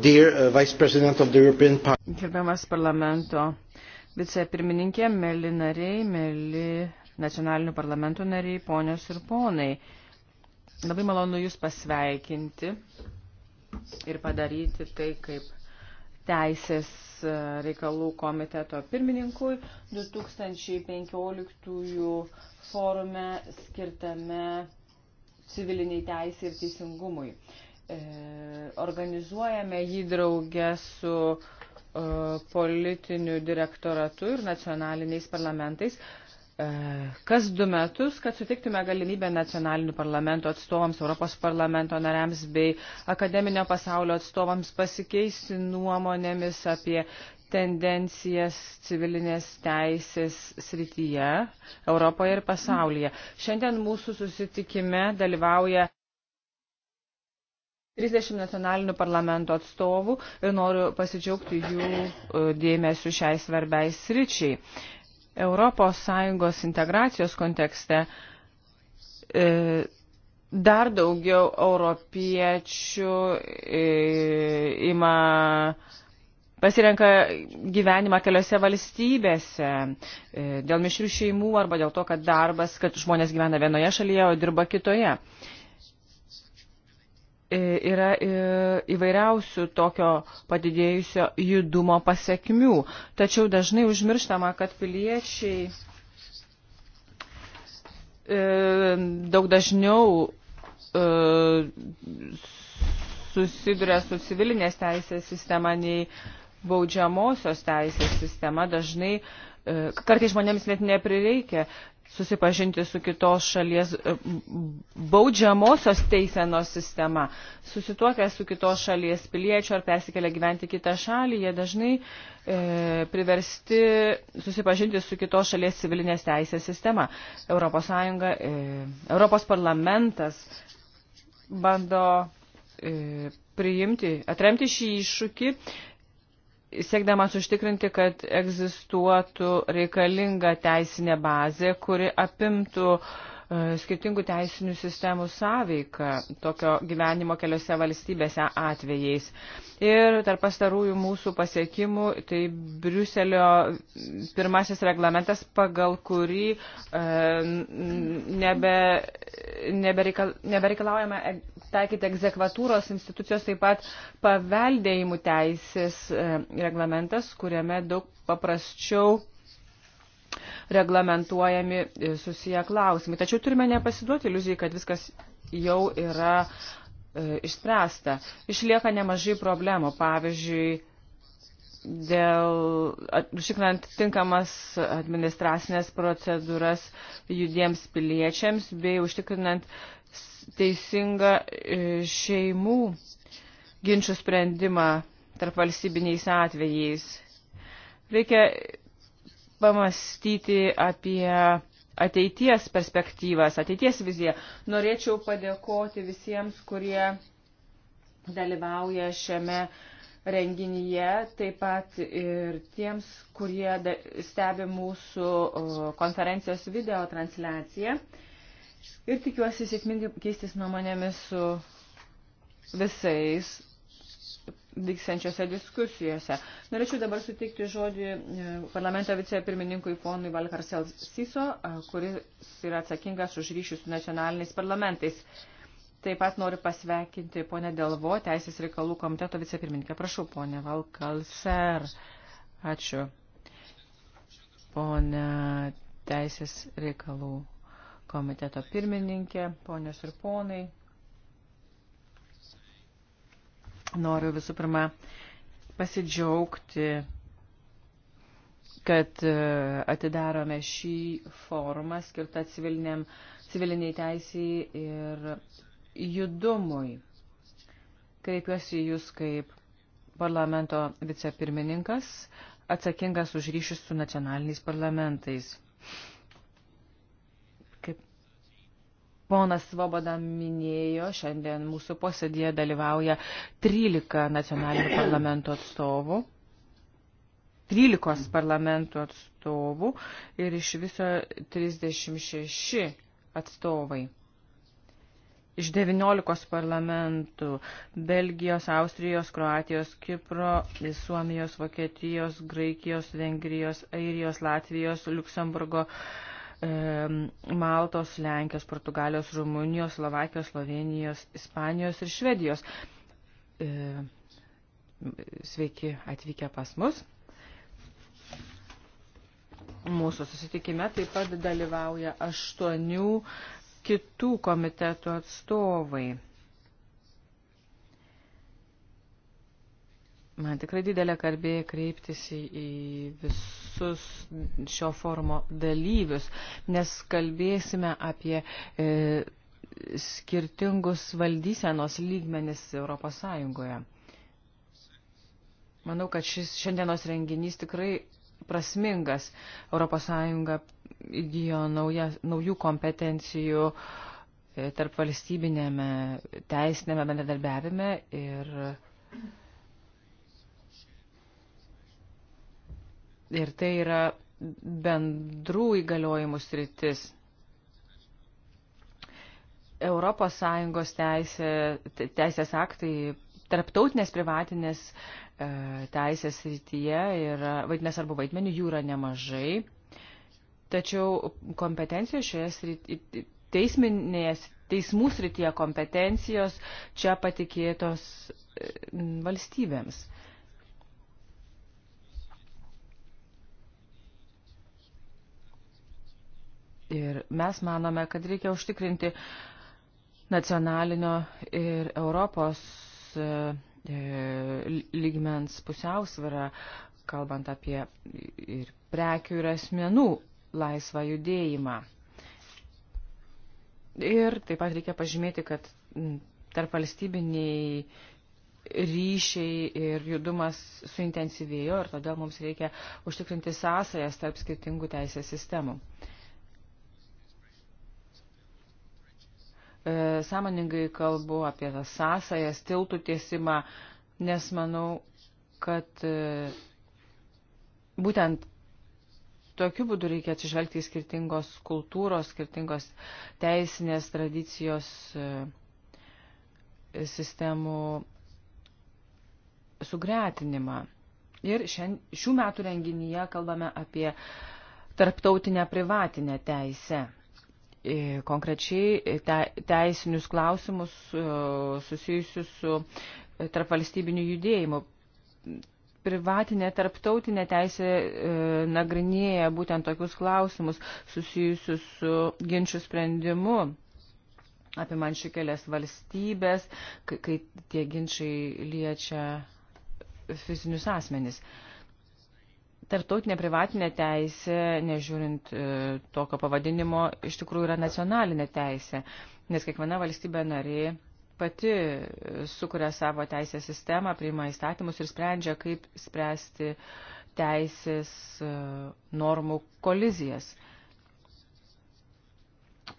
Dear uh, Vice President of the European Parliament. Gerbiamas parlamento vicepirmininkė, mėly nariai, mėly nacionalinių parlamentų nariai, ponios ir ponai. Labai malonu Jūs pasveikinti ir padaryti tai kaip teisės uh, reikalų komiteto pirmininkui 2015 forume skirtame civiliniai teisė ir teisingumui. E, organizuojame jį draugę su e, politiniu direktoratu ir nacionaliniais parlamentais e, kas du metus, kad sutiktume galimybę nacionalinių parlamento atstovams, Europos parlamento nariams bei akademinio pasaulio atstovams pasikeisti nuomonėmis apie tendencijas civilinės teisės srityje Europoje ir pasaulyje. Šiandien mūsų susitikime dalyvauja 30 nacionalinių parlamento atstovų ir noriu pasidžiaugti jų e, dėmesiu šiai svarbiai sričiai. Europos Sąjungos integracijos kontekste e, dar daugiau europiečių e, ima pasirenka gyvenimą keliose valstybėse e, dėl mišrių šeimų arba dėl to, kad darbas, kad žmonės gyvena vienoje šalyje, o dirba kitoje. E, yra e, įvairiausių tokio padidėjusio judumo pasiekmių. Tačiau dažnai užmirštama, kad piliečiai e, daug dažniau susiduria su civilinės teisės sistema nei baudžiamosios teisės sistema. Dažnai kartai žmonėms net neprireikia susipažinti su kitos šalies e, baudžiamosios teisenos sistema. Susituokę su kitos šalies piliečiu ar persikelia gyventi kitą šalį, jie dažnai e, priversti susipažinti su kitos šalies civilinės teisės sistema. Europos, Sąjunga, e, Europos parlamentas bando e, priimti, atremti šį iššūkį siekdamas užtikrinti, kad egzistuotų reikalinga teisinė bazė, kuri apimtų uh, E, skirtingų teisinių sistemų sąveiką tokio gyvenimo keliose valstybėse atvejais. Ir tarp pastarųjų mūsų pasiekimų, tai Briuselio pirmasis reglamentas, pagal kurį e, nebe, nebereikal, nebereikalaujama e, taikyti egzekvatūros institucijos, taip pat paveldėjimų teisės e, reglamentas, kuriame daug paprasčiau reglamentuojami e, susiję klausimai. Tačiau turime nepasiduoti iliuzijai, kad viskas jau yra e, išspręsta. Išlieka nemažai problemų, pavyzdžiui, dėl užtikrinant tinkamas administracinės procedūras judiems piliečiams bei užtikrinant teisingą e, šeimų ginčių sprendimą tarp valstybiniais atvejais. Reikia pamastyti apie ateities perspektyvas, ateities viziją. Norėčiau padėkoti visiems, kurie dalyvauja šiame renginyje, taip pat ir tiems, kurie stebi mūsų konferencijos video transliaciją. Ir tikiuosi sėkmingai keistis nuomonėmis su visais vyksiančiose diskusijose. Norėčiau dabar sutikti žodį e, parlamento vicepirmininkui ponui Valkarsel Siso, kuris yra atsakingas už ryšius su nacionaliniais parlamentais. Taip pat noriu pasveikinti ponę Delvo, Teisės reikalų komiteto vicepirmininkę. Prašau, ponė Valkalser. Ačiū. Pone Teisės reikalų komiteto pirmininkė, ponios ir ponai. Noriu visų pirma pasidžiaugti, kad e, atidarome šį formą skirtą civiliniai teisiai ir judumui. Kreipiuosi jūs kaip parlamento vicepirmininkas, atsakingas už ryšius su nacionaliniais parlamentais. Ponas Svoboda minėjo, šiandien mūsų posėdėje dalyvauja 13 nacionalinių parlamentų atstovų. 13 parlamentų atstovų ir iš viso 36 atstovai. Iš 19 parlamentų – Belgijos, Austrijos, Kroatijos, Kipro, Suomijos, Vokietijos, Graikijos, Vengrijos, Airijos, Latvijos, Luksemburgo, uh, Maltos, Lenkijos, Portugalijos, Rumunijos, Slovakijos, Slovenijos, Ispanijos ir Švedijos. Sveiki atvykę pas mus. Mūsų susitikime taip pat dalyvauja aštuonių kitų komitetų atstovai. Man tikrai didelė garbė kreiptis į visus visus šio forumo dalyvius, nes kalbėsime apie e, skirtingus valdysenos lygmenis Europos Sąjungoje. Manau, kad šis šiandienos renginys tikrai prasmingas. Europos Sąjunga įgyjo nauja, naujų kompetencijų e, tarp valstybinėme teisinėme bendradarbiavime ir Ir tai yra bendrų įgaliojimų sritis. Europos Sąjungos teisė, teisės aktai tarptautinės privatinės e, teisės srityje ir vaidmės arba vaidmenių jų yra nemažai. Tačiau kompetencijos šioje srityje, teisminės, teismų srityje kompetencijos čia patikėtos e, valstybėms. E, Ir mes manome, kad reikia užtikrinti nacionalinio ir Europos e, e, lygmens pusiausvyrą, kalbant apie ir prekių ir asmenų laisvą judėjimą. Ir taip pat reikia pažymėti, kad tarp valstybiniai ryšiai ir judumas suintensyvėjo ir todėl mums reikia užtikrinti sąsajas tarp skirtingų teisės sistemų. e, sąmoningai kalbu apie tas sąsajas, tiltų tiesimą, nes manau, kad e, būtent tokiu būdu reikia atsižvelgti į skirtingos kultūros, skirtingos teisinės tradicijos e, sistemų sugretinimą. Ir šiand, šių metų renginyje kalbame apie tarptautinę privatinę teisę konkrečiai teisinius klausimus e, susijusius su e, tarpvalstybiniu judėjimu. Privatinė tarptautinė teisė e, nagrinėja būtent tokius klausimus susijusius su ginčių sprendimu apimančių kelias valstybės, kai tie ginčiai liečia fizinius asmenis. Uh, Tartautinė privatinė teisė, nežiūrint e, tokio pavadinimo, iš tikrųjų yra nacionalinė teisė, nes kiekviena valstybė narė pati e, sukuria savo teisės sistemą, priima įstatymus ir sprendžia, kaip spręsti teisės e, normų kolizijas.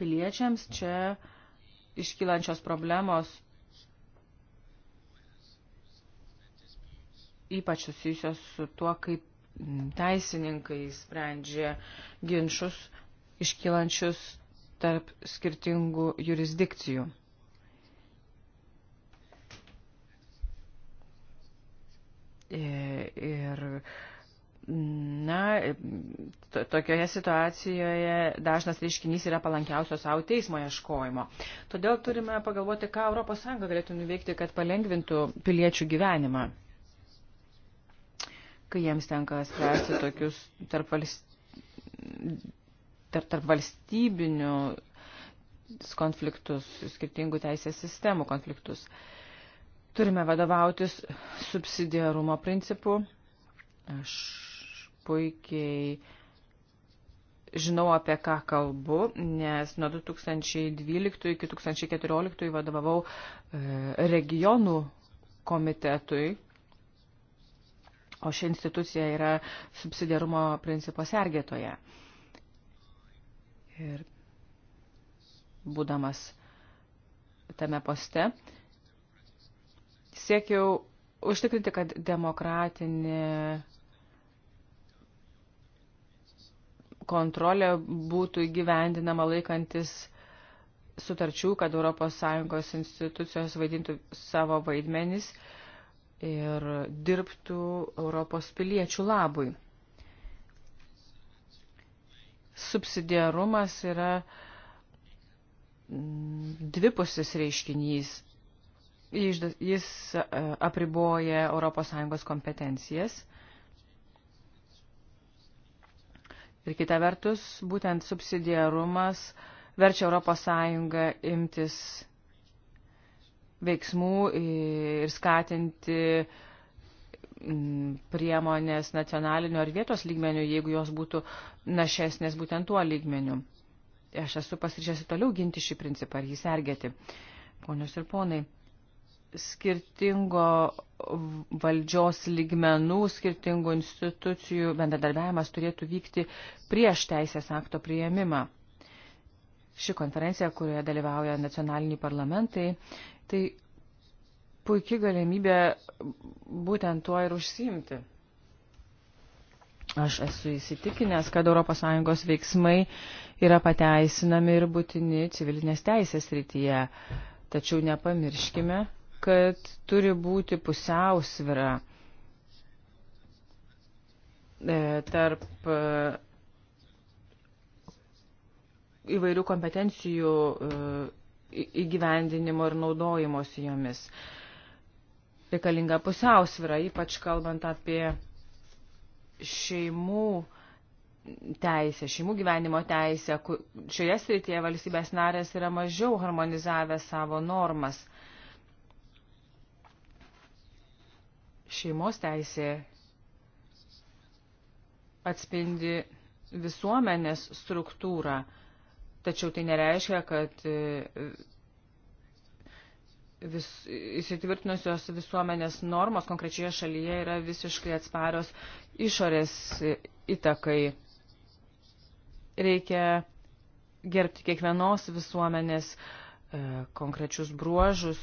Piliečiams čia iškylančios problemos ypač susijusios su tuo, kaip teisininkai sprendžia ginčius iškylančius tarp skirtingų jurisdikcijų. E, ir, na, to, tokioje situacijoje dažnas reiškinys yra palankiausios savo teismo ieškojimo. Todėl turime pagalvoti, ką ES galėtų nuveikti, kad palengvintų piliečių gyvenimą kai jiems tenka spręsti tokius tarp, valst... tarp, tarp valstybinių konfliktus, skirtingų teisės sistemų konfliktus. Turime vadovautis subsidiarumo principu. Aš puikiai žinau, apie ką kalbu, nes nuo 2012 iki 2014 vadovavau e, regionų komitetui, o ši institucija yra subsidiarumo principo sergėtoje. Ir būdamas tame poste, siekiau užtikrinti, kad demokratinė kontrolė būtų įgyvendinama laikantis sutarčių, kad ES institucijos vaidintų savo vaidmenis ir dirbtų Europos piliečių labui. Subsidiarumas yra mm, dvipusis reiškinys. Jis e, apriboja ES kompetencijas. Ir kita vertus, būtent subsidiarumas verčia ES imtis veiksmų ir skatinti priemonės nacionalinio ar vietos lygmenių, jeigu jos būtų našesnės būtent tuo lygmeniu. Aš esu pasiryžęs toliau ginti šį principą ir jį sergėti. Ponios ir ponai, skirtingo valdžios lygmenų, skirtingų institucijų bendradarbiavimas turėtų vykti prieš teisės akto prieimimą. Ši konferencija, kurioje dalyvauja nacionaliniai parlamentai, Tai puikia galimybė būtent tuo ir užsiimti. Aš esu įsitikinęs, kad ES veiksmai yra pateisinami ir būtini civilinės teisės rytyje. Tačiau nepamirškime, kad turi būti pusiausvira e, tarp e, įvairių kompetencijų e, įgyvendinimo ir naudojimosi jomis. Reikalinga pusiausvira, ypač kalbant apie šeimų teisę, šeimų gyvenimo teisę. Šioje srityje valstybės narės yra mažiau harmonizavę savo normas. Šeimos teisė atspindi visuomenės struktūrą. Tačiau tai nereiškia, kad e, vis, įsitvirtinusios visuomenės normos konkrečioje šalyje yra visiškai atsparios išorės įtakai. Reikia gerbti kiekvienos visuomenės e, konkrečius bruožus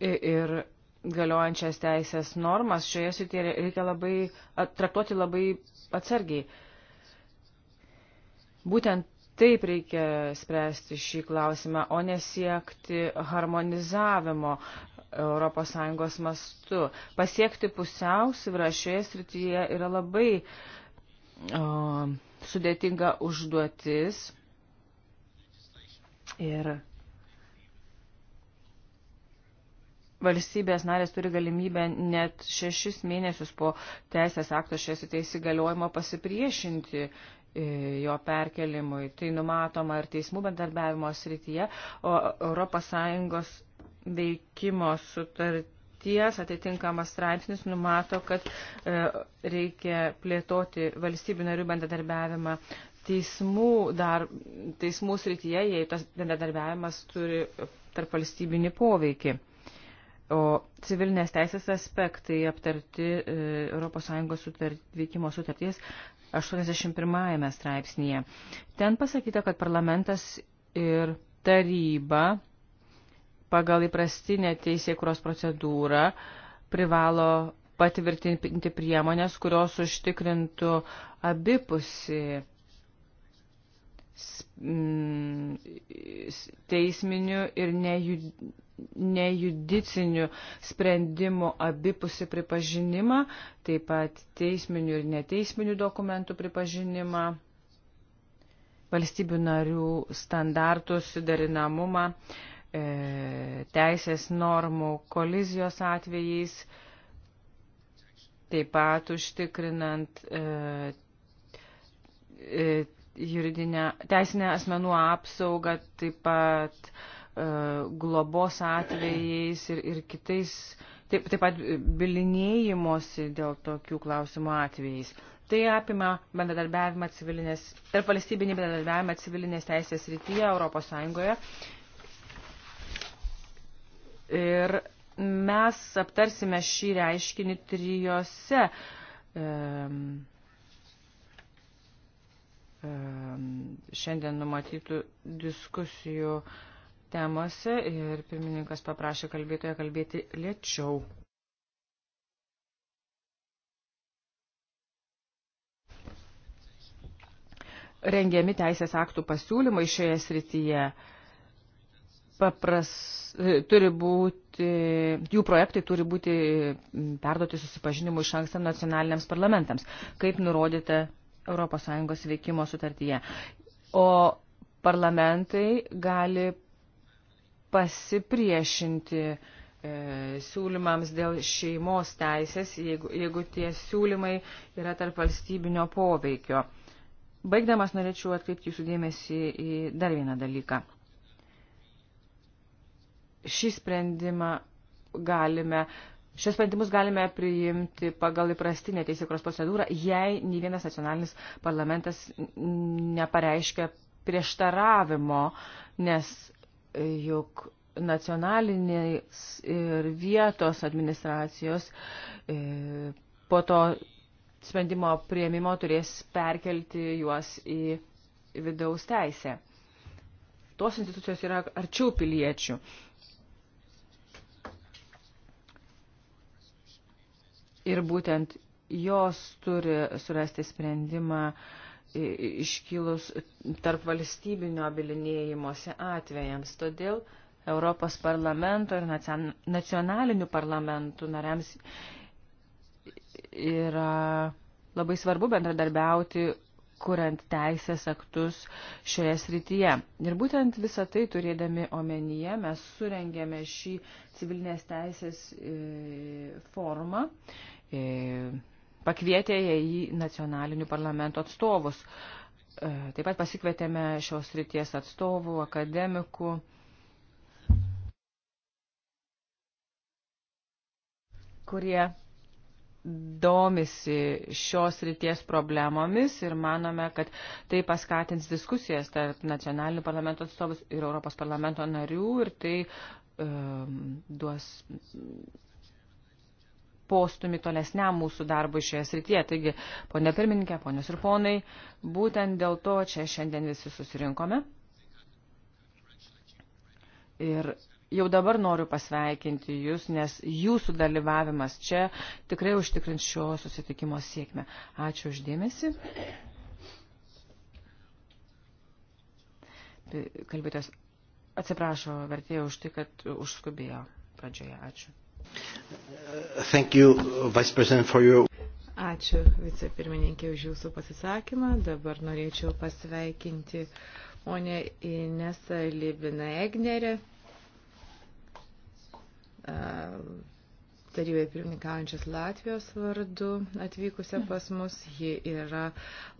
ir, ir galiojančias teisės normas, šioje srityje reikia labai traktuoti labai atsargiai. Būtent taip reikia spręsti šį klausimą, o nesiekti harmonizavimo ES mastu. Pasiekti pusiausvyrą šioje srityje yra labai o, sudėtinga užduotis. Ir valstybės narės turi galimybę net šešis mėnesius po teisės akto šiais įsigaliojimo pasipriešinti e, jo perkelimui. Tai numatoma ir teismų bendarbiavimo srityje, o ES veikimo sutarties atitinkamas straipsnis numato, kad e, reikia plėtoti valstybių narių bendradarbiavimą teismų, dar, teismų srityje, jei tas bendradarbiavimas turi tarp valstybinį poveikį. O civilinės teisės aspektai aptarti ES sutart, veikimo sutarties 81 straipsnėje. Ten pasakyta, kad parlamentas ir taryba pagal įprastinę teisėkuros procedūrą privalo patvirtinti priemonės, kurios užtikrintų abipusi teisminių ir nejudinių nejudicinių sprendimų abipusi pripažinimą, taip pat teisminių ir neteisminių dokumentų pripažinimą, valstybių narių standartų sudarinamumą, e, teisės normų kolizijos atvejais, taip pat užtikrinant e, e, juridinę, teisinę asmenų apsaugą, taip pat e, E, globos atvejais ir, ir kitais, taip, taip pat bilinėjimosi dėl tokių klausimų atvejais. Tai apima bendradarbiavimą civilinės, tarp valstybinį bendradarbiavimą civilinės teisės rytyje Europos Sąjungoje. Ir mes aptarsime šį reiškinį trijose um, um, šiandien numatytų diskusijų uh, temose ir pirmininkas paprašė kalbėtoje kalbėti lėčiau. Rengiami teisės aktų pasiūlymai šioje srityje papras, e, turi būti, jų projektai turi būti perduoti susipažinimu iš anksto nacionaliniams parlamentams, kaip nurodyta ES veikimo sutartyje. O parlamentai gali pasipriešinti e, siūlymams dėl šeimos teisės, jeigu, jeigu tie siūlymai yra tarp valstybinio poveikio. Baigdamas norėčiau atkreipti jūsų dėmesį į dar vieną dalyką. Šį sprendimą galime, šios sprendimus galime priimti pagal įprastinę teisėkros procedūrą, jei nei vienas nacionalinis parlamentas nepareiškia prieštaravimo, nes juk nacionalinės ir vietos administracijos e, po to sprendimo prieimimo turės perkelti juos į vidaus teisę. Tos institucijos yra arčiau piliečių. Ir būtent jos turi surasti sprendimą uh, iškilus tarp valstybinio bilinėjimuose atvejams. Todėl Europos parlamento ir nacionalinių parlamentų nariams yra labai svarbu bendradarbiauti, kuriant teisės aktus šioje srityje. Ir būtent visą tai turėdami omenyje mes surengėme šį civilinės teisės e, formą e, pakvietę į nacionalinių parlamento atstovus. E, taip pat pasikvietėme šios ryties atstovų, akademikų. kurie domisi šios ryties problemomis ir manome, kad tai paskatins diskusijas tarp nacionalinių parlamento atstovus ir Europos parlamento narių ir tai um, duos postumi tolesniam mūsų darbui šioje srityje. Taigi, ponė pirmininkė, ponios ir ponai, būtent dėl to čia šiandien visi susirinkome. Ir jau dabar noriu pasveikinti Jūs, nes Jūsų dalyvavimas čia tikrai užtikrins šio susitikimo sėkmę. Ačiū uždėmesi. Kalbėtės, atsiprašo vertėjo už tai, kad užskubėjo pradžioje. Ačiū. Thank you, Vice President, for your Ačiū vicepirmininkė už jūsų pasisakymą. Dabar norėčiau pasveikinti ponę Inesą Libiną Egnerę, tarybai pirmininkaujančias Latvijos vardu atvykusią pas mus. Ji yra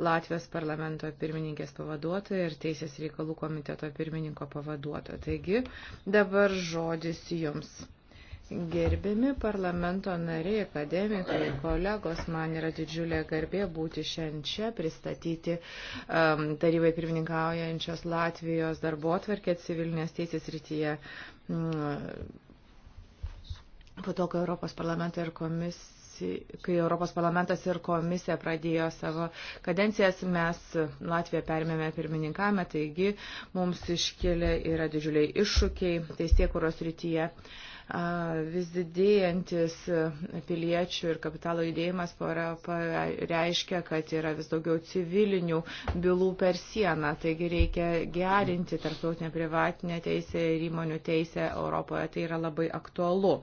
Latvijos parlamento pirmininkės pavaduotoja ir Teisės reikalų komiteto pirmininko pavaduotoja. Taigi dabar žodis jums. Gerbiami parlamento nariai, akademikai, kolegos, man yra didžiulė garbė būti šiandien čia, pristatyti um, tarybai pirmininkaujančios Latvijos darbo atverkę civilinės teisės rytyje. Um, po to, kai Europos parlamento ir komisija kai Europos parlamentas ir komisija pradėjo savo kadencijas, mes Latviją permėme pirmininkame, taigi mums iškėlė yra didžiuliai iššūkiai teisėkuros rytyje. Uh, vis didėjantis piliečių ir kapitalo judėjimas reiškia, kad yra vis daugiau civilinių bylų per sieną. Taigi reikia gerinti tarptautinę privatinę teisę ir įmonių teisę Europoje. Tai yra labai aktualu.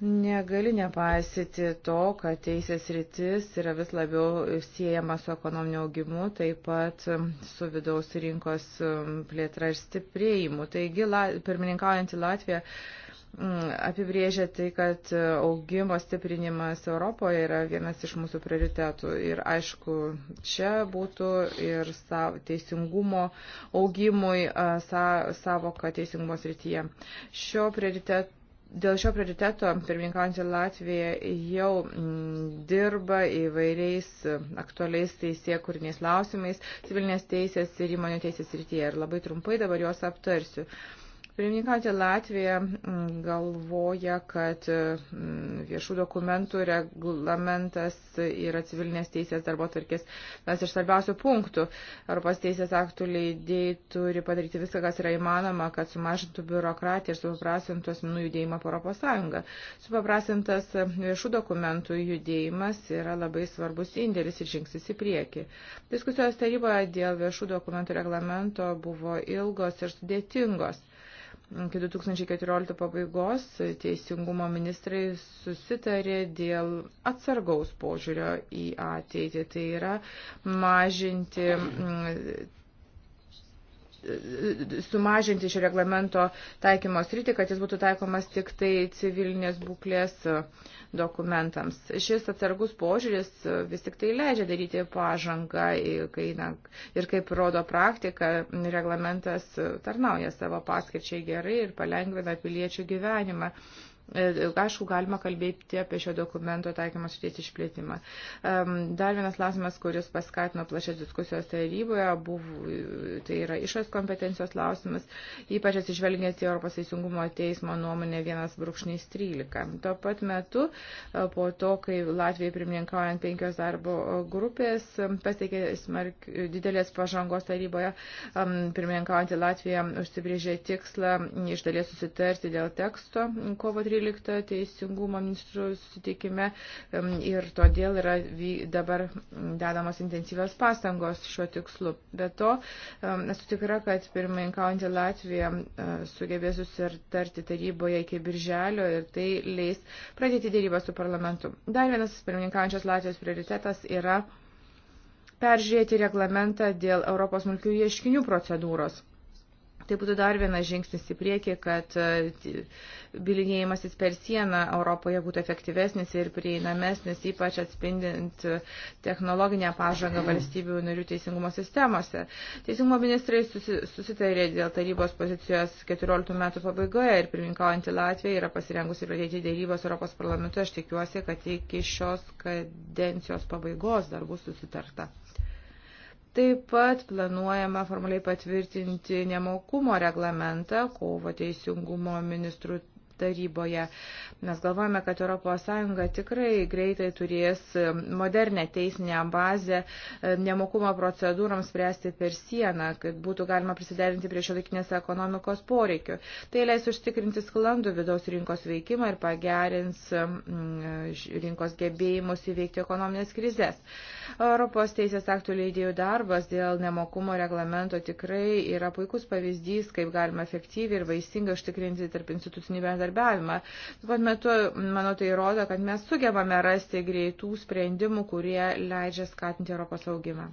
Negali nepaisyti to, kad teisės rytis yra vis labiau siejama su ekonominiu augimu, taip pat um, su vidaus rinkos um, plėtra ir stiprėjimu. Taigi, la, pirmininkaujantį Latviją um, apibrėžia tai, kad uh, augimo stiprinimas Europoje yra vienas iš mūsų prioritetų. Ir aišku, čia būtų ir sav, teisingumo augimui uh, sa, savoka teisingumo srityje. Šio prioriteto Dėl šio prioriteto pirmininkaujantį Latviją jau mm, dirba įvairiais mm, aktualiais teisėkūriniais klausimais civilinės teisės ir įmonių teisės rytyje. Ir labai trumpai dabar juos aptarsiu. Pirmininkantė Latvija mm, galvoja, kad mm, viešų dokumentų reglamentas yra civilinės teisės darbo tvarkės vienas iš svarbiausių punktų. Europos teisės aktų leidėjai turi padaryti viską, kas yra įmanoma, kad sumažintų biurokratiją ir supaprastintų asmenų judėjimą po Europos Sąjungą. Supaprastintas viešų dokumentų judėjimas yra labai svarbus indėlis ir žingsnis į priekį. Diskusijos taryboje dėl viešų dokumentų reglamento buvo ilgos ir sudėtingos iki 2014 pabaigos teisingumo ministrai susitarė dėl atsargaus požiūrio į ateitį, tai yra mažinti sumažinti šio reglamento taikymo sritį, kad jis būtų taikomas tik tai civilinės būklės dokumentams. Šis atsargus požiūris vis tik tai leidžia daryti pažangą kai, na, ir kaip rodo praktika, reglamentas tarnauja savo paskirčiai gerai ir palengvina piliečių gyvenimą. E, aišku, galima kalbėti apie šio dokumento taikymą sudėti išplėtimą. Dar vienas klausimas, kuris paskatino plačias diskusijos taryboje, buvo, tai yra išos kompetencijos klausimas, ypač atsižvelgiant į Europos teisingumo teismo nuomonę 1.13. Tuo pat metu, e, po to, kai Latvijai pirmininkaujant penkios darbo grupės e, pasiekė smark, didelės pažangos taryboje, pirmininkaujant į Latviją užsibrėžė tikslą iš dalies susitarti dėl teksto kovo 13. 13 teisingumo ministrų susitikime ir todėl yra dabar dedamos intensyvios pastangos šiuo tikslu. Be to, esu tikra, kad pirmininkaujantį Latviją sugebės susitarti taryboje iki birželio ir tai leis pradėti dėrybą su parlamentu. Dar vienas pirmininkaujančios Latvijos prioritetas yra peržiūrėti reglamentą dėl Europos smulkių ieškinių procedūros. Tai būtų dar vienas žingsnis į priekį, kad e, bilinėjimasis per sieną Europoje būtų efektyvesnis ir prieinamesnis, ypač atspindint e, technologinę pažangą valstybių narių teisingumo sistemose. Teisingumo ministrai susitarė dėl tarybos pozicijos 14 metų pabaigoje ir pirminkaujantį Latviją yra pasirengusi pradėti dėrybos Europos parlamentu. Aš tikiuosi, kad iki šios kadencijos pabaigos dar bus susitarta. Taip pat planuojama formaliai patvirtinti nemokumo reglamentą kovo teisingumo ministrų taryboje. Mes galvojame, kad ES tikrai greitai turės e, modernę teisinę bazę e, nemokumo procedūrams spręsti per sieną, kad būtų galima prisiderinti prie šiolikinės ekonomikos poreikių. Tai leis užtikrinti sklandų vidaus rinkos veikimą ir pagerins rinkos gebėjimus įveikti ekonominės krizės. Europos teisės aktų leidėjų darbas dėl nemokumo reglamento tikrai yra puikus pavyzdys, kaip galima efektyviai ir vaisingai užtikrinti tarp institucinį bendradarbiavimą bendradarbiavimą. Tuo pat metu, manau, tai rodo, kad mes sugebame rasti greitų sprendimų, kurie leidžia skatinti Europos augimą.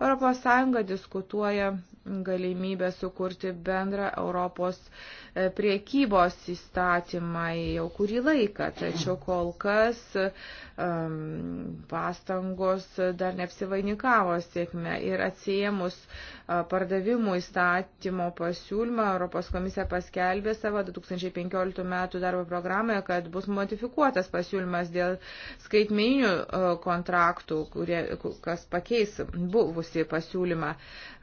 Europos Sąjunga diskutuoja galimybę sukurti bendrą Europos e, priekybos įstatymą jau kurį laiką, tačiau kol kas um, pastangos dar neapsivainikavo sėkme ir atsiemus pardavimų įstatymo pasiūlymą Europos komisija paskelbė savo 2015 metų darbo programoje, kad bus modifikuotas pasiūlymas dėl skaitmeninių kontraktų, kurie, kas pakeis buvusi pasiūlymą.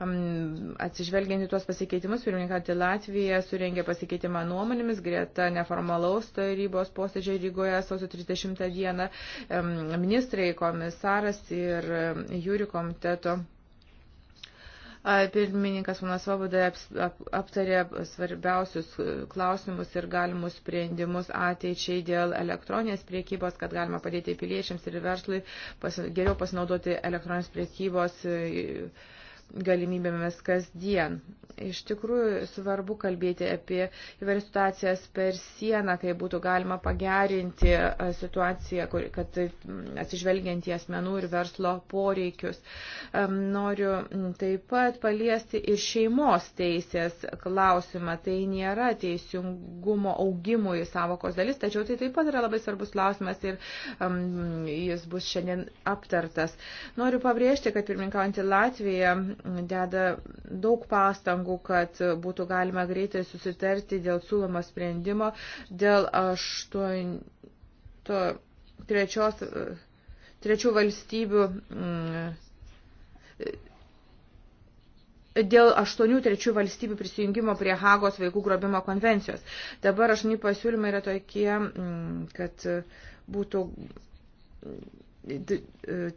Atsižvelgiant į tuos pasikeitimus, pirmininkantį Latviją surengė pasikeitimą nuomonėmis greta neformalaus tarybos posėdžio Rygoje sausio 30 dieną. Ministrai komisaras ir e, jūrių komiteto pirmininkas Manas Vavoda aptarė svarbiausius e, klausimus ir galimus sprendimus ateičiai dėl elektroninės priekybos, kad galima padėti piliečiams ir verslui pas, geriau pasinaudoti elektroninės priekybos e, galimybėmis kasdien. Iš tikrųjų svarbu kalbėti apie įvairias situacijas per sieną, kai būtų galima pagerinti situaciją, kad atsižvelgiant į asmenų ir verslo poreikius. Noriu taip pat paliesti ir šeimos teisės klausimą. Tai nėra teisingumo augimui savokos dalis, tačiau tai taip pat yra labai svarbus klausimas ir um, jis bus šiandien aptartas. Noriu pabrėžti, kad pirmininkaujantį Latviją deda daug pastangų, kad būtų galima greitai susitarti dėl siūlomo sprendimo, dėl aštuon... to, trečios, trečių valstybių. Mm, dėl aštuonių trečių valstybių prisijungimo prie Hagos vaikų grobimo konvencijos. Dabar aštuoni pasiūlymai yra tokie, mm, kad būtų E,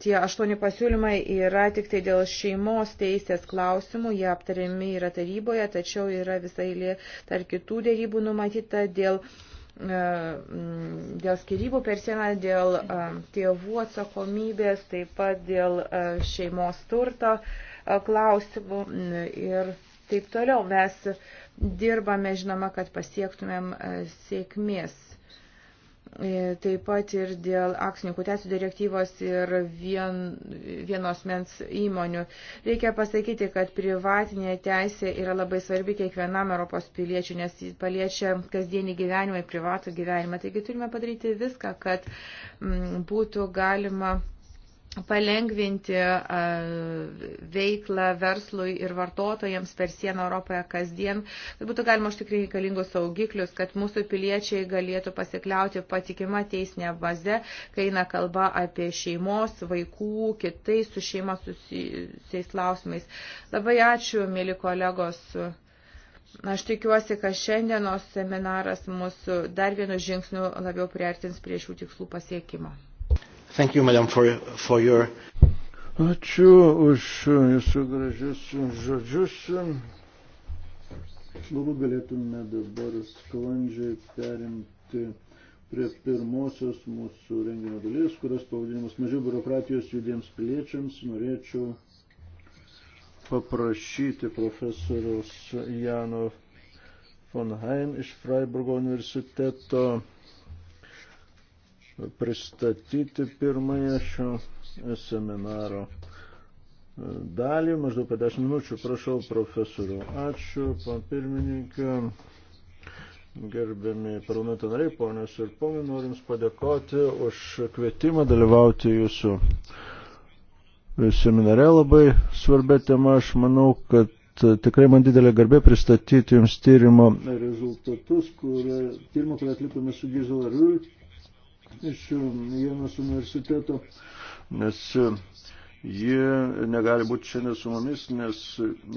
tie aštuoni pasiūlymai yra tik tai dėl šeimos teisės klausimų, jie aptariami yra taryboje, tačiau yra visai lė tarp kitų dėrybų numatyta dėl e, dėl skirybų per sieną, dėl e, tėvų atsakomybės, taip pat dėl šeimos turto klausimų ir taip toliau. Mes dirbame, žinoma, kad pasiektumėm sėkmės E, taip pat ir dėl akcininkų teisų direktyvos ir vien, vienos mens įmonių. Reikia pasakyti, kad privatinė teisė yra labai svarbi kiekvienam Europos piliečiui, nes jis paliečia kasdienį gyvenimą ir privatų gyvenimą. Taigi turime padaryti viską, kad m, mm, būtų galima palengvinti veiklą verslui ir vartotojams per sieną Europoje kasdien, kad būtų galima užtikrinti reikalingus saugiklius, kad mūsų piliečiai galėtų pasikliauti patikima teisinė baze, kai eina kalba apie šeimos, vaikų, kitais su šeima susijusiais klausimais. Labai ačiū, mėly kolegos. Aš tikiuosi, kad šiandienos seminaras mus dar vienu žingsniu labiau priartins prie šių tikslų pasiekimo. Thank you, madam, for, for your... Ačiū už jūsų gražius žodžius. Galbūt galėtume dabar sklandžiai perimti prie pirmosios mūsų renginio dalies, kurios pavadinimas mažiau biurokratijos judiems piliečiams. Norėčiau paprašyti profesoriaus Jano von Heim iš Freiburgo universiteto pristatyti pirmąją šio seminaro dalį, maždaug po 10 minučių. Prašau, profesoriu. Ačiū, pan pirmininkė, gerbiami parlamento nariai, ponės ir ponai, norim padėkoti už kvietimą dalyvauti jūsų seminare labai svarbia tema. Aš manau, kad tikrai man didelė garbė pristatyti jums tyrimo rezultatus, kurio, tyrimo, kurį atlikome su Gizela Rūk iš Jenos universiteto, nes e, ji negali būti šiandien su mumis, nes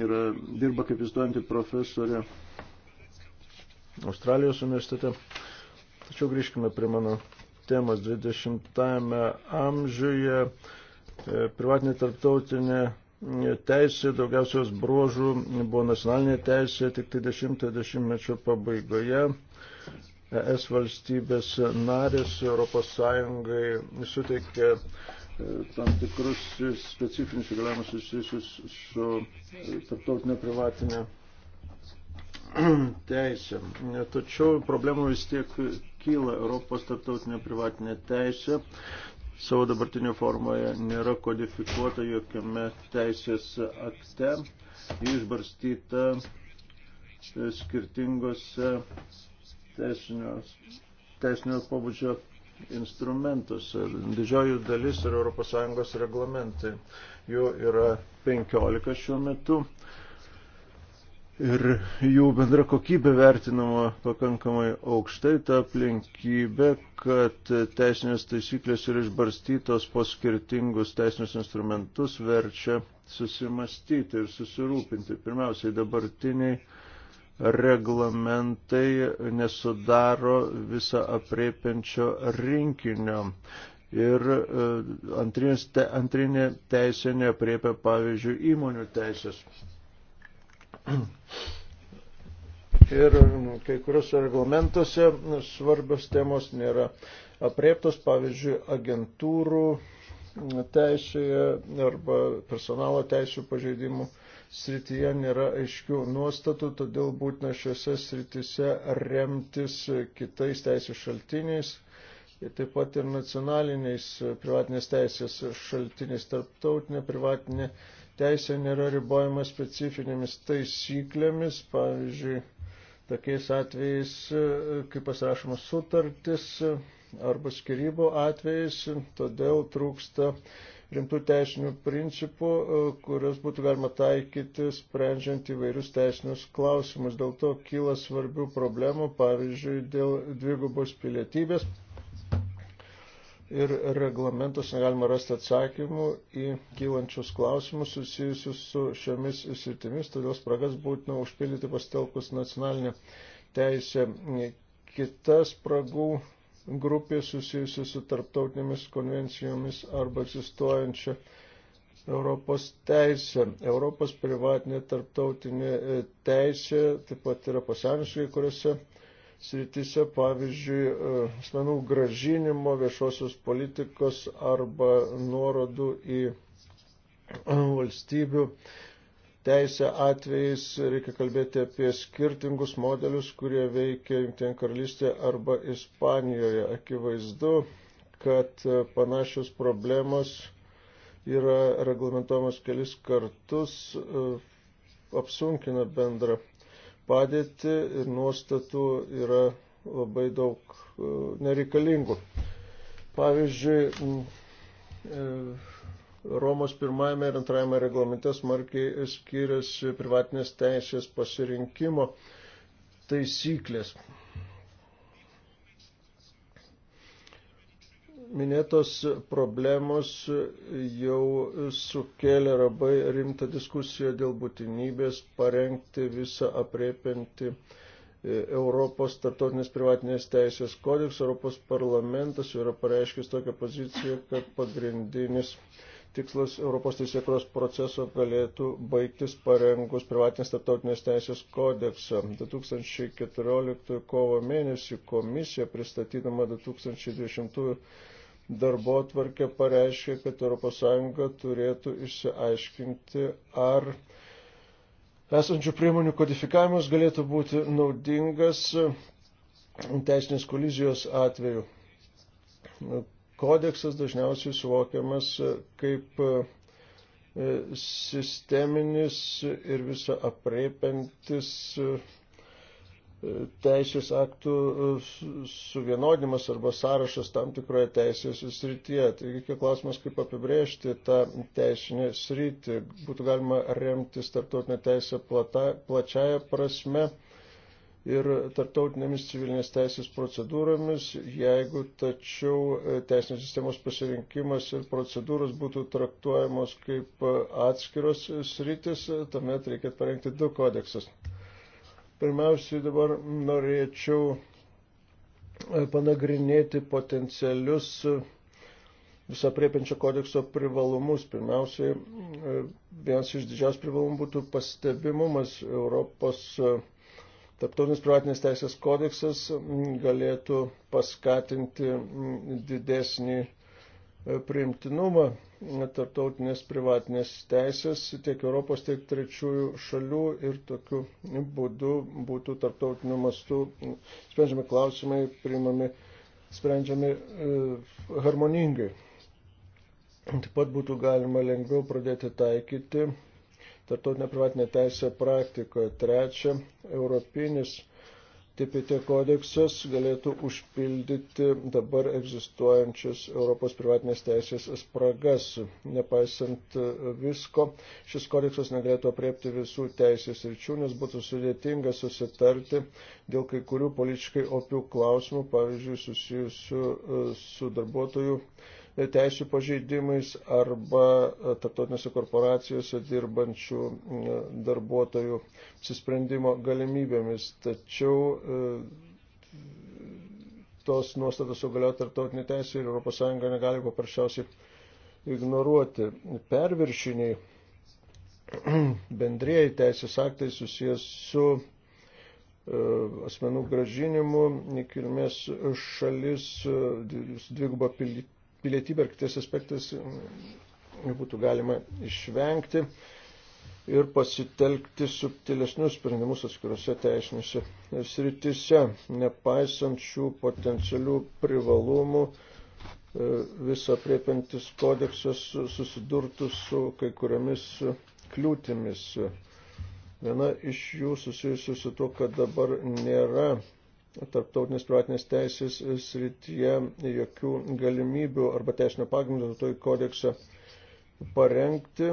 yra, dirba kaip įstojantį profesorę Australijos universitete. Tačiau grįžkime prie mano temos 20-ame amžiuje. E, privatinė tarptautinė e, teisė, daugiausios bruožų buvo nacionalinė teisė tik tai 10-mečio pabaigoje. ES valstybės narės ES suteikė e, tam tikrus specifinius įgaliojimus susijusius su e, tarptautinė privatinė teisė. Tačiau problemų vis tiek kyla Europos tarptautinė privatinė teisė. Savo dabartinio formoje nėra kodifikuota jokiame teisės akte. Ji išbarstyta e, skirtingose teisinio, teisinio pobūdžio instrumentus. Ir didžioji dalis yra ES reglamentai. Jų yra 15 šiuo metu. Ir jų bendra kokybė vertinama pakankamai aukštai, ta aplinkybė, kad teisinės taisyklės yra išbarstytos po skirtingus teisinius instrumentus, verčia susimastyti ir susirūpinti. Pirmiausiai dabartiniai uh, reglamentai nesudaro visą apriepiančio rinkinio. Ir e, antrinės, te, antrinė teisė neapriepia, pavyzdžiui, įmonių teisės. Ir nu, kai kuriuose reglamentuose svarbios temos nėra apriektos, pavyzdžiui, agentūrų teisėje arba personalo teisų pažeidimų srityje nėra aiškių nuostatų, todėl būtina šiuose srityse remtis kitais teisės šaltiniais, taip pat ir nacionaliniais privatinės teisės šaltiniais. Tarptautinė privatinė teisė nėra ribojama specifinėmis taisyklėmis, pavyzdžiui, tokiais atvejais, kaip pasirašomas sutartis arba skirybo atvejais, todėl trūksta rimtų teisinių principų, e, kurias būtų galima taikyti, sprendžiant įvairius teisinius klausimus. Dėl to kyla svarbių problemų, pavyzdžiui, dėl dvigubos pilietybės. Ir reglamentus negalima rasti atsakymų į kylančius klausimus susijusius su šiomis sritimis, todėl spragas būtina užpildyti pastelkus nacionalinę teisę. Kitas spragų grupė susijusi su tarptautinėmis konvencijomis arba egzistuojančia Europos teisė. Europos privatinė tarptautinė e, teisė taip pat yra paseniškai, kuriuose sritise, pavyzdžiui, e, asmenų gražinimo, viešosios politikos arba nuorodų į valstybių teisę atvejais reikia kalbėti apie skirtingus modelius, kurie veikia Junktinė karalystė arba Ispanijoje. Akivaizdu, kad panašios problemos yra reglamentuojamas kelis kartus, apsunkina bendrą padėtį ir nuostatų yra labai daug e, nereikalingų. Pavyzdžiui, e, Romos pirmajame ir antrajame reglamente smarkiai skiriasi privatinės teisės pasirinkimo taisyklės. Minėtos problemos jau sukėlė labai rimtą diskusiją dėl būtinybės parengti visą apriepinti e, Europos tarptautinės privatinės teisės kodeks. Europos parlamentas jau yra pareiškęs tokią poziciją, kad pagrindinis uh, tikslas Europos teisėkros proceso galėtų baigtis parengus privatinės tarptautinės teisės kodeksą. 2014 kovo mėnesį komisija pristatydama 2020 darbo tvarkę pareiškė, kad ES turėtų išsiaiškinti, ar esančių priemonių kodifikavimas galėtų būti naudingas teisinės kolizijos atveju kodeksas dažniausiai suvokiamas e, kaip e, e, sisteminis ir visą apreipiantis teisės aktų suvienodinimas arba sąrašas tam tikroje teisės srityje. Taigi, kiek klausimas, kaip apibrėžti tą teisinę sritį. Būtų galima remtis tarptautinę teisę plata, plačiaja prasme ir tarptautinėmis civilinės teisės procedūromis, jeigu tačiau e, teisinės sistemos pasirinkimas ir procedūros būtų traktuojamos kaip e, atskiros sritis, e, tuomet reikėtų parengti du kodeksus. Pirmiausiai dabar norėčiau panagrinėti potencialius visapriepiančio kodekso privalumus. Pirmiausiai, vienas iš didžiausių privalumų būtų pastebimumas Europos Tarptautinis privatinės teisės kodeksas mm, galėtų paskatinti mm, didesnį e, priimtinumą tarptautinės privatinės teisės tiek Europos, tiek trečiųjų šalių ir tokiu būdu būtų tarptautiniu mastu mm, sprendžiami klausimai, priimami, sprendžiami e, harmoningai. Taip pat būtų galima lengviau pradėti taikyti tarptautinę privatinę teisę praktikoje. Trečia, europinis TPT kodeksas galėtų užpildyti dabar egzistuojančias Europos privatinės teisės spragas. Nepaisant visko, šis kodeksas negalėtų apriepti visų teisės ryčių, nes būtų sudėtinga susitarti dėl kai kurių politiškai opių klausimų, pavyzdžiui, susijusių e, su darbuotojų teisų pažeidimais arba e, tarptautinėse korporacijose dirbančių e, darbuotojų apsisprendimo galimybėmis. Tačiau e, tos nuostatos sugalioja tarptautinė teisė ir ES negali paprasčiausiai ignoruoti. Perviršiniai bendrėjai teisės aktai susijęs su asmenų gražinimu, kilmės šalis, dviguba pilietybė ar kitas aspektas mm, būtų galima išvengti ir pasitelkti subtilesnius sprendimus atskiruose teisinėse sritise. Nepaisant šių potencialių privalumų, e, visą priepintis kodeksas susidurtų su kai kuriamis kliūtimis. Viena iš jų susijusi su to, kad dabar nėra tarptautinės privatinės teisės srityje jokių galimybių arba teisinio pagrindo toj kodeksą parengti,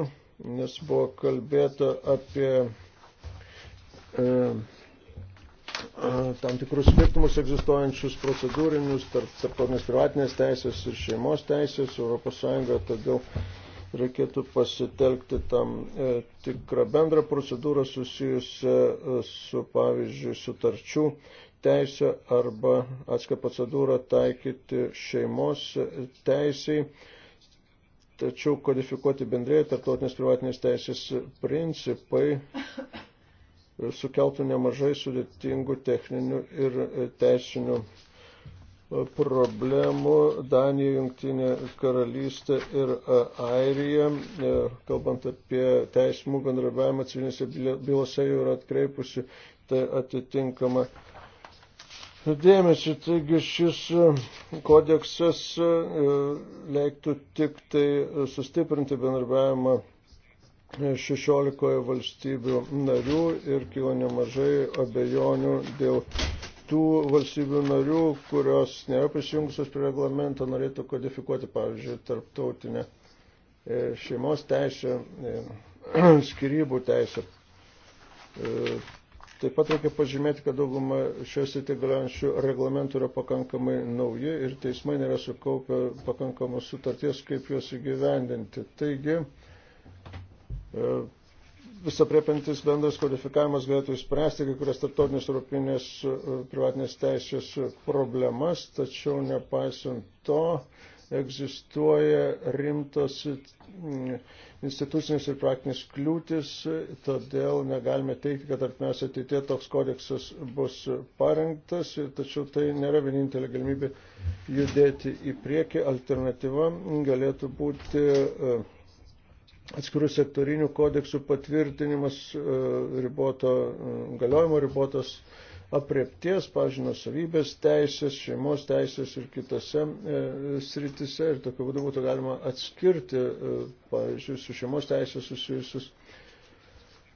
nes buvo kalbėta apie e, tam tikrus skirtumus egzistuojančius procedūrinius tarp tarptautinės privatinės teisės ir šeimos teisės Europos Sąjungoje, todėl reikėtų pasitelkti tam e, tikrą bendrą procedūrą susijusią e, su, pavyzdžiui, sutarčių teisę arba atskirą procedūrą taikyti šeimos teisiai, tačiau kodifikuoti bendrėjai tarptautinės privatinės teisės principai sukeltų nemažai sudėtingų techninių ir teisinių problemų Danija, Jungtinė karalystė ir Airija, kalbant apie teismų bendradarbiavimą civilinėse bylose, jau yra atkreipusi tai atitinkamą dėmesį. Taigi šis e, kodeksas e, leiktų tik tai sustiprinti bendarbiavimą 16 e, valstybių narių ir kilo nemažai abejonių dėl tų valstybių narių, kurios nėra prisijungusios prie reglamento, norėtų kodifikuoti, pavyzdžiui, tarptautinę šeimos teisę, skirybų teisę. Taip pat reikia pažymėti, kad dauguma šios įtigaliojančių reglamentų yra pakankamai nauji ir teismai nėra sukaupę pakankamos sutarties, kaip juos įgyvendinti. Taigi, e, visapriepantis bendras kodifikavimas galėtų įspręsti kai kurias tarptautinės europinės e, privatinės teisės problemas, tačiau nepaisant to, egzistuoja rimtos mm, institucinės ir praktinės kliūtis, todėl negalime teikti, kad artimiausia ateitie toks kodeksas bus parengtas, tačiau tai nėra vienintelė galimybė judėti į priekį. Alternatyva galėtų būti e, atskirų sektorinių kodeksų patvirtinimas e, riboto e, galiojimo ribotos apriepties, pažino savybės teisės, šeimos teisės ir kitose e, sritise. Ir tokiu būdu būtų galima atskirti, e, pavyzdžiui, su šeimos teisės susijusius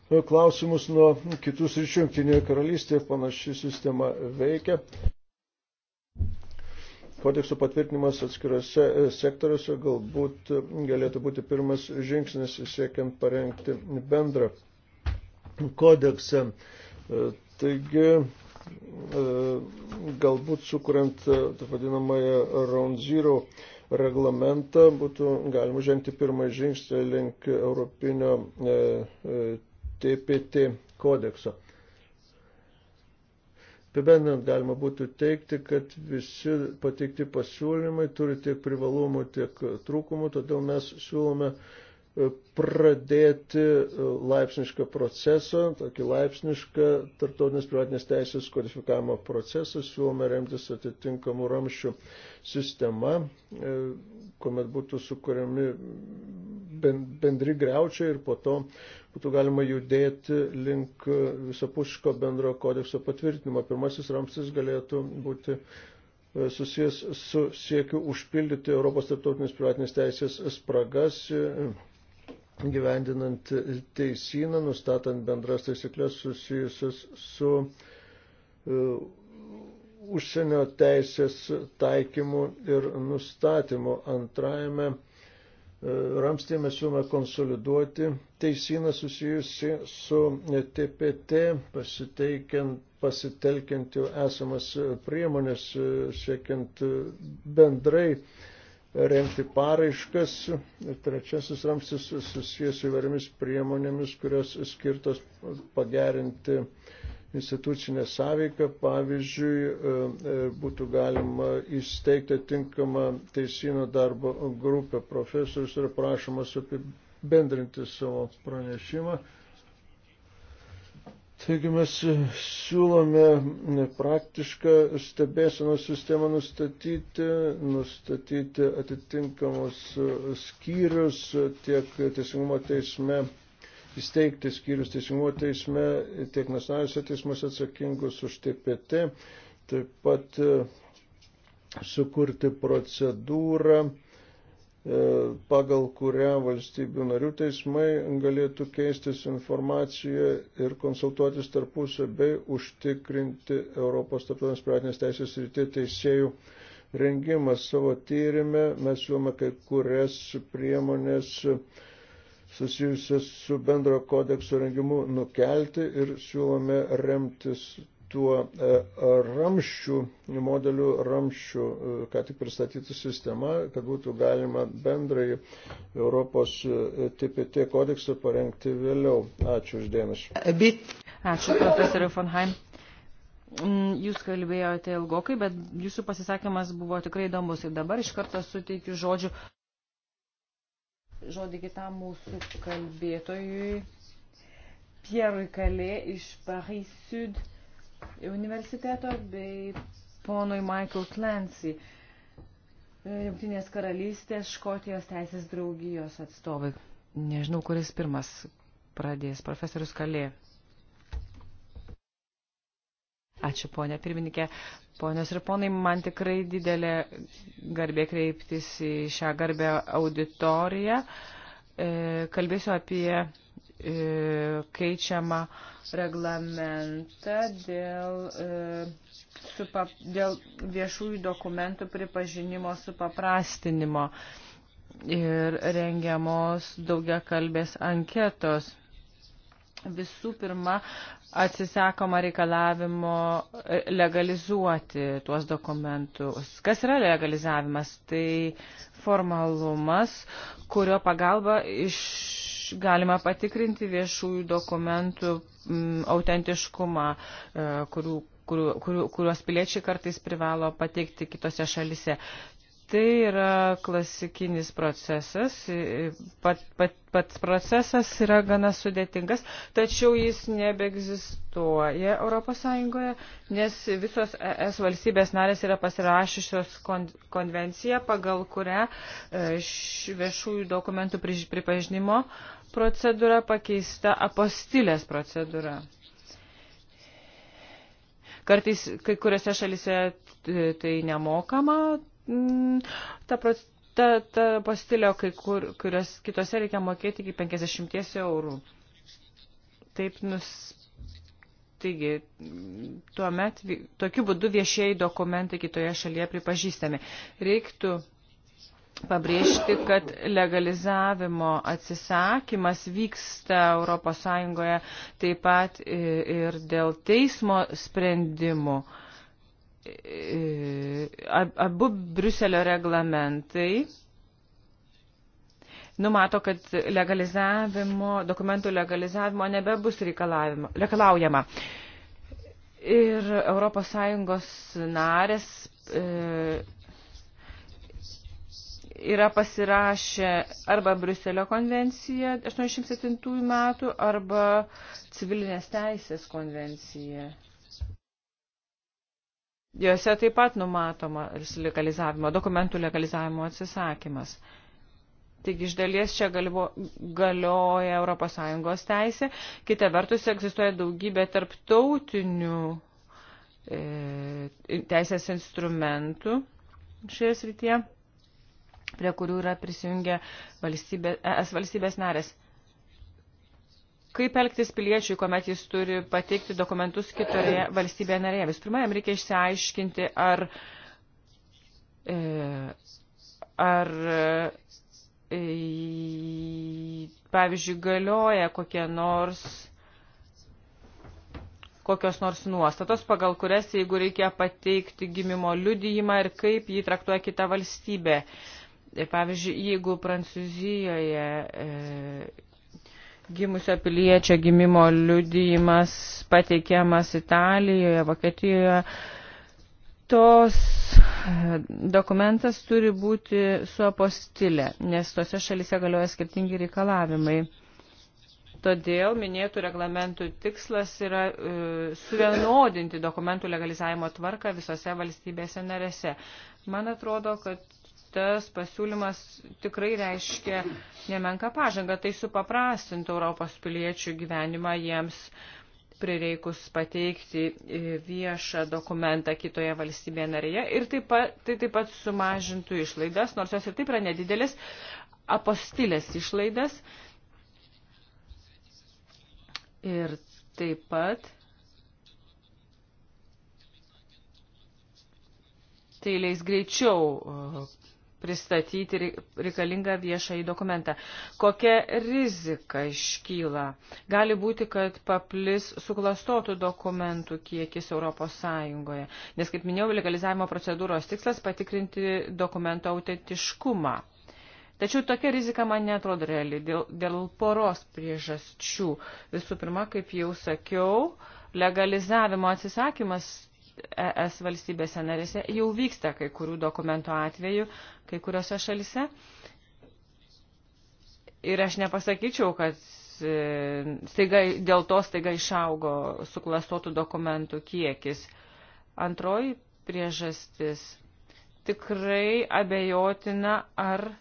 e, klausimus nuo kitų sričių. Junktinėje karalystėje panaši sistema veikia. Kodeksų patvirtinimas atskirose e, sektoriuose galbūt galėtų būti pirmas žingsnis siekiant parengti bendrą kodeksą. E, taigi E, galbūt sukuriant e, tą vadinamąją Round Zero reglamentą būtų galima žengti pirmą žingsnį link Europinio TPT e, kodekso. Apibendrinant galima būtų teikti, kad visi pateikti pasiūlymai turi tiek privalumų, tiek trūkumų, todėl mes siūlome uh, pradėti e, laipsnišką procesą, tokį laipsnišką tarptautinės privatinės teisės kodifikavimo procesą, siūlome remtis atitinkamų ramščių sistema, e, kuomet būtų sukūriami bendri greučiai ir po to būtų galima judėti link visapuško bendro kodekso patvirtinimo. Pirmasis ramstis galėtų būti e, susijęs su siekiu užpildyti Europos tarptautinės privatinės teisės spragas gyvendinant teisyną, nustatant bendras taisyklės susijusias su uh, užsienio teisės taikymu ir nustatymu. Antrajame uh, e, ramstėje mes siūlome konsoliduoti teisyną susijusi su TPT, pasitelkiant jau esamas priemonės, e, siekiant bendrai uh, rengti paraiškas. Ir trečiasis ramstis susijęs su įvairiomis priemonėmis, kurios skirtos pagerinti institucinę sąveiką. Pavyzdžiui, e, e, būtų galima įsteigti tinkamą teisino darbo grupę. Profesorius yra prašomas apibendrinti savo pranešimą. Taigi mes siūlome praktišką stebėsenos sistemą nustatyti, nustatyti atitinkamus skyrius tiek teisingumo teisme, įsteigti skyrius teisingumo teisme, tiek nacionaliniuose teismuose atsakingus už TPT, taip pat sukurti procedūrą E, pagal kurią valstybių narių teismai galėtų keistis informaciją ir konsultuotis tarpusio bei užtikrinti Europos tarptautinės pratinės teisės rytį teisėjų rengimą savo tyrimę. Mes siūlome kai kurias priemonės susijusias su bendro kodekso rengimu nukelti ir siūlome remtis tuo e, ramščių, modelių ramščių, e, ką tik pristatytų sistema, kad būtų galima bendrai Europos TPT e, kodeksą parengti vėliau. Ačiū uždėmesi. Ačiū, profesoriu Fonheim. Mm, jūs kalbėjote ilgokai, bet jūsų pasisakymas buvo tikrai įdomus ir dabar iš karto suteikiu žodžių. Žodį kitam mūsų kalbėtojui, Pierui Kalė iš Paris Sud universiteto bei ponui Michael Clancy, Junktinės karalystės Škotijos teisės draugijos atstovai. Nežinau, kuris pirmas pradės. Profesorius Kalė. Ačiū, ponė pirmininkė. Ponios ir ponai, man tikrai didelė garbė kreiptis į šią garbę auditoriją. E, kalbėsiu apie E, keičiama reglamentą dėl, e, supa, dėl viešųjų dokumentų pripažinimo supaprastinimo ir rengiamos daugia kalbės anketos. Visų pirma, atsisakoma reikalavimo e, legalizuoti tuos dokumentus. Kas yra legalizavimas? Tai formalumas, kurio pagalba iš galima patikrinti viešųjų dokumentų m, mm, autentiškumą, e, kurių kuriuos piliečiai kartais privalo pateikti kitose šalise. Tai yra klasikinis procesas, pat, pat, pats procesas yra gana sudėtingas, tačiau jis nebeegzistuoja ES, nes visos ES valstybės narės yra pasirašyšios konvenciją, pagal kurią e, viešųjų dokumentų pripažinimo procedūra pakeista apostilės procedūra. Kartais kai kuriuose šalise e, tai nemokama Mm, ta, ta, ta pastilio, kai kur, kurios kitose reikia mokėti iki 50 eurų. Taip nus. Taigi, tuomet, tokiu būdu viešieji dokumentai kitoje šalyje pripažįstami. Reiktų pabrėžti, kad legalizavimo atsisakymas vyksta ES taip pat ir dėl teismo sprendimų. Uh, E, abu Briuselio reglamentai numato, kad legalizavimo, dokumentų legalizavimo nebebus reikalaujama. Ir ES narės e, yra pasirašę arba Briuselio konvenciją 87 metų, arba civilinės teisės konvenciją Jose taip pat numatoma legalizavimo, dokumentų legalizavimo atsisakymas. Taigi iš dalies čia galvo, galioja ES teisė, kita vertus egzistuoja daugybė tarptautinių e, teisės instrumentų šioje srityje, prie kurių yra prisijungę valstybė, e, es valstybės narės. Kaip elgtis piliečiui, kuomet jis turi pateikti dokumentus kitoje valstybėje narėje? Vis pirma, jam reikia išsiaiškinti, ar, e, ar e, pavyzdžiui, galioja kokie nors kokios nors nuostatos, pagal kurias, jeigu reikia pateikti gimimo liudijimą ir kaip jį traktuoja kita valstybė. E, pavyzdžiui, jeigu Prancūzijoje e, gimusio piliečio gimimo liudijimas pateikiamas Italijoje, Vokietijoje. Tos e, dokumentas turi būti su apostilė, nes tose šalise galioja skirtingi reikalavimai. Todėl minėtų reglamentų tikslas yra e, suvienodinti dokumentų legalizavimo tvarką visose valstybėse narėse. Man atrodo, kad tas pasiūlymas tikrai reiškia nemenka pažanga. Tai supaprastinti Europos piliečių gyvenimą jiems prireikus pateikti viešą dokumentą kitoje valstybėje narėje ir taip pat, tai taip pat sumažintų išlaidas, nors jos ir taip yra nedidelis, apostilės išlaidas. Ir taip pat tai leis greičiau pristatyti reikalingą viešąjį dokumentą. Kokia rizika iškyla? Gali būti, kad paplis suklastotų dokumentų kiekis Europos Sąjungoje, nes, kaip minėjau, legalizavimo procedūros tikslas patikrinti dokumento autentiškumą. Tačiau tokia rizika man netrodo reali dėl, dėl poros priežasčių. Visų pirma, kaip jau sakiau, legalizavimo atsisakymas ES valstybėse narėse jau vyksta kai kurių dokumentų atveju, kai kuriuose šalise. Ir aš nepasakyčiau, kad e, staiga, dėl to staiga išaugo suklastotų dokumentų kiekis. Antroji priežastis tikrai abejotina, ar e,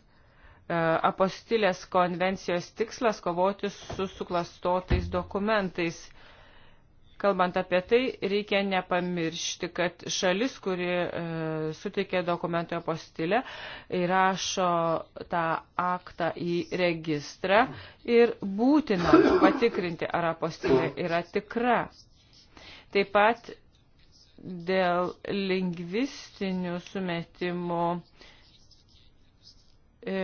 apostilės konvencijos tikslas kovoti su suklastotais dokumentais Kalbant apie tai, reikia nepamiršti, kad šalis, kuri e, suteikė dokumento apostilę, įrašo tą aktą į registrą ir būtina patikrinti, ar apostilė yra tikra. Taip pat dėl lingvistinių sumetimų. E,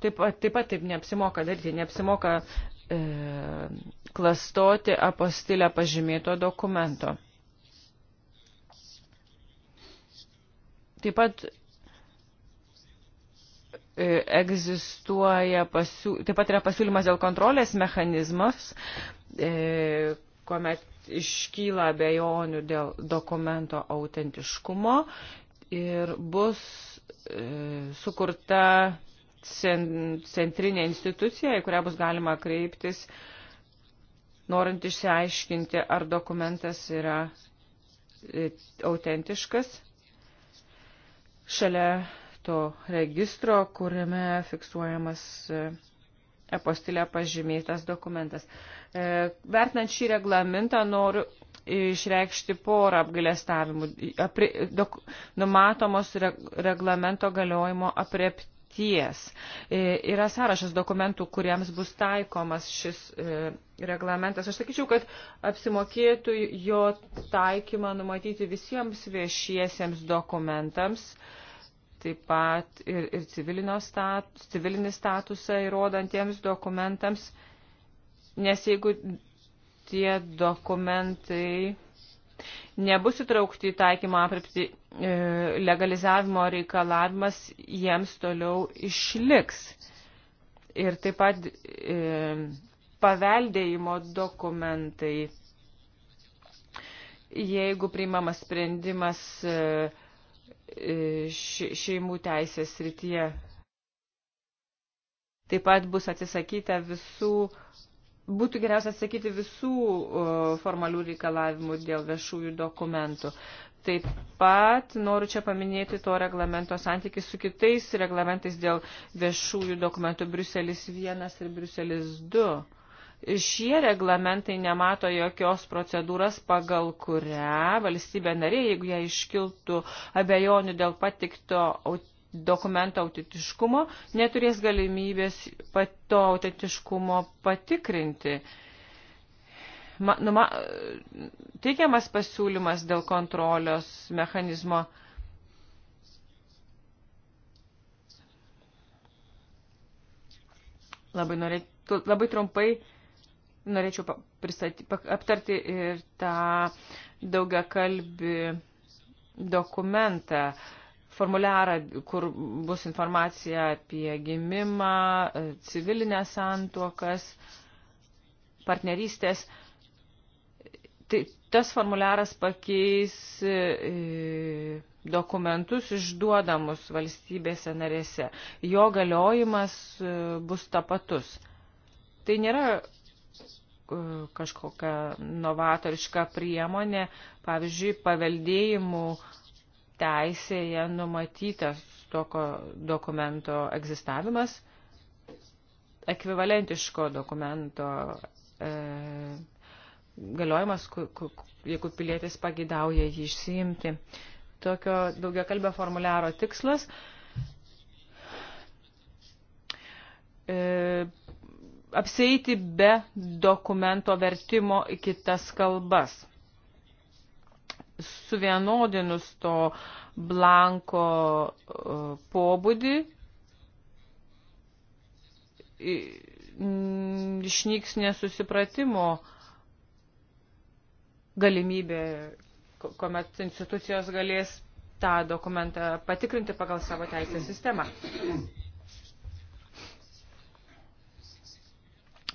taip, pat, taip pat taip neapsimoka daryti, neapsimoka e, paklastoti apostilę pažymėto dokumento. Taip pat e, egzistuoja, pasiū... taip pat yra pasiūlymas dėl kontrolės mechanizmas, e, kuomet iškyla abejonių dėl dokumento autentiškumo ir bus e, sukurta centrinė institucija, į kurią bus galima kreiptis e, norint išsiaiškinti, ar dokumentas yra e, autentiškas. Šalia to registro, kuriame fiksuojamas e, apostilė pažymėtas dokumentas. E, vertinant šį reglamentą noriu išreikšti porą apgailestavimų. Numatomos reglamento galiojimo apriepti sutarties. Yra sąrašas dokumentų, kuriems bus taikomas šis reglamentas. Aš sakyčiau, kad apsimokėtų jo taikymą numatyti visiems viešiesiems dokumentams, taip pat ir, ir stat, civilinį statusą įrodantiems dokumentams, nes jeigu tie dokumentai nebus įtraukti į taikymą apripti e, legalizavimo reikalavimas, jiems toliau išliks. Ir taip pat e, paveldėjimo dokumentai. Jeigu priimamas sprendimas e, e, šeimų teisės rytyje, taip pat bus atsisakyta visų, būtų geriausia atsakyti visų formalių reikalavimų dėl viešųjų dokumentų. Taip pat noriu čia paminėti to reglamento santykį su kitais reglamentais dėl viešųjų dokumentų Bruselis 1 ir Bruselis 2 Šie reglamentai nemato jokios procedūros, pagal kurią valstybė narė, jeigu jie iškiltų abejonių dėl patikto dokumento autentiškumo, neturės galimybės to autentiškumo patikrinti. Ma, numa, teikiamas pasiūlymas dėl kontrolios mechanizmo labai, norėt, labai trumpai norėčiau pristaty, aptarti ir tą daugia kalbį dokumentą, formuliarą, kur bus informacija apie gimimą, e, civilinės santuokas, partnerystės. Tai tas formuliaras pakeis e, dokumentus išduodamus valstybėse narėse. Jo galiojimas e, bus tapatus. Tai nėra kažkokią novatorišką priemonę, pavyzdžiui, paveldėjimų teisėje numatytas toko dokumento egzistavimas, ekvivalentiško dokumento e, galiojimas, ku, ku, jeigu pilietis pagidauja jį išsiimti. Tokio daugiakalbio formuliaro tikslas e, apseiti be dokumento vertimo į kitas kalbas. Suvienodinus to blanko e, pobūdį išnyks nesusipratimo galimybė, kuomet institucijos galės tą dokumentą patikrinti pagal savo teisės sistemą.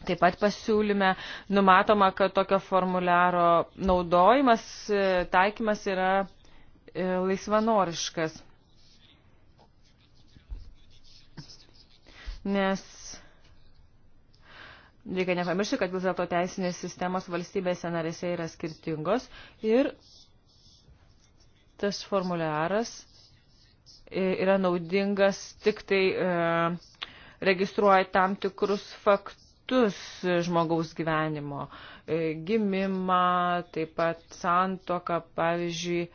Taip pat pasiūlyme numatoma, kad tokio formuliaro naudojimas, e, taikymas yra e, laisvanoriškas. Nes reikia nepamiršti, kad vis dėlto teisinės sistemos valstybėse narėse yra skirtingos ir tas formuliaras e, yra naudingas tik tai e, registruoja tam tikrus faktus aspektus žmogaus gyvenimo e, - gimimą, taip pat santoką, pavyzdžiui.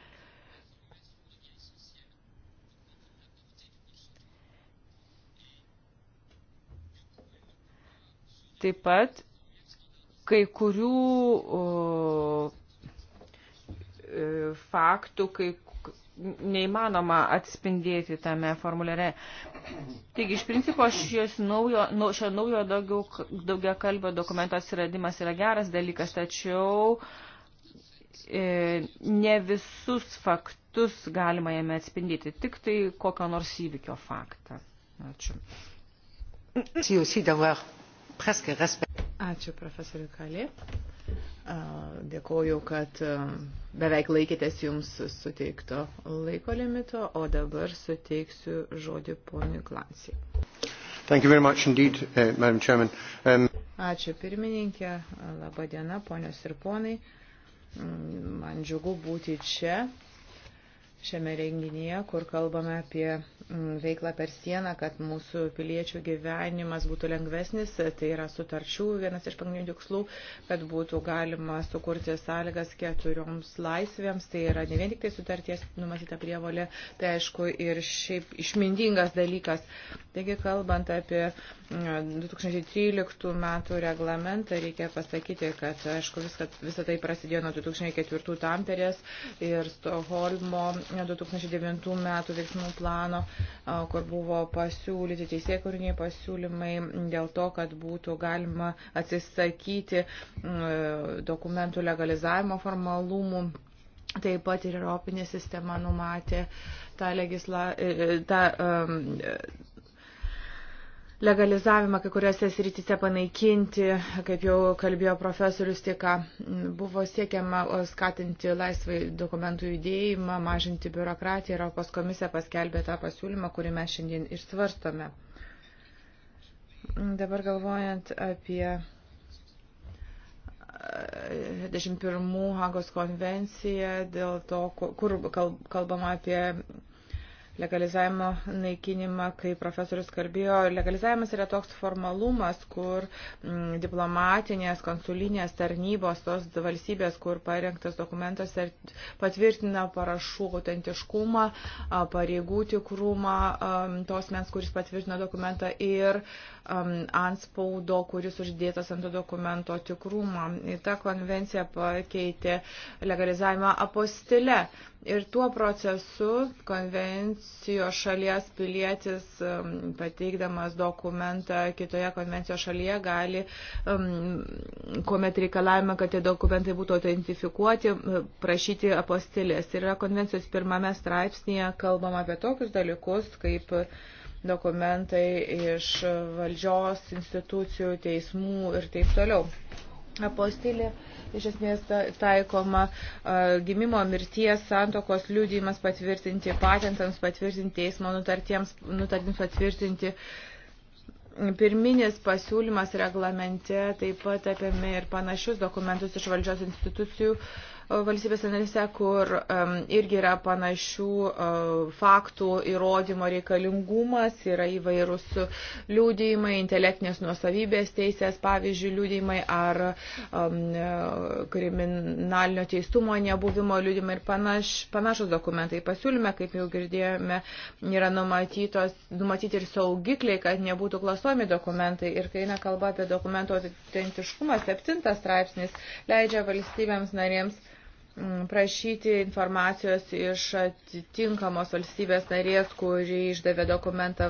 Taip pat kai kurių o, e, faktų, kai neįmanoma atspindėti tame formulėre. Taigi, iš principo, šis naujo, nu, šio naujo daugiau, daugia kalbio dokumento atsiradimas yra geras dalykas, tačiau e, ne visus faktus galima jame atspindėti, tik tai kokio nors įvykio faktą. Ačiū. Ačiū profesoriu Kalė. Dėkoju, kad beveik laikytės jums suteikto laiko limito, o dabar suteiksiu žodį ponui Klansi. Indeed, uh, um... Ačiū pirmininkė, laba diena, ponios ir ponai. Mm, man džiugu būti čia šiame renginyje, kur kalbame apie mm, veiklą per sieną, kad mūsų piliečių gyvenimas būtų lengvesnis. Tai yra sutarčių vienas iš pagrindinių tikslų, kad būtų galima sukurti sąlygas keturioms laisvėms. Tai yra ne vien tik tai sutarties numatyta prievolė, tai aišku ir šiaip išmintingas dalykas. Taigi, kalbant apie 2013 mm, metų reglamentą, reikia pasakyti, kad aišku visą, visą tai prasidėjo nuo 2004 Tamperės ir Stoholmo 2009 metų veiksmų plano, kur buvo pasiūlyti teisėkuriniai pasiūlymai dėl to, kad būtų galima atsisakyti dokumentų legalizavimo formalumų. Taip pat ir Europinė sistema numatė tą, legisla, e, e, tą um, legalizavimą kai kuriuose srityse panaikinti, kaip jau kalbėjo profesorius tik, buvo siekiama skatinti laisvai dokumentų judėjimą, mažinti biurokratiją ir Europos komisija paskelbė tą pasiūlymą, kurį mes šiandien ir svarstome. Dabar galvojant apie 21 e, Hagos konvenciją, dėl to, kur kalbama apie legalizavimo naikinimą, kai profesorius kalbėjo, legalizavimas yra toks formalumas, kur m, mm, diplomatinės, konsulinės tarnybos, tos valstybės, kur parengtas dokumentas patvirtina parašų autentiškumą, pareigų tikrumą tos mens, kuris patvirtina dokumentą ir antspaudo, kuris uždėtas ant to dokumento tikrumą. Ir ta konvencija pakeitė legalizavimą apostile. Ir tuo procesu konvencija konvencijos šalies pilietis, um, pateikdamas dokumentą kitoje konvencijos šalyje, gali, um, kuomet reikalavime, kad tie dokumentai būtų autentifikuoti, uh, prašyti apostilės. Ir yra konvencijos pirmame straipsnėje kalbama apie tokius dalykus, kaip dokumentai iš valdžios institucijų, teismų ir taip toliau apostilė iš esmės taikoma gimimo mirties santokos liūdėjimas patvirtinti, patentams patvirtinti, teismo nutartiems, nutartims patvirtinti. Pirminis pasiūlymas reglamente taip pat apėmė ir panašius dokumentus iš valdžios institucijų. Uh, valstybės narėse, kur um, irgi yra panašių uh, faktų įrodymo reikalingumas, yra įvairūs liūdėjimai, intelektinės nuosavybės teisės, pavyzdžiui, liūdėjimai ar um, kriminalinio teistumo nebuvimo liūdėjimai ir panaš, panašus dokumentai. Pasiūlyme, kaip jau girdėjome, yra numatyti ir saugikliai, kad nebūtų klastojami dokumentai. Ir kai eina kalba apie dokumento autentiškumą, septintas straipsnis leidžia valstybėms narėms Mm, prašyti informacijos iš atitinkamos valstybės narės, kuri išdavė dokumentą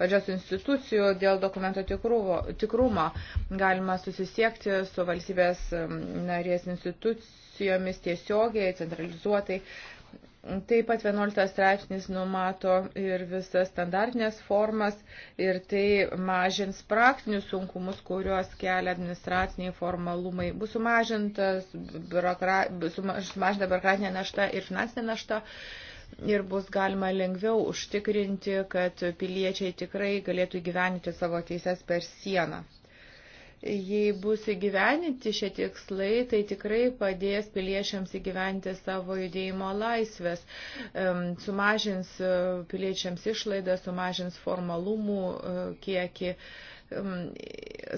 valdžios institucijų dėl dokumento tikruvo, tikrumo. Galima susisiekti su valstybės mm, narės institucijomis tiesiogiai, centralizuotai. Uh, Taip pat 11 straipsnis numato ir visas standartinės formas ir tai mažins praktinius sunkumus, kuriuos kelia administraciniai formalumai. Bus sumažintas, biurokra, sumažinta biurokratinė našta ir finansinė našta ir bus galima lengviau užtikrinti, kad piliečiai tikrai galėtų gyventi savo teises per sieną jei bus įgyveninti šie tikslai, tai tikrai padės piliečiams įgyventi savo judėjimo laisvės, sumažins e, piliečiams išlaidą, sumažins formalumų e, kiekį.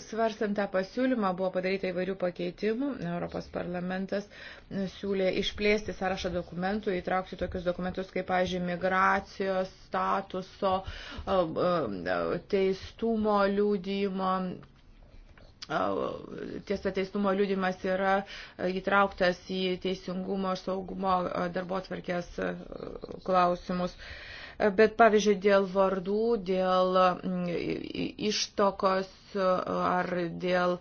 Svarstant tą pasiūlymą buvo padaryta įvairių pakeitimų. Europos parlamentas siūlė išplėsti sąrašą dokumentų, įtraukti tokius dokumentus kaip, pavyzdžiui, migracijos statuso, e, teistumo liūdėjimo, tiesa teistumo liūdimas yra įtrauktas į teisingumo ir saugumo darbo tvarkės klausimus. Bet pavyzdžiui, dėl vardų, dėl ištokos ar dėl.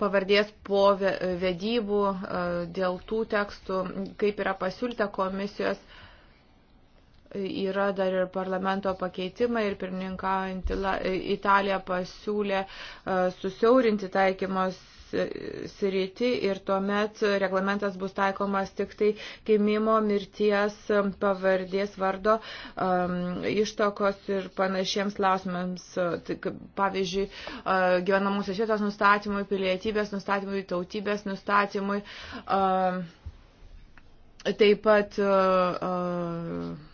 pavardės po vedybų dėl tų tekstų, kaip yra pasiūlyta komisijos, uh, yra dar ir parlamento pakeitimai ir pirmininkaujant e, Italija pasiūlė e, susiaurinti taikymos e, sritį ir tuomet reglamentas bus taikomas tik tai gimimo, mirties, pavardės, vardo, um, ištokos ir panašiems klausimams, tai pavyzdžiui, uh, gyvenamosios vietos nustatymui, pilietybės nustatymui, tautybės nustatymui, uh, taip pat uh, uh,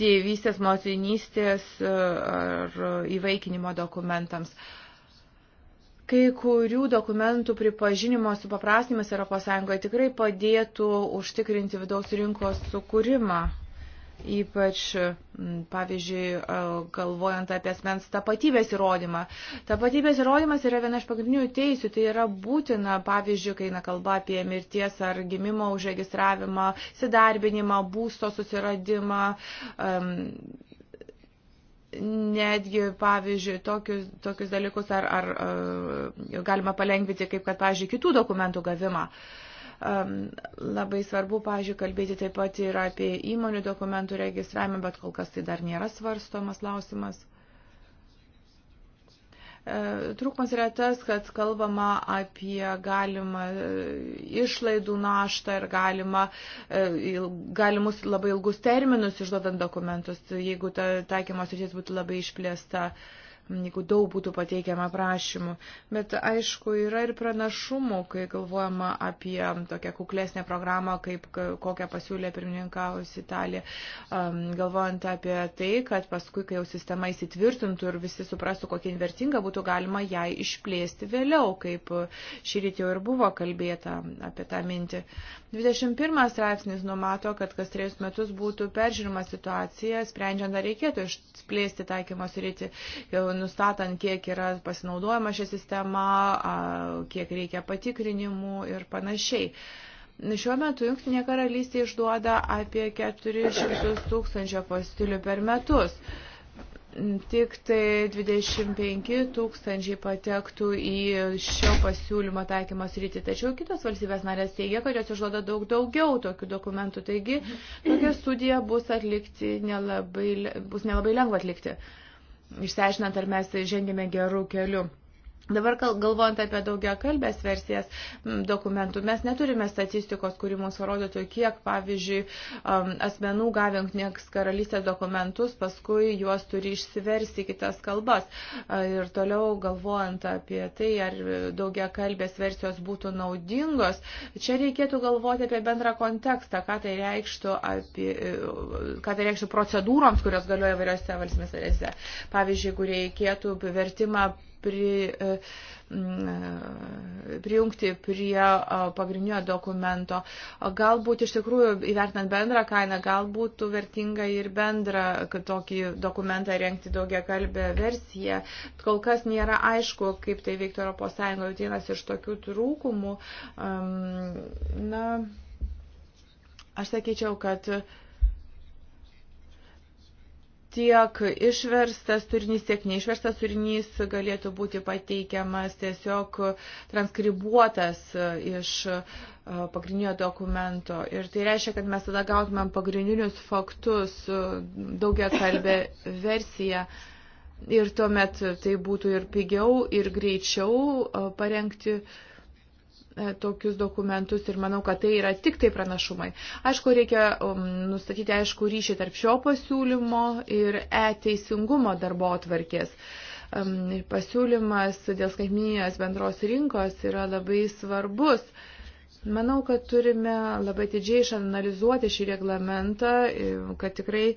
tėvystės, motinystės e, ar įvaikinimo dokumentams. Kai kurių dokumentų pripažinimo supaprastinimas ES tikrai padėtų užtikrinti vidaus rinkos sukūrimą. Ypač, pavyzdžiui, galvojant apie asmens tapatybės įrodymą. Tapatybės įrodymas yra viena iš pagrindinių teisių, tai yra būtina, pavyzdžiui, kai eina kalba apie mirties ar gimimo užregistravimą, sidarbinimą, būsto susiradimą. Um, netgi, pavyzdžiui, tokius, tokius dalykus ar, ar, ar galima palengvinti, kaip kad, pavyzdžiui, kitų dokumentų gavimą. Uh, Um, labai svarbu, pažiūrėjau, kalbėti taip pat ir apie įmonių dokumentų registravimą, bet kol kas tai dar nėra svarstomas klausimas. E, trūkumas yra tas, kad kalbama apie galimą e, išlaidų naštą ir galima, e, galimus labai ilgus terminus išduodant dokumentus, jeigu ta taikymos rytis būtų labai išplėsta. Uh, jeigu daug būtų pateikiama prašymų. Bet aišku, yra ir pranašumų, kai galvojama apie tokią kuklesnę programą, kaip kokią pasiūlė pirmininkaus Italija, galvojant apie tai, kad paskui, kai jau sistema įsitvirtintų ir visi suprastų, kokia invertinga, būtų galima ją išplėsti vėliau, kaip šį rytį jau ir buvo kalbėta apie tą mintį. 21 straipsnis numato, kad kas trejus metus būtų peržiūrima situacija, sprendžiant ar reikėtų išplėsti taikymos rytį. Jau nustatant, kiek yra pasinaudojama šią sistemą, kiek reikia patikrinimų ir panašiai. Šiuo metu Junktinė karalystė išduoda apie 400 tūkstančio postilių per metus. Tik tai 25 tūkstančiai patektų į šio pasiūlymo taikymą sritį, tačiau kitos valstybės narės teigia, kad jos išduoda daug daugiau tokių dokumentų, taigi tokia studija bus, atlikti nelabai, bus nelabai lengva atlikti. Uh, išsiaiškinant, ar mes žengėme gerų kelių. Dabar galvojant apie daugia kalbės versijas dokumentų, mes neturime statistikos, kuri mums parodytų, kiek, pavyzdžiui, asmenų gavę jungtinės karalystės dokumentus, paskui juos turi išsiversti kitas kalbas. Ir toliau galvojant apie tai, ar daugia kalbės versijos būtų naudingos, čia reikėtų galvoti apie bendrą kontekstą, ką tai reikštų, apie, ką tai reikštų procedūroms, kurios galioja įvairiose valstybėse. Pavyzdžiui, kur reikėtų vertimą pri, e, e, prijungti prie e, pagrindinio dokumento. Galbūt iš tikrųjų įvertinant bendrą kainą, galbūt vertinga ir bendrą tokį dokumentą renkti daugia kalbę versiją. Kol kas nėra aišku, kaip tai veiktų Europos Sąjungoje. Tai vienas iš tokių trūkumų. Na, aš sakyčiau, kad uh, tiek išverstas turinys, tiek neišverstas turinys galėtų būti pateikiamas tiesiog transkribuotas iš e, pagrindinio dokumento. Ir tai reiškia, kad mes tada gautumėm pagrindinius faktus e, daugia kalbė versiją. Ir tuomet tai būtų ir pigiau, ir greičiau e, parengti uh, E, tokius dokumentus ir manau, kad tai yra tik tai pranašumai. Aišku, reikia um, nustatyti aišku ryšį tarp šio pasiūlymo ir e-teisingumo darbo atvarkės. Um, pasiūlymas dėl skaitminės bendros rinkos yra labai svarbus. Manau, kad turime labai didžiai išanalizuoti šį reglamentą, e, kad tikrai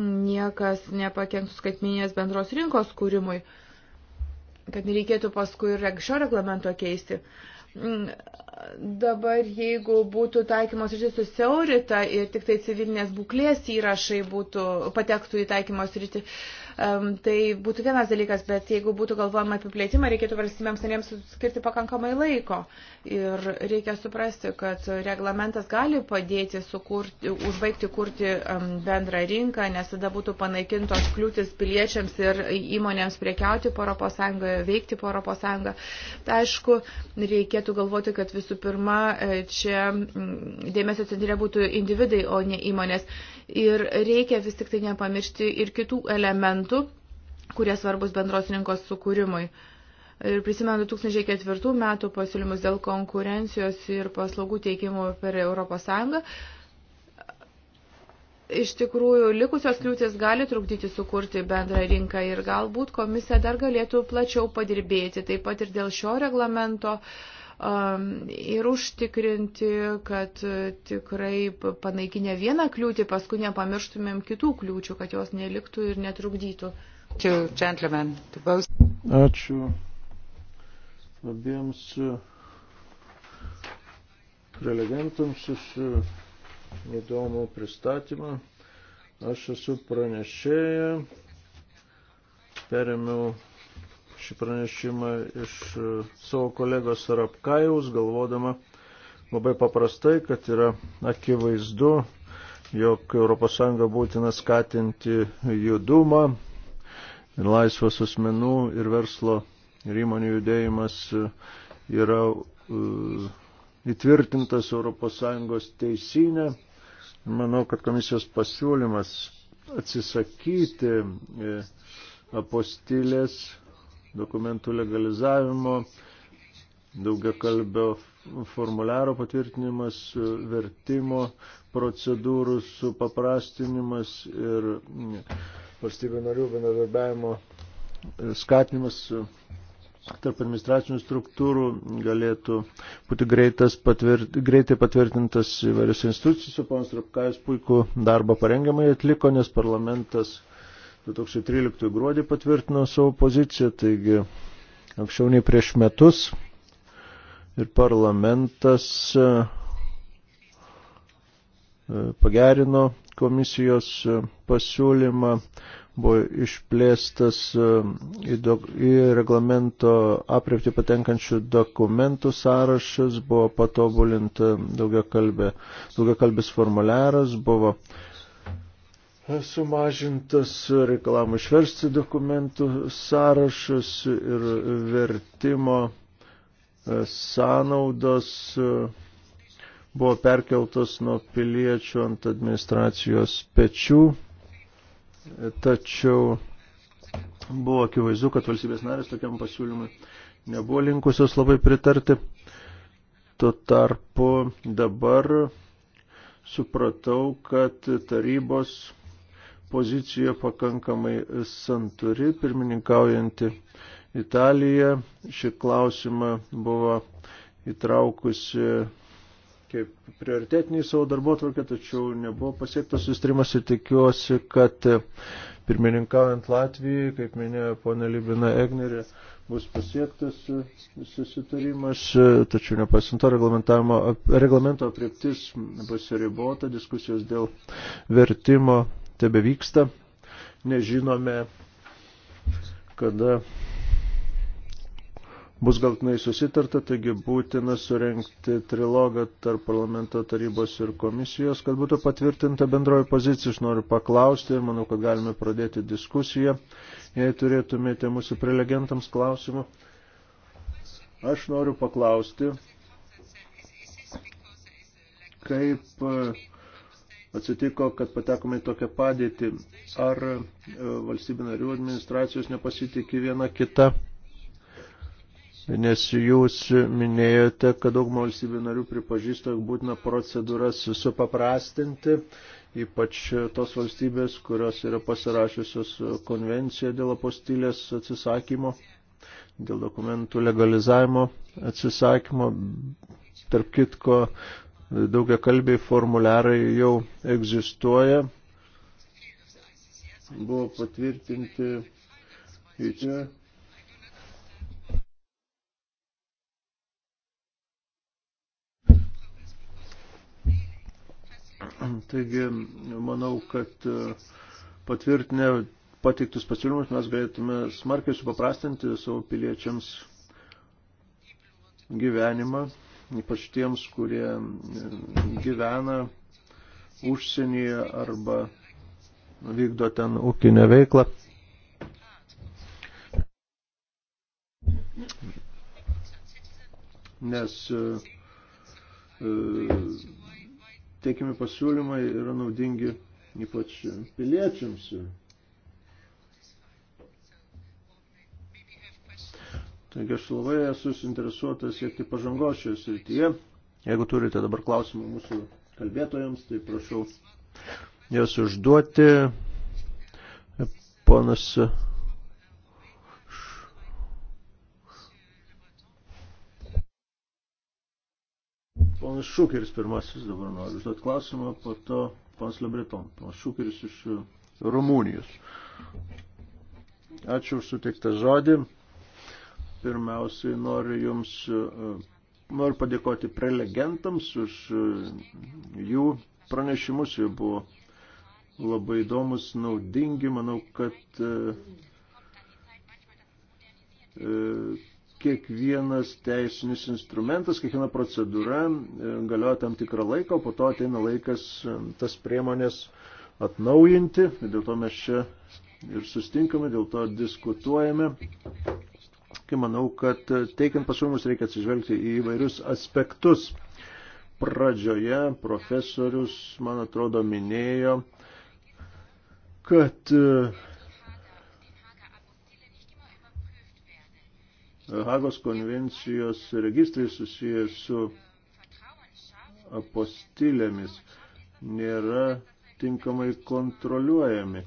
niekas nepakenktų skaitminės bendros rinkos kūrimui. Uh, kad nereikėtų paskui ir šio reglamento keisti. Mm, dabar jeigu būtų taikymos rytis susiaurita ir tik tai civilinės būklės įrašai būtų, patektų į taikymos rytį, Tai būtų vienas dalykas, bet jeigu būtų galvojama apie plėtimą, reikėtų valstybėms narėms skirti pakankamai laiko. Ir reikia suprasti, kad reglamentas gali padėti sukurti, užbaigti kurti bendrą rinką, nes tada būtų panaikintos kliūtis piliečiams ir įmonėms priekiauti po ES, veikti po ES. Tai aišku, reikėtų galvoti, kad visų pirma, e, čia dėmesio centre būtų individai, o ne įmonės. Ir reikia vis tik tai nepamiršti ir kitų elementų, kurie svarbus bendros rinkos sukūrimui. Ir prisimenu 2004 metų pasiūlymus dėl konkurencijos ir paslaugų teikimo per ES. Iš tikrųjų, likusios kliūtis gali trukdyti sukurti bendrą rinką ir galbūt komisija dar galėtų plačiau padirbėti, taip pat ir dėl šio reglamento uh, ir užtikrinti, kad e, tikrai panaikinę vieną kliūtį, paskui nepamirštumėm kitų kliūčių, kad jos neliktų ir netrukdytų. Ačiū abiems e, prelegentams už e, įdomų pristatymą. Aš esu pranešėja, perėmiau šį pranešimą iš e, savo kolegos Rapkajaus, galvodama labai paprastai, kad yra akivaizdu, jog ES būtina skatinti judumą, laisvas asmenų ir verslo ir įmonių judėjimas e, yra uh, įtvirtintas ES teisinė. Manau, kad komisijos pasiūlymas atsisakyti apostilės dokumentų legalizavimo, daugiakalbio formularo patvirtinimas, vertimo procedūrų supaprastinimas ir valstybių narių bendradarbiavimo skatinimas tarp administracinių struktūrų galėtų būti greitas, patvirt, greitai patvirtintas įvairios institucijos. Ponas Trupkajus puikų darbą parengiamai atliko, nes parlamentas 2013 gruodį patvirtino savo poziciją, taigi anksčiau nei prieš metus ir parlamentas e, e, pagerino komisijos e, pasiūlymą, buvo išplėstas į, dok, į reglamento apriepti patenkančių dokumentų sąrašas, buvo patobulinta daugiakalbė, daugiakalbis formuliaras, buvo uh, sumažintas reklamų išversti dokumentų sąrašas ir vertimo e, sąnaudos e, buvo perkeltos nuo piliečių ant administracijos pečių, e, tačiau buvo akivaizdu, kad valstybės narės tokiam pasiūlymui nebuvo linkusios labai pritarti. Tuo tarpu dabar supratau, kad tarybos pozicija pakankamai santuri, pirmininkaujanti Italija. Šį klausimą buvo įtraukusi kaip prioritetinį savo darbo tvarkę, tačiau nebuvo pasiektas sustrimas ir tikiuosi, kad pirmininkaujant Latvijai, kaip minėjo ponė Libina Egnerė, bus pasiektas susitarimas, tačiau nepasinto reglamento apriptis bus ribota, diskusijos dėl vertimo tebe vyksta. Nežinome, kada bus galtinai susitarta, taigi būtina surenkti trilogą tarp parlamento tarybos ir komisijos, kad būtų patvirtinta bendroji pozicija. Aš noriu paklausti ir manau, kad galime pradėti diskusiją, jei turėtumėte mūsų prelegentams klausimų. Aš noriu paklausti, kaip atsitiko, kad patekome į tokią padėtį. Ar e, valstybių narių administracijos nepasitikė viena kita? Nes jūs minėjote, kad daug valstybių narių pripažįsta, jog būtina procedūras supaprastinti, ypač tos valstybės, kurios yra pasirašiusios konvenciją dėl apostilės atsisakymo, dėl dokumentų legalizavimo atsisakymo. Tarp kitko, daugia kalbiai formuliarai jau egzistuoja. Buvo patvirtinti čia. Taigi, manau, kad uh, patvirtinę pateiktus pasiūlymus mes galėtume smarkiai supaprastinti savo piliečiams gyvenimą ypač tiems, kurie gyvena užsienyje arba vykdo ten ūkinę veiklą. Nes e, e, teikiami pasiūlymai yra naudingi ypač piliečiams, Taigi aš labai esu suinteresuotas siekti pažangos šioje srityje. Jeigu turite dabar klausimų mūsų kalbėtojams, tai prašau jas užduoti. Ponas Ponas Šukeris pirmasis dabar nori užduoti klausimą, po to ponas Lebreton. Ponas Šukeris iš Rumunijos. Ačiū už suteiktą žodį. Pirmiausiai noriu Jums, e, noriu padėkoti prelegentams už e, jų pranešimus, jie buvo labai įdomus, naudingi, manau, kad e, kiekvienas teisinis instrumentas, kiekviena procedūra galioja tam tikrą laiką, o po to ateina laikas tas priemonės atnaujinti. Dėl to mes čia ir sustinkame, dėl to diskutuojame. Taigi manau, kad teikiant pasiūlymus reikia atsižvelgti į įvairius aspektus. Pradžioje profesorius, man atrodo, minėjo, kad e, Hagos konvencijos registrai susiję su apostilėmis nėra tinkamai kontroliuojami.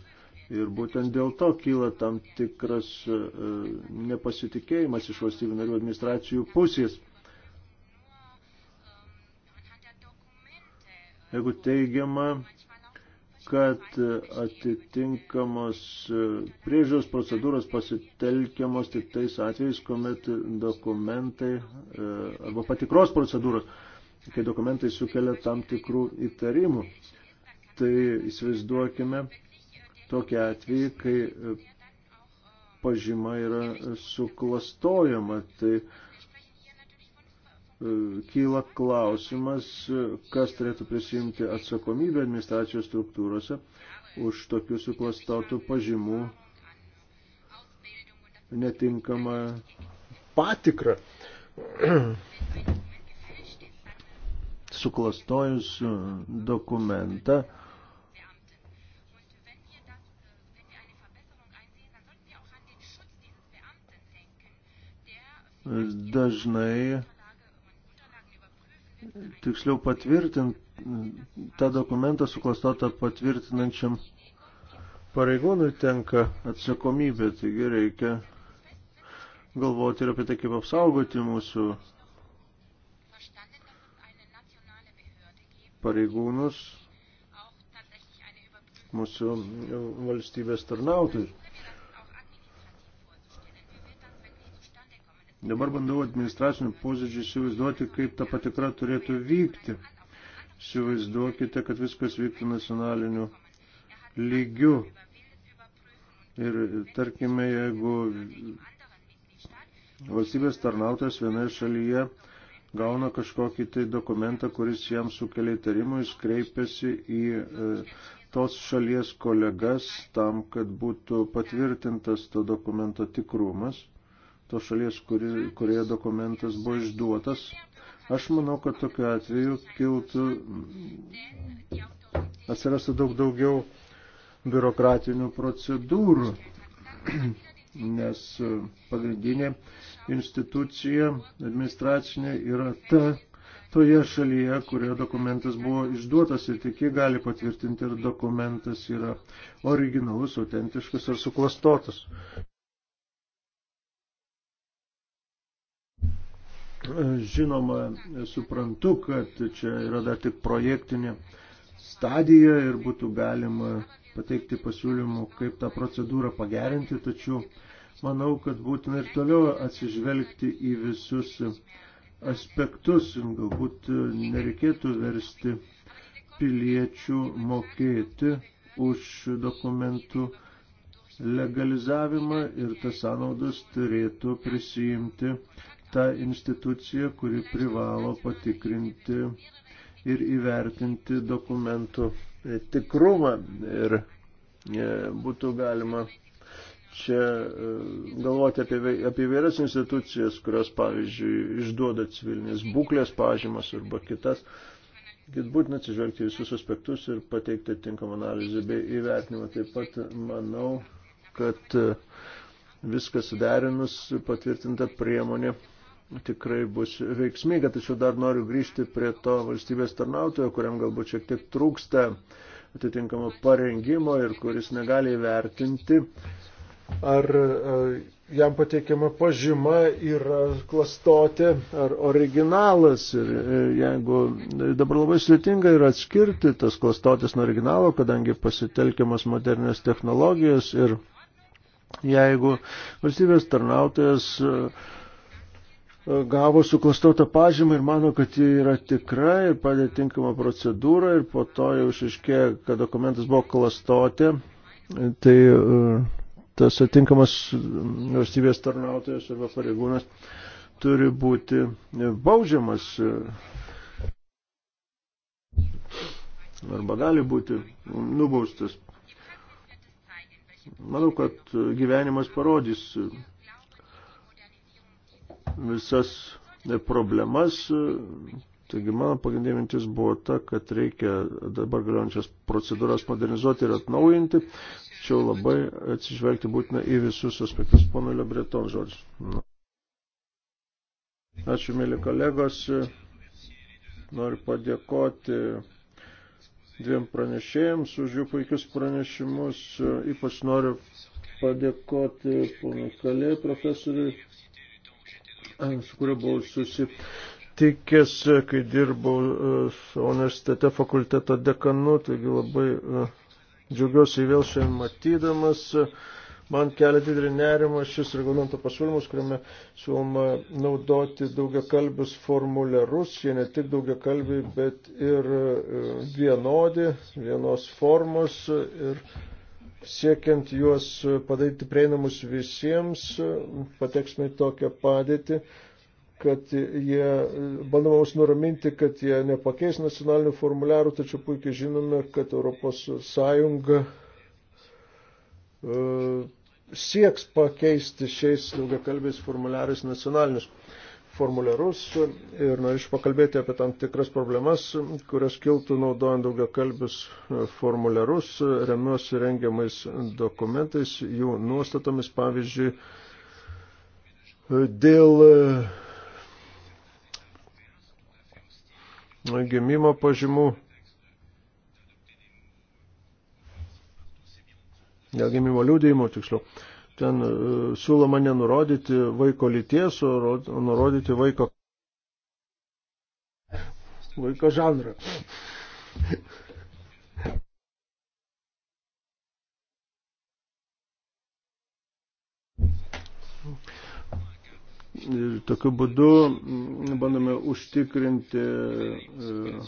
Ir būtent dėl to kyla tam tikras e, e, nepasitikėjimas iš valstybių narių administracijų pusės. Jeigu teigiama, kad atitinkamos e, priežiūros procedūros pasitelkiamos tik tais atvejais, kuomet dokumentai arba patikros procedūros, kai dokumentai sukelia tam tikrų įtarimų. Tai įsivaizduokime, tokia atveju, kai e, pažyma yra suklastojama. Tai e, kyla klausimas, kas turėtų prisimti atsakomybę administracijos struktūrose už tokių suklastotų pažymų netinkamą patikrą. Suklastojus dokumentą dažnai tiksliau patvirtint tą dokumentą suklastotą patvirtinančiam pareigūnui tenka atsakomybė, taigi reikia galvoti ir apie tai, kaip apsaugoti mūsų pareigūnus, mūsų valstybės tarnautojus. Dabar bandau administracinių posėdžių įsivaizduoti, kaip ta patikra turėtų vykti. Įsivaizduokite, kad viskas vyktų nacionaliniu lygiu. Ir tarkime, jeigu valstybės tarnautojas vienoje šalyje gauna kažkokį tai dokumentą, kuris jam sukelia įtarimų, jis kreipiasi į e, tos šalies kolegas tam, kad būtų patvirtintas to dokumento tikrumas to šalies, kuri, kurioje dokumentas buvo išduotas. Aš manau, kad tokiu atveju kiltų, atsirastų daug daugiau biurokratinių procedūrų, nes pagrindinė institucija administracinė yra ta toje šalyje, kurioje dokumentas buvo išduotas ir tik jie gali patvirtinti, ar dokumentas yra originalus, autentiškas ar suklastotas. Žinoma, suprantu, kad čia yra dar tik projektinė stadija ir būtų galima pateikti pasiūlymų, kaip tą procedūrą pagerinti, tačiau manau, kad būtina ir toliau atsižvelgti į visus aspektus. Galbūt nereikėtų versti piliečių mokėti už dokumentų legalizavimą ir tas sąnaudas turėtų prisijimti ta institucija, kuri privalo patikrinti ir įvertinti dokumentų e, tikrumą. Ir e, būtų galima čia e, galvoti apie, apie vėras institucijas, kurios, pavyzdžiui, išduoda civilinės būklės pažymas arba kitas. Kad būtina atsižvelgti visus aspektus ir pateikti tinkamą analizę bei įvertinimą. Taip pat manau, kad viskas derinus patvirtinta priemonė tikrai bus veiksminga, tačiau dar noriu grįžti prie to valstybės tarnautojo, kuriam galbūt šiek tiek trūksta atitinkamo parengimo ir kuris negali įvertinti, ar e, jam pateikiama pažyma yra klastotė ar originalas. Ir e, jeigu e, dabar labai sudėtinga yra atskirti tas klastotės nuo originalo, kadangi pasitelkiamas modernės technologijos ir jeigu valstybės tarnautojas uh, gavo suklastotą pažymą ir mano, kad ji yra tikra ir padė tinkamą procedūrą ir po to jau išaiškėjo, kad dokumentas buvo klastotė, tai e, tas atinkamas valstybės tarnautojas arba pareigūnas turi būti baudžiamas e, arba gali būti nubaustas. Manau, kad gyvenimas parodys, visas problemas. Taigi mano pagrindinė mintis buvo ta, kad reikia dabar galiojančias procedūras modernizuoti ir atnaujinti, tačiau labai atsižvelgti būtina į visus aspektus. Pono Lebreton žodžius. Nu. Ačiū, mėly kolegos. Noriu padėkoti dviem pranešėjams už jų puikius pranešimus. Ypač noriu padėkoti ponui Kalė profesoriui su kuriuo buvau susitikęs, kai dirbau e, su universitete fakulteto dekanu, taigi labai e, džiaugiuosi vėl šiandien matydamas. Man kelia didelį nerimą šis reglamento pasiūlymas, kuriame siūloma naudoti daugiakalbius formulerus, jie ne tik daugiakalbiai, bet ir e, vienodi, vienos formos. Ir siekiant juos padaryti prieinamus visiems, pateksime į tokią padėtį, kad jie, bandoma mus nuraminti, kad jie nepakeis nacionalinių formuliarų, tačiau puikiai žinome, kad Europos Sąjunga e, sieks pakeisti šiais daugiakalbiais formuliarais nacionalinius formulerus ir norėčiau pakalbėti apie tam tikras problemas, kurios kiltų naudojant daugia kalbius formulerus, remiuosi rengiamais dokumentais, jų nuostatomis, pavyzdžiui, dėl gimimo pažymų. Dėl gimimo liūdėjimo, tiksliau ten e, siūloma nenurodyti vaiko lyties, o nurodyti vaiko, vaiko žanrą. Ir tokiu būdu mm, bandome užtikrinti e,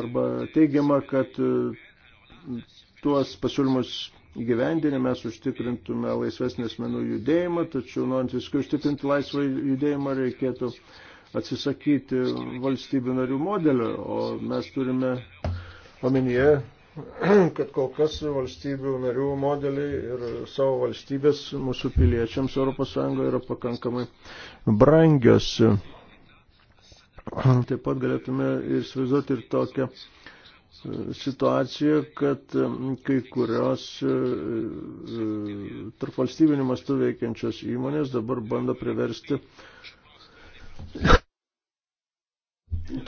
arba teigiama, kad tuos pasiūlymus įgyvendinę mes užtikrintume laisvesnį asmenų judėjimą, tačiau norint viską užtikrinti laisvą judėjimą reikėtų atsisakyti valstybių narių modelio, o mes turime omenyje, kad kol kas valstybių narių modeliai ir savo valstybės mūsų piliečiams ES yra pakankamai brangios. Taip pat galėtume įsivaizduoti ir tokią situacija, kad kai kurios e, e, tarp valstybinių mastų veikiančios įmonės dabar bando priversti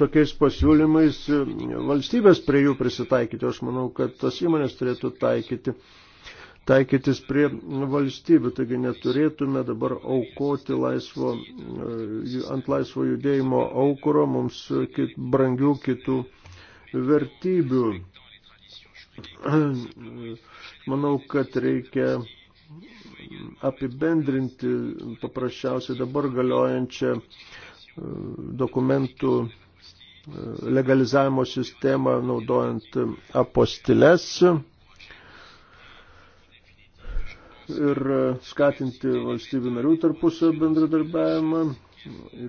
tokiais pasiūlymais e, valstybės prie jų prisitaikyti. Aš manau, kad tas įmonės turėtų taikyti, taikytis prie valstybių. Taigi neturėtume dabar aukoti laisvo, ant laisvo judėjimo aukuro mums kit, brangių kitų vertybių. Manau, kad reikia apibendrinti paprasčiausiai dabar galiojančią e, dokumentų e, legalizavimo sistemą naudojant apostiles ir skatinti valstybių narių tarpusio bendradarbiavimą.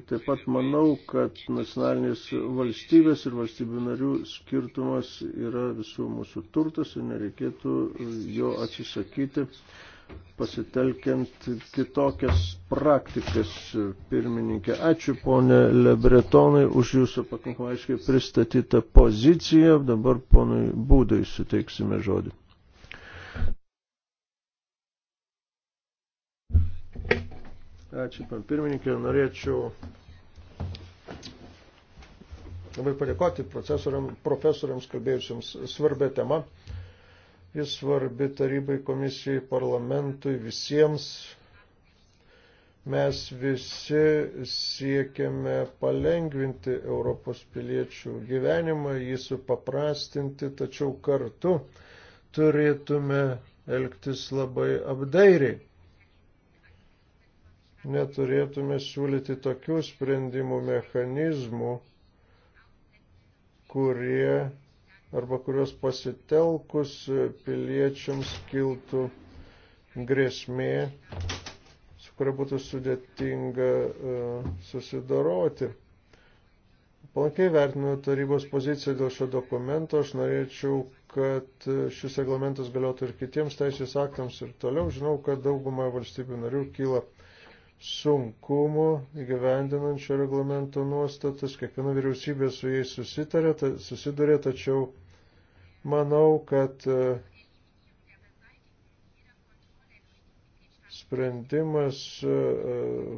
Taip pat manau, kad nacionalinės valstybės ir valstybių narių skirtumas yra visų mūsų turtas ir nereikėtų jo atsisakyti pasitelkiant kitokias praktikas pirmininkė. Ačiū ponė Lebretonai už jūsų pakankamai aiškiai pristatytą poziciją. Dabar ponui Būdai suteiksime žodį. Ačiū, pan pirmininkė. Norėčiau labai padėkoti profesoriams kalbėjusiems svarbia tema. Jis svarbi tarybai, komisijai, parlamentui, visiems. Mes visi siekiame palengvinti Europos piliečių gyvenimą, jį supaprastinti, tačiau kartu turėtume elgtis labai apdairiai neturėtume siūlyti tokių sprendimų mechanizmų, kurie arba kurios pasitelkus piliečiams kiltų grėsmė, su kuria būtų sudėtinga e, susidoroti. Palankiai vertinu tarybos poziciją dėl šio dokumento. Aš norėčiau, kad šis reglamentas galiotų ir kitiems teisės aktams ir toliau. Žinau, kad daugumoje valstybių narių kyla sunkumų įgyvendinančio reglamento nuostatas, kiekviena vyriausybė su jais susitarė, ta, susidurė, tačiau manau, kad e, sprendimas, e,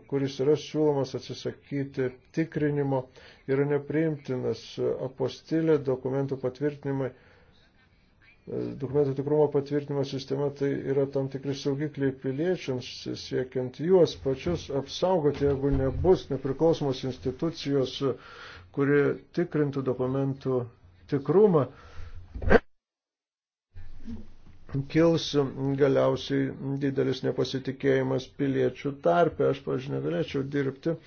kuris yra siūlomas atsisakyti tikrinimo, yra nepriimtinas apostilė dokumentų patvirtinimai E, dokumentų tikrumo patvirtinimo sistema tai yra tam tikri saugikliai piliečiams, siekiant juos pačius apsaugoti, jeigu nebus nepriklausomos institucijos, kuri tikrintų dokumentų tikrumą, kils galiausiai didelis nepasitikėjimas piliečių tarpe. Aš, pažiūrėjau, negalėčiau dirbti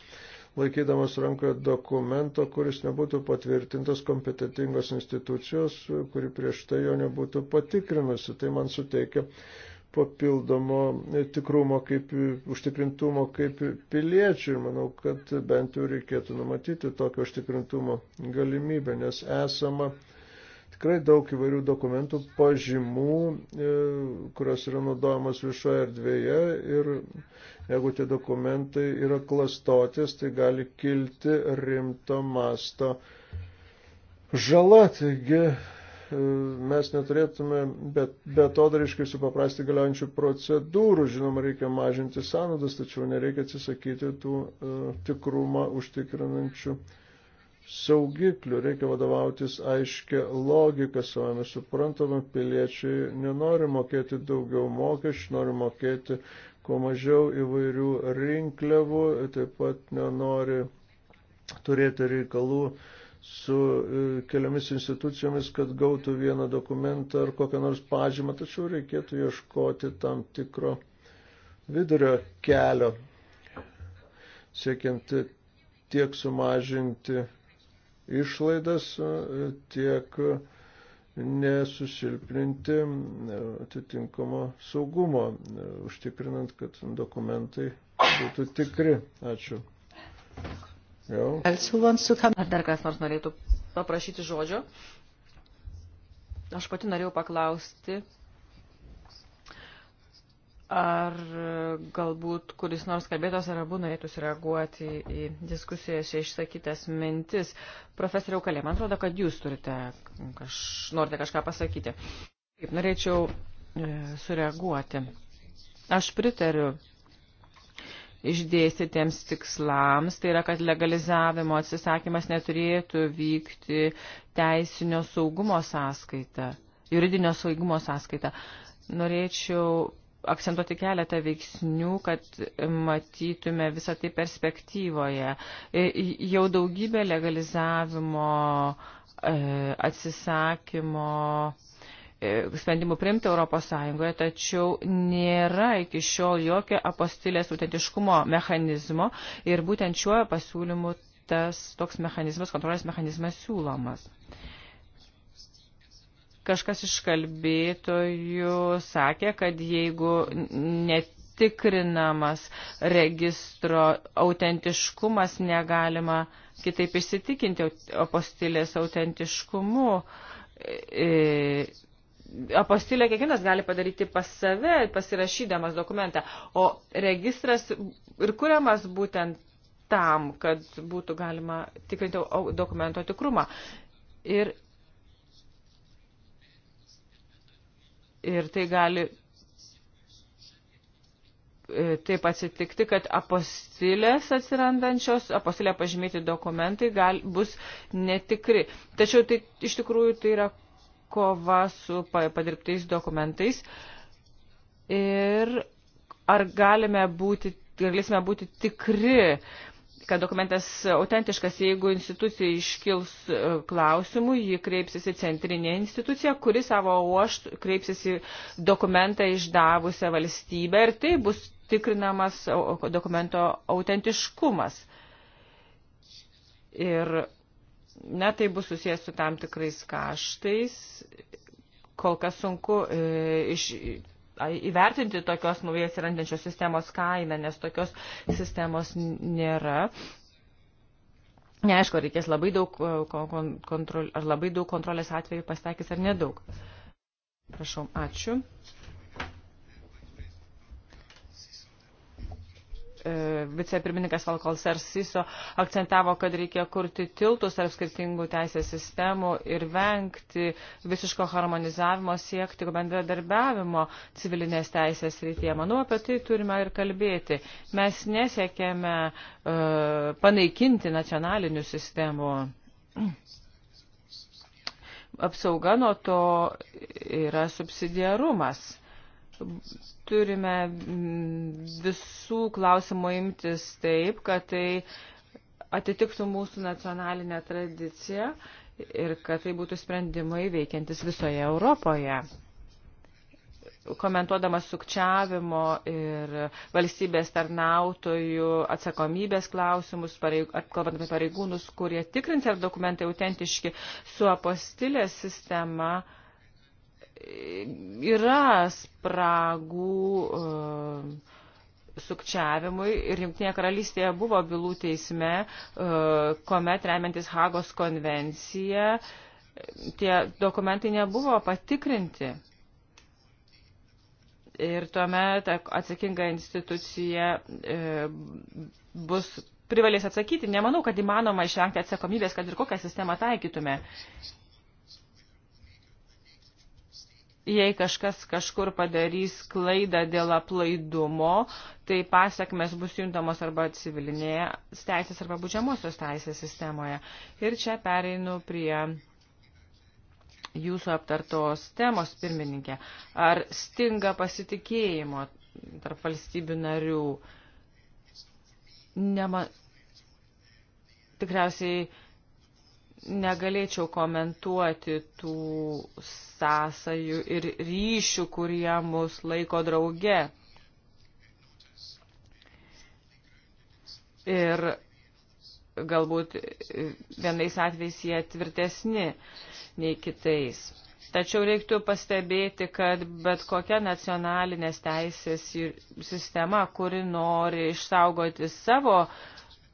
laikydamas rankoje dokumento, kuris nebūtų patvirtintas kompetitingos institucijos, kuri prieš tai jo nebūtų patikrinusi. Tai man suteikia papildomo tikrumo, kaip užtikrintumo kaip piliečių ir manau, kad bent jau reikėtų numatyti tokio užtikrintumo galimybę, nes esama tikrai daug įvairių dokumentų, pažymų, e, kurios yra naudojamos viešoje erdvėje ir jeigu tie dokumentai yra klastotis, tai gali kilti rimto masto žala. Taigi e, mes neturėtume betodariškai bet supaprasti galiojančių procedūrų. Žinoma, reikia mažinti sąnaudas, tačiau nereikia atsisakyti tų uh, e, tikrumą užtikrinančių uh, saugiklių, reikia vadovautis aiškia logika savame suprantama, piliečiai nenori mokėti daugiau mokesčių, nori mokėti kuo mažiau įvairių rinkliavų, taip pat nenori turėti reikalų su e, keliomis institucijomis, kad gautų vieną dokumentą ar kokią nors pažymą, tačiau reikėtų ieškoti tam tikro vidurio kelio, siekiant tiek sumažinti išlaidas, e, tiek nesusilpninti atitinkamo saugumo, e, užtikrinant, kad dokumentai būtų tikri. Ačiū. Jau. Ar dar kas nors norėtų paprašyti žodžio? Aš pati norėjau paklausti Ar e, galbūt kuris nors kalbėtos ar abu norėtų sureaguoti į diskusijose išsakytas mintis? Profesoriau Kalė, man atrodo, kad jūs turite, kaž, norite kažką pasakyti. Taip, norėčiau e, sureaguoti. Aš pritariu išdėstytiems tikslams, tai yra, kad legalizavimo atsisakymas neturėtų vykti teisinio saugumo sąskaita, juridinio saugumo sąskaita. Norėčiau akcentuoti keletą veiksnių, kad matytume visą tai perspektyvoje. E, jau daugybė legalizavimo, e, atsisakymo e, sprendimų primti Europos Sąjungoje, tačiau nėra iki šiol jokio apostilės autentiškumo mechanizmo ir būtent šiuo pasiūlymu tas toks mechanizmas, kontrolės mechanizmas siūlomas. Uh, Kažkas iš kalbėtojų sakė, kad jeigu netikrinamas registro autentiškumas negalima kitaip įsitikinti apostilės autentiškumu, e, apostilę kiekvienas gali padaryti pas save, pasirašydamas dokumentą, o registras ir kuriamas būtent tam, kad būtų galima tikrinti dokumento tikrumą. Ir ir tai gali e, taip atsitikti, kad apostilės atsirandančios, apostilė pažymėti dokumentai gal, bus netikri. Tačiau tai iš tikrųjų tai yra kova su padirbtais dokumentais. Ir ar galime būti, galėsime būti tikri, kad dokumentas autentiškas, jeigu institucija iškils e, klausimų, ji kreipsis į centrinę instituciją, kuri savo uoštų kreipsis į dokumentą išdavusią valstybę ir tai bus tikrinamas dokumento autentiškumas. Ir na, tai bus susijęs su tam tikrais kaštais. Kol kas sunku e, iš įvertinti tokios naujai atsirandančios sistemos kainą, nes tokios sistemos nėra. Neaišku, reikės labai daug, e, kontrol, ar labai daug kontrolės atveju pastakys ar nedaug. Prašau, ačiū. E, vicepirmininkas Valkalsar Siso akcentavo, kad reikia kurti tiltus tarp skirtingų teisės sistemų ir vengti visiško harmonizavimo, siekti bendradarbiavimo civilinės teisės rytyje. Manau, apie tai turime ir kalbėti. Mes nesiekėme uh, panaikinti nacionalinių sistemų apsauga nuo to yra subsidiarumas turime mm, visų klausimų imtis taip, kad tai atitiktų mūsų nacionalinę tradiciją ir kad tai būtų sprendimai veikiantis visoje Europoje. Komentuodamas sukčiavimo ir valstybės tarnautojų atsakomybės klausimus, pareig, kalbant apie pareigūnus, kurie tikrins, ar dokumentai autentiški su apostilės sistema, uh, yra spragų uh, sukčiavimui ir Junktinėje karalystėje buvo bylų teisme, uh, kuomet remiantis Hagos konvencija, tie dokumentai nebuvo patikrinti. Ir tuomet atsakinga institucija uh, bus privalės atsakyti. Nemanau, kad įmanoma išvengti atsakomybės, kad ir kokią sistemą taikytume. Uh, jei kažkas kažkur padarys klaidą dėl aplaidumo, tai pasiekmes bus juntamos arba civilinėje teisės arba būdžiamosios teisės sistemoje. Ir čia pereinu prie jūsų aptartos temos, pirmininkė. Ar stinga pasitikėjimo tarp valstybių narių? Nema... Tikriausiai negalėčiau komentuoti tų sąsajų ir ryšių, kurie mus laiko drauge. Ir galbūt vienais atvejais jie tvirtesni nei kitais. Tačiau reiktų pastebėti, kad bet kokia nacionalinės teisės sistema, kuri nori išsaugoti savo uh,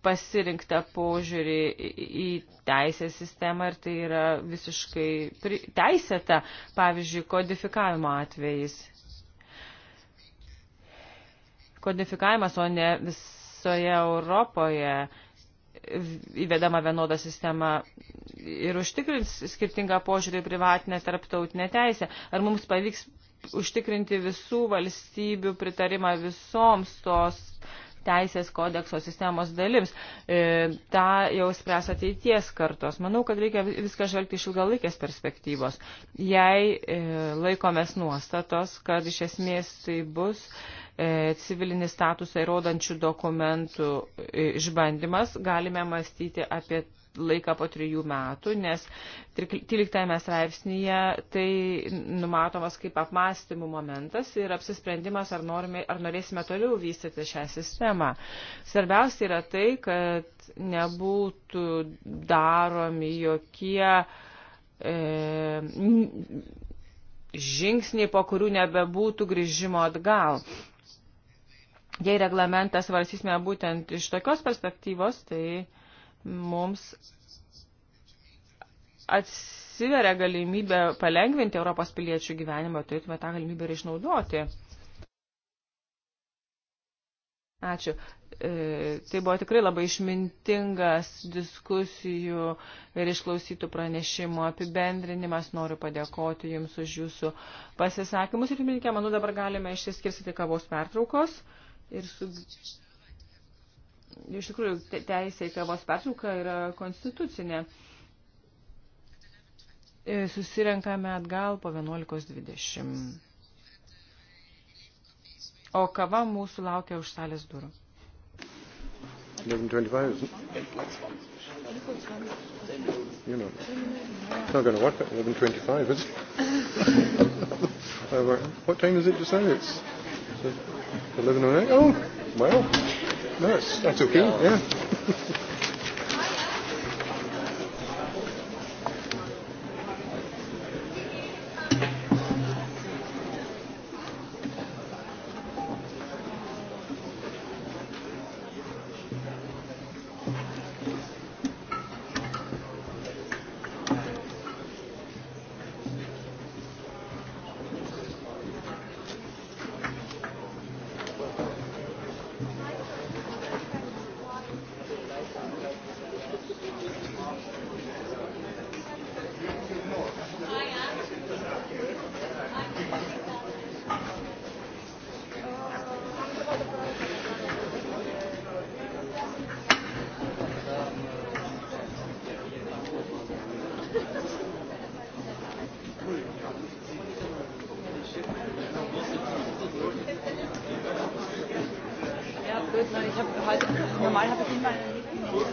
pasirinktą požiūrį į teisės sistemą ir tai yra visiškai teisėta, pavyzdžiui, kodifikavimo atvejais. Kodifikavimas, o ne visoje Europoje įvedama vienoda sistema ir užtikrins skirtingą požiūrį privatinę tarptautinę teisę. Ar mums pavyks užtikrinti visų valstybių pritarimą visoms tos uh, teisės kodekso sistemos dalims. E, ta jau spręs ateities kartos. Manau, kad reikia viską žvelgti iš ilgalaikės perspektyvos. Jei e, laikomės nuostatos, kad iš esmės tai bus e, civilinį statusą įrodančių dokumentų e, išbandymas, galime mąstyti apie laiką po trijų metų, nes 13 straipsnėje tai numatomas kaip apmąstymų momentas ir apsisprendimas, ar, norime, ar norėsime toliau vystyti šią sistemą. Svarbiausia yra tai, kad nebūtų daromi jokie e, žingsniai, po kurių nebebūtų grįžimo atgal jei reglamentą svarstysime būtent iš tokios perspektyvos, tai mums atsiveria galimybė palengvinti Europos piliečių gyvenimą, tai turėtume tą galimybę ir išnaudoti. Ačiū. E, tai buvo tikrai labai išmintingas diskusijų ir išklausytų pranešimo apibendrinimas. Noriu padėkoti Jums už Jūsų pasisakymus. Ir, pirmininkė, manau, dabar galime išsiskirsti kavos pertraukos ir su iš tikrųjų teisė į kavos pertrauką yra konstitucinė. E, susirenkame atgal po 11.20. O kava mūsų laukia už salės durų. 11.25, You know, it's not going to work at 11.25, is it? Uh, what time is it to say? It's 11.08? Oh, well. No, that's, that's okay. Yeah. yeah. blöd, ne? ich habe heute, normal habe ich immer einen Licht.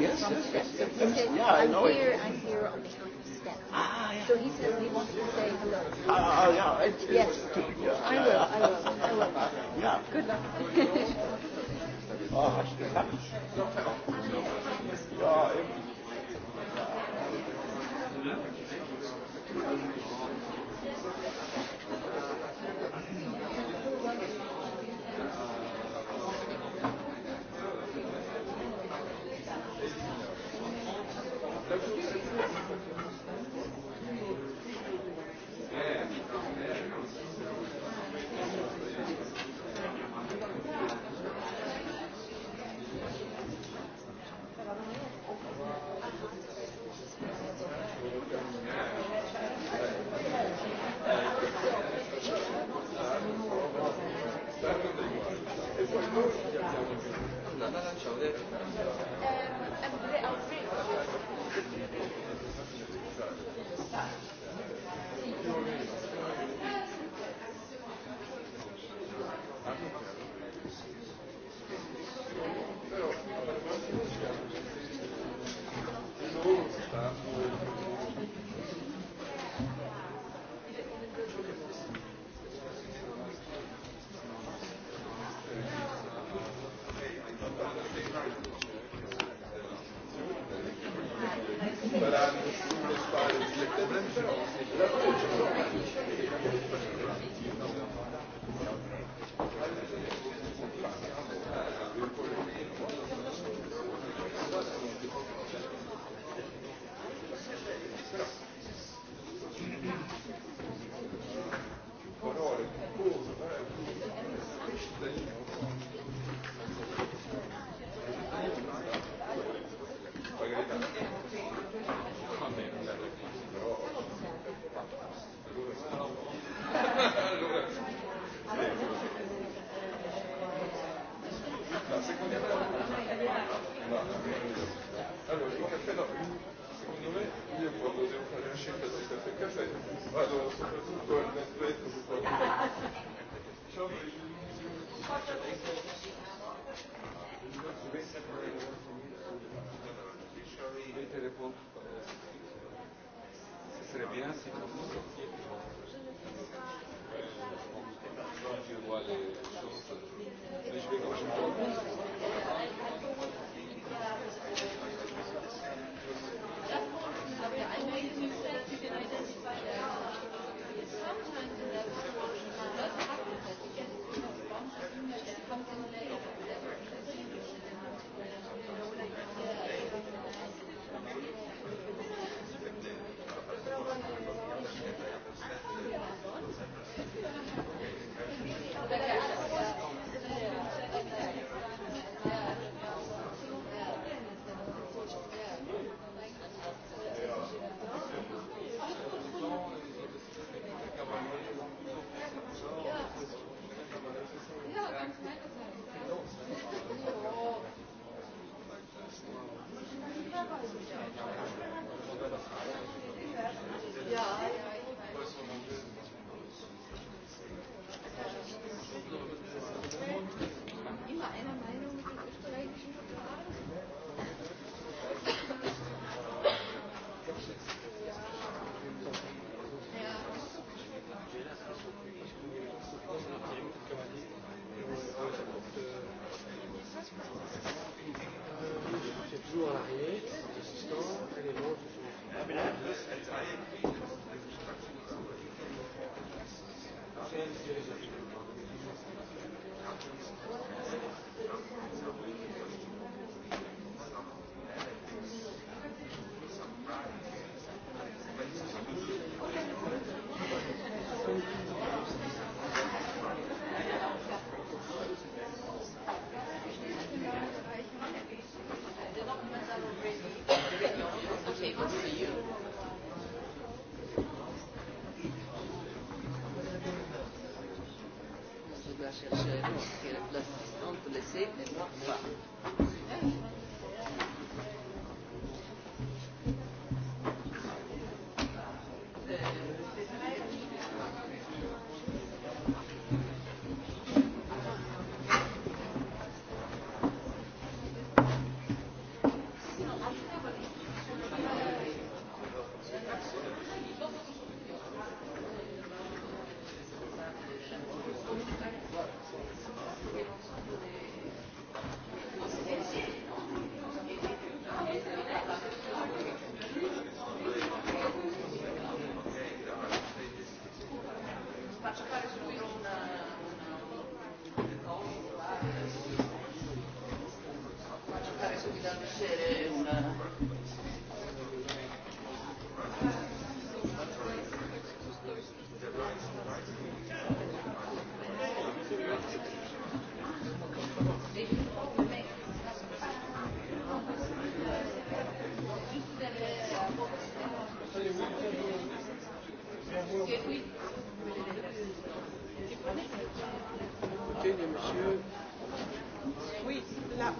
yes, yes, yes. yes. He says, yeah, I'm I know here, it. I'm here on behalf of staff. Ah, yeah. So he says he wants to say hello. Uh, uh, yeah, it, it yes. was too, yeah. I will, I will, I will. Yeah. Good luck. oh,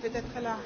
peut-être là.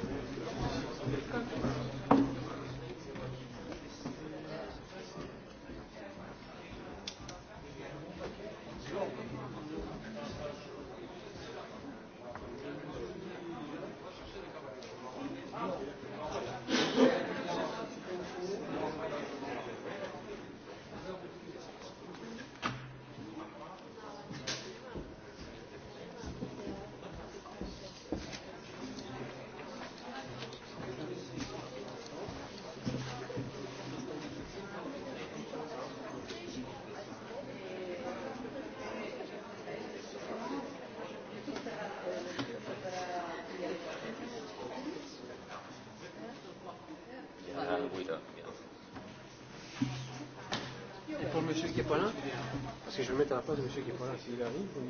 faites à la place de M. Guépard, s'il arrive, vous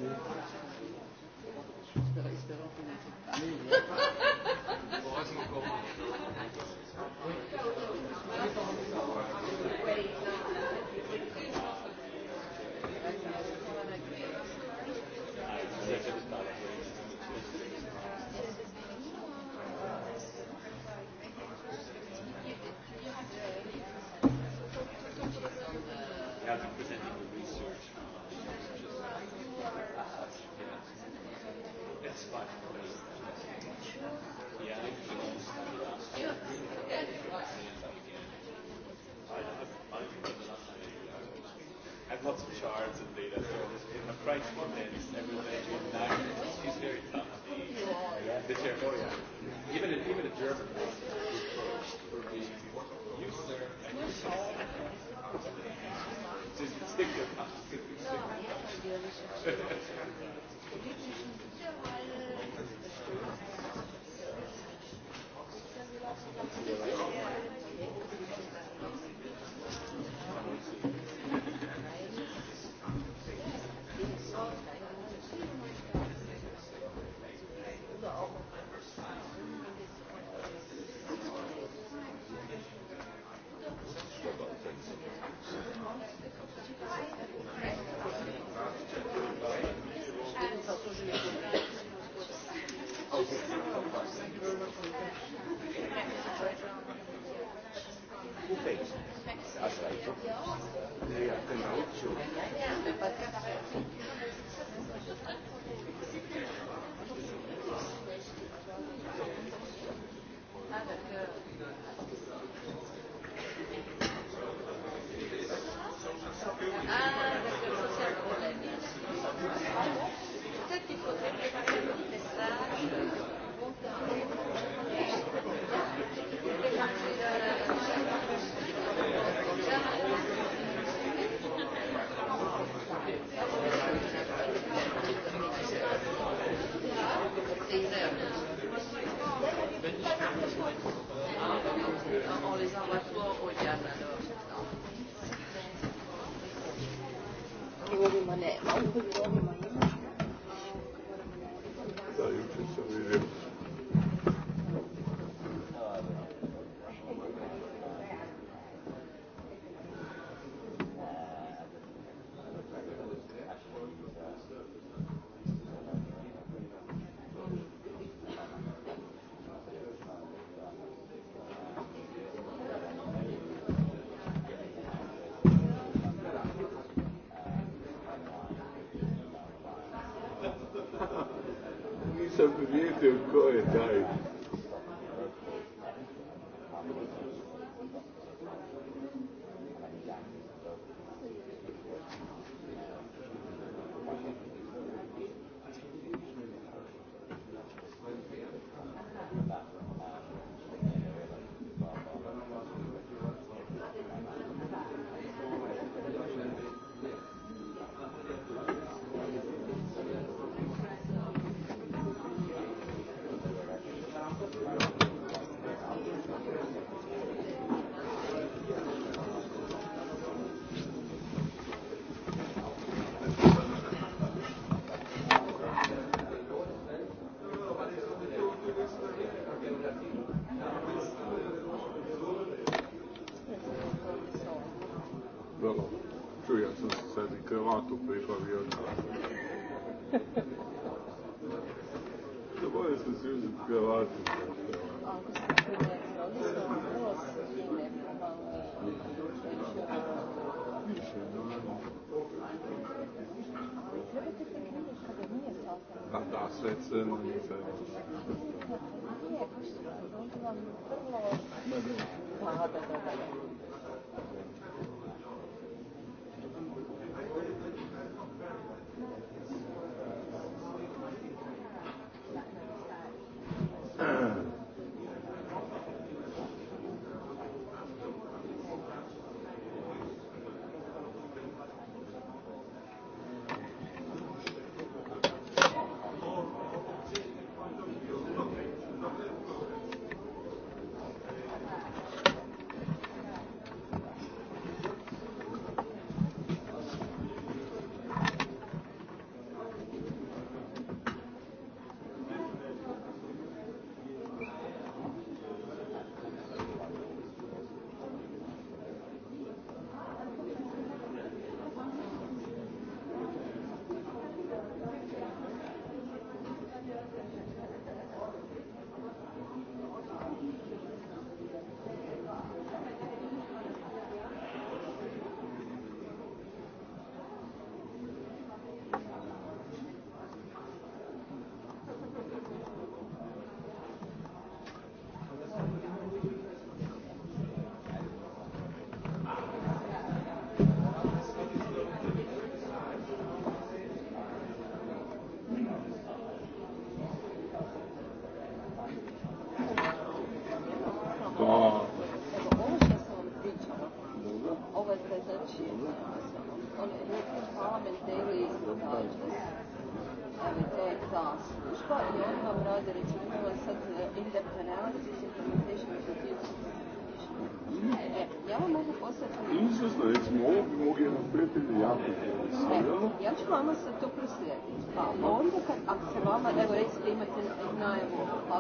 writes comments every day and night. She's very clumsy. This year, oh yeah. Even a, even a German for being user and useless. Just stick to it. Stick to it.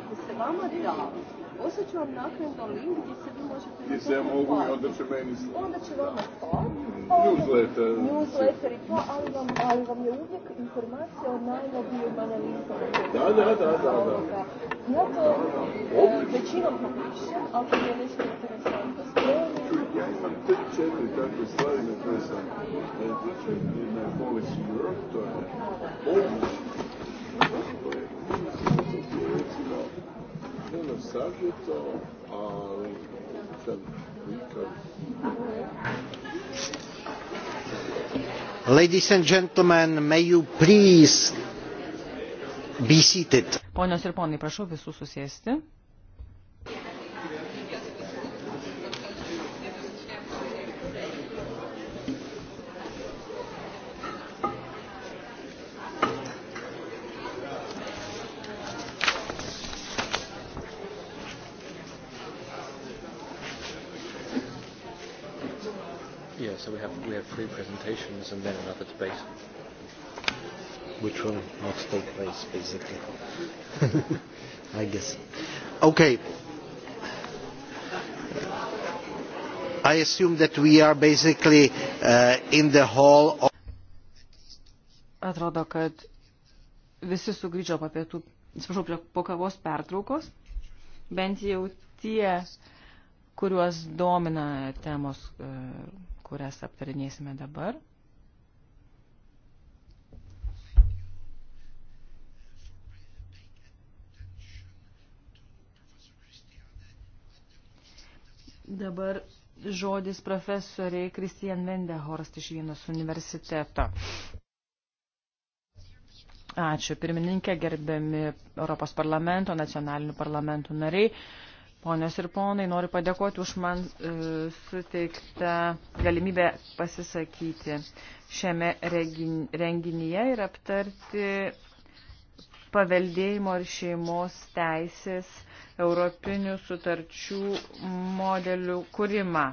ako se vama javi, osjeću vam naknadno link gdje se vi možete gdje se ja mogu i onda će meni slati. Onda će vama slati. Newsletter. Newsletter i to, ali vam, ali vam je uvijek informacija o najnovijim analizama. Da, da, da, da. da. Ja to e, većinom popišem, ako mi je nešto interesantno spremno. Čuj, ja imam te četiri takve stvari na koje sam utječen. Jedna je Policy Europe, to je Policy kind of subject or, or can we can... Ladies and gentlemen, may you please be seated. Ponios ir ponai, prašau visus susėsti. so we have we have three presentations and then another debate, which will not take place basically. I guess. Okay. I assume that we are basically uh, in the hall. Of Atrodo, kad visi sugrįžo po pietų, atsiprašau, po kavos pertraukos, bent jau tie, kuriuos domina temos uh, kurias aptarinėsime dabar. Dabar žodis profesoriai Kristijan Vendehorst iš Vienos universiteto. Ačiū pirmininkė, gerbiami Europos parlamento, nacionalinių parlamentų nariai. Ponios ir ponai, noriu padėkoti už man e, suteiktą galimybę pasisakyti šiame renginyje ir aptarti paveldėjimo ir šeimos teisės europinių sutarčių modelių kūrimą.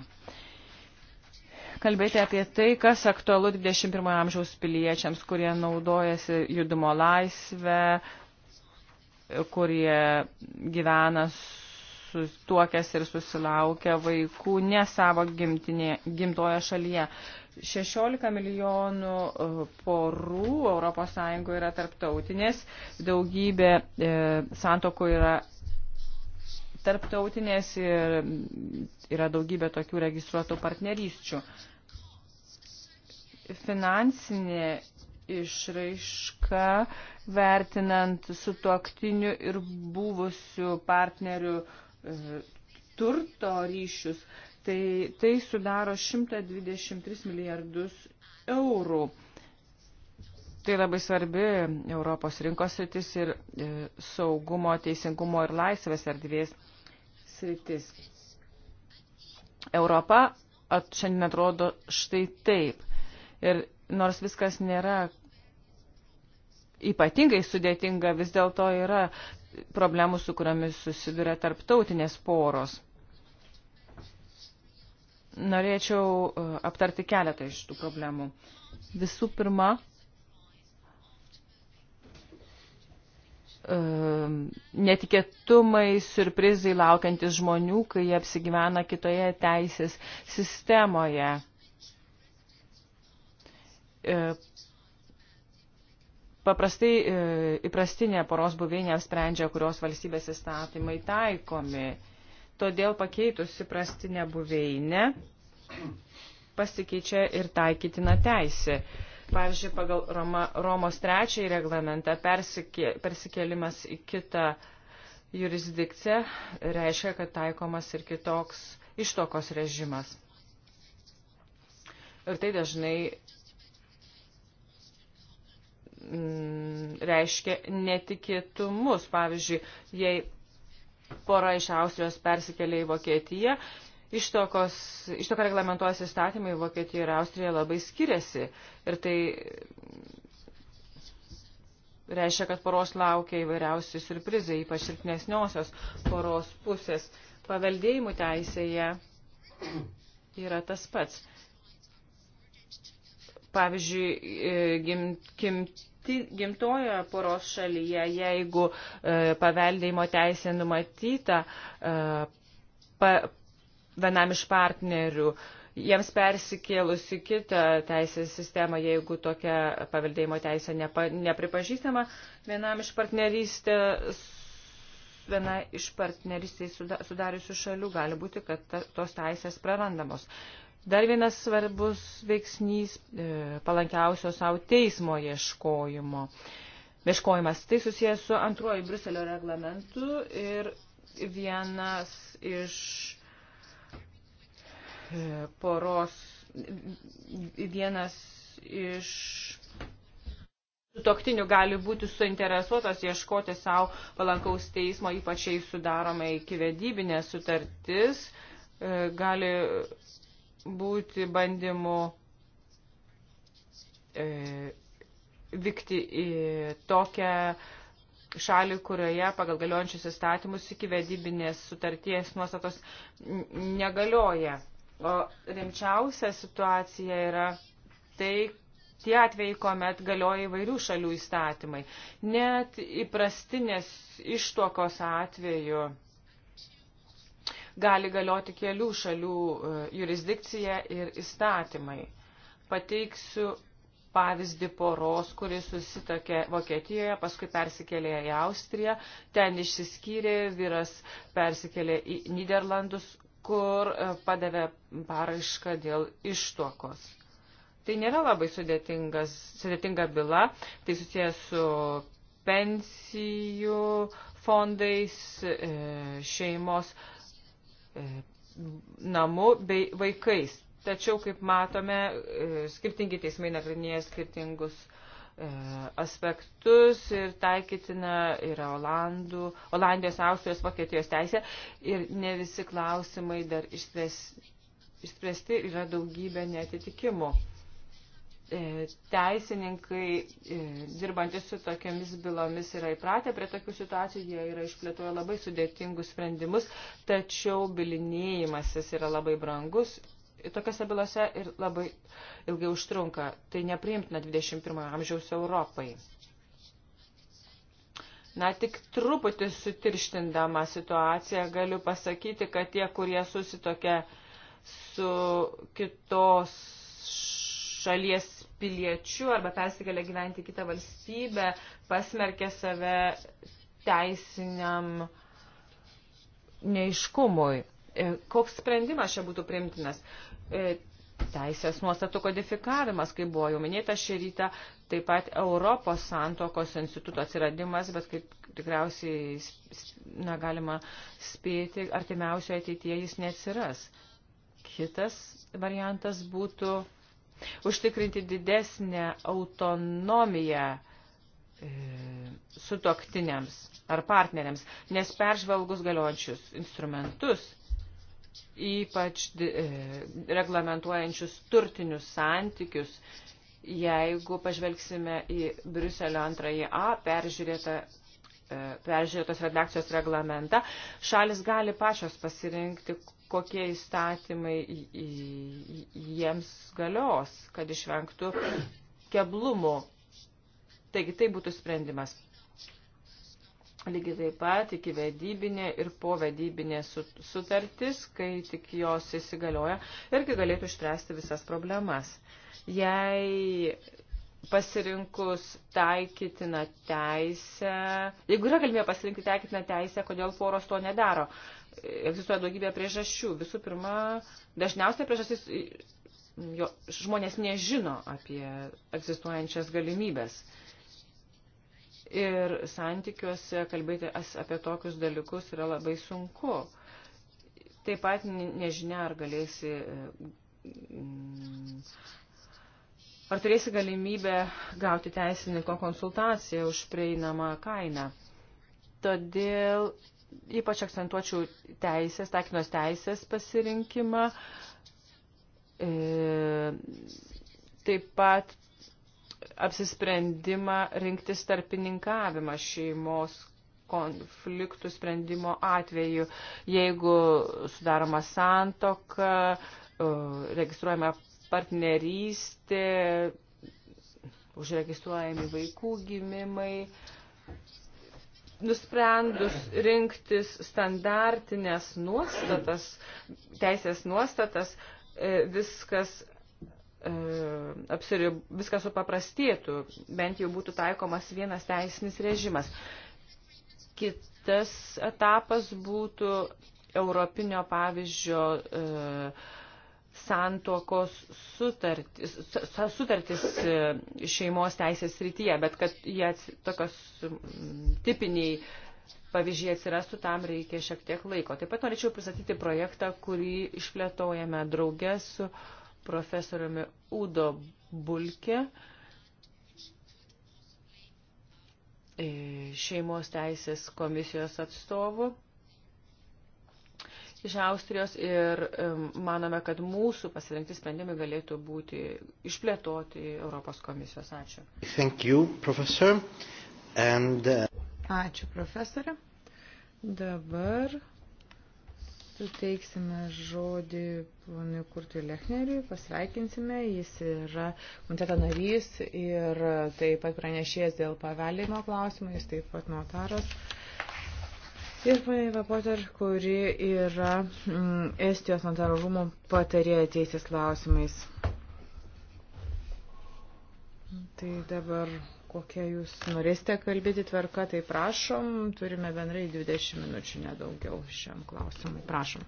Kalbėti apie tai, kas aktualu 21 amžiaus piliečiams, kurie naudojasi judumo laisvę, kurie gyvena susituokęs ir susilaukia vaikų ne savo gimtinė, gimtoje šalyje. 16 milijonų e, porų ES yra tarptautinės, daugybė e, santokų yra tarptautinės ir yra daugybė tokių registruotų partnerysčių. Finansinė išraiška vertinant su tuoktiniu ir buvusiu partneriu turto ryšius, tai tai sudaro 123 milijardus eurų. Tai labai svarbi Europos rinkos sritis ir e, saugumo, teisingumo ir laisvės erdvės sritis. Europa at, šiandien atrodo štai taip. Ir nors viskas nėra ypatingai sudėtinga, vis dėlto yra problemų, su kuriomis susiduria tarptautinės poros. Norėčiau e, aptarti keletą iš tų problemų. Visų pirma, e, netikėtumai, surprizai laukiantis žmonių, kai jie apsigyvena kitoje teisės sistemoje e, Paprastai e, įprastinė poros buveinė sprendžia, kurios valstybės įstatymai taikomi. Todėl pakeitus įprastinę buveinę pasikeičia ir taikytina teisė. Pavyzdžiui, pagal Roma, Romos trečiąjį reglamentą persikė, persikėlimas į kitą jurisdikciją reiškia, kad taikomas ir kitoks ištokos režimas. Ir tai dažnai Mm, reiškia netikėtumus. Pavyzdžiui, jei pora iš Austrijos persikėlė į Vokietiją, ištokos, ištoką reglamentuojas įstatymai Vokietijoje ir Austrijoje labai skiriasi. Ir tai reiškia, kad poros laukia įvairiausi surprizai, ypač silpnesniosios poros pusės. Paveldėjimų teisėje yra tas pats. Pavyzdžiui, gimt, e, gimt, gimtojoje poros šalyje, jeigu e, paveldėjimo teisė numatyta e, pa, vienam iš partnerių, jiems persikėlus į kitą teisės sistemą, jeigu tokia paveldėjimo teisė nepa, nepripažįstama, vienam iš partnerystė viena iš partnerystės sudariusių šalių gali būti, kad ta, tos teisės prarandamos. Dar vienas svarbus veiksnys e, - palankiausio savo teismo ieškojimo. Ieškojimas tai susijęs su antruoju Bruselio reglamentu ir vienas iš e, poros, vienas iš sutoktinių gali būti suinteresuotas ieškoti savo palankaus teismo, ypač jei sudaroma iki vedybinė sutartis, e, gali būti bandymų e, vykti į tokią šalį, kurioje pagal galiojančius įstatymus iki vedybinės sutarties nuostatos negalioja. O rimčiausia situacija yra tai, tie atvejai, kuomet galioja įvairių šalių įstatymai. Net įprastinės ištuokos atveju gali galioti kelių šalių e, jurisdikcija ir įstatymai. Pateiksiu pavyzdį poros, kuris susitokė Vokietijoje, paskui persikėlė į Austriją, ten išsiskyrė, vyras persikėlė į Niderlandus, kur e, padavė paraišką dėl ištuokos. Tai nėra labai sudėtinga byla, tai susijęs su pensijų fondais, e, šeimos E, namu bei vaikais. Tačiau, kaip matome, e, skirtingi teismai nagrinėja skirtingus e, aspektus ir taikytina yra Olandų, Olandijos, Austrijos, Vokietijos teisė ir ne visi klausimai dar išspręs, išspręsti yra daugybė netitikimų. E, teisininkai e, dirbantis su tokiamis bylomis yra įpratę prie tokių situacijų, jie yra išplėtoję labai sudėtingus sprendimus, tačiau bilinėjimasis yra labai brangus. Tokiose bylose ir labai ilgai užtrunka. Tai nepriimtina 21 amžiaus Europai. Na, tik truputį sutirštindama situaciją galiu pasakyti, kad tie, kurie susitokia su kitos šalies piliečiu arba persikelia gyventi į kitą valstybę, pasmerkia save teisiniam neiškumui. E, koks sprendimas čia būtų primtinas? E, teisės nuostatų kodifikavimas, kaip buvo jau minėta šį rytą, taip pat Europos santokos instituto atsiradimas, bet kaip tikriausiai negalima spėti, artimiausioje ateityje jis neatsiras. Kitas variantas būtų užtikrinti didesnę autonomiją e, sutoktiniams ar partneriams, nes peržvelgus galiojančius instrumentus, ypač e, reglamentuojančius turtinius santykius, jeigu pažvelgsime į Briuselio antrąjį A peržiūrėtą e, peržiūrėtos redakcijos reglamentą, šalis gali pačios pasirinkti, kokie įstatymai jiems galios, kad išvengtų keblumų. Taigi tai būtų sprendimas. Lygiai taip pat iki vedybinė ir povedybinė sutartis, kai tik jos įsigalioja, irgi galėtų išspręsti visas problemas. Jei pasirinkus taikytiną teisę, jeigu yra galimybė pasirinkti taikytiną teisę, kodėl poros to nedaro? Uh, egzistuoja daugybė priežasčių. Visų pirma, dažniausia priežastis jo, žmonės nežino apie egzistuojančias galimybės. Ir santykiuose kalbėti apie tokius dalykus yra labai sunku. Taip pat nežinia, ar galėsi. Mm, ar turėsi galimybę gauti teisininko konsultaciją už prieinamą kainą. Todėl ypač akcentuočiau teisės, taikinos teisės pasirinkimą. E, taip pat apsisprendimą rinktis tarpininkavimą šeimos konfliktų sprendimo atveju, jeigu sudaroma santoka, e, registruojama partnerystė, užregistruojami vaikų gimimai. E, nusprendus rinktis standartinės nuostatas, teisės nuostatas, e, viskas, e, apsirib, viskas supaprastėtų, bent jau būtų taikomas vienas teisinis režimas. Kitas etapas būtų europinio pavyzdžio e, santuokos sutartis, sutartis e, šeimos teisės srityje, bet kad jie tokios tipiniai pavyzdžiai atsirastų, tam reikia šiek tiek laiko. Taip pat norėčiau pristatyti projektą, kurį išplėtojame draugę su profesoriumi Udo Bulke e, šeimos teisės komisijos atstovu iš Austrijos ir manome, kad mūsų pasirinkti sprendimai galėtų būti išplėtoti Europos komisijos. Ačiū. Thank you, professor. And, uh... Ačiū, profesorė. Dabar suteiksime žodį ponui Kurtui Lechneriui, pasveikinsime, jis yra komiteto narys ir taip pat pranešėjas dėl paveldimo klausimų, jis taip pat notaras. Ir ponia Iva Poter, kuri yra mm, Estijos notaro rūmų patarėja teisės klausimais. Tai dabar kokia jūs norėsite kalbėti tvarka, tai prašom, turime bendrai 20 minučių nedaugiau šiam klausimui. Prašom.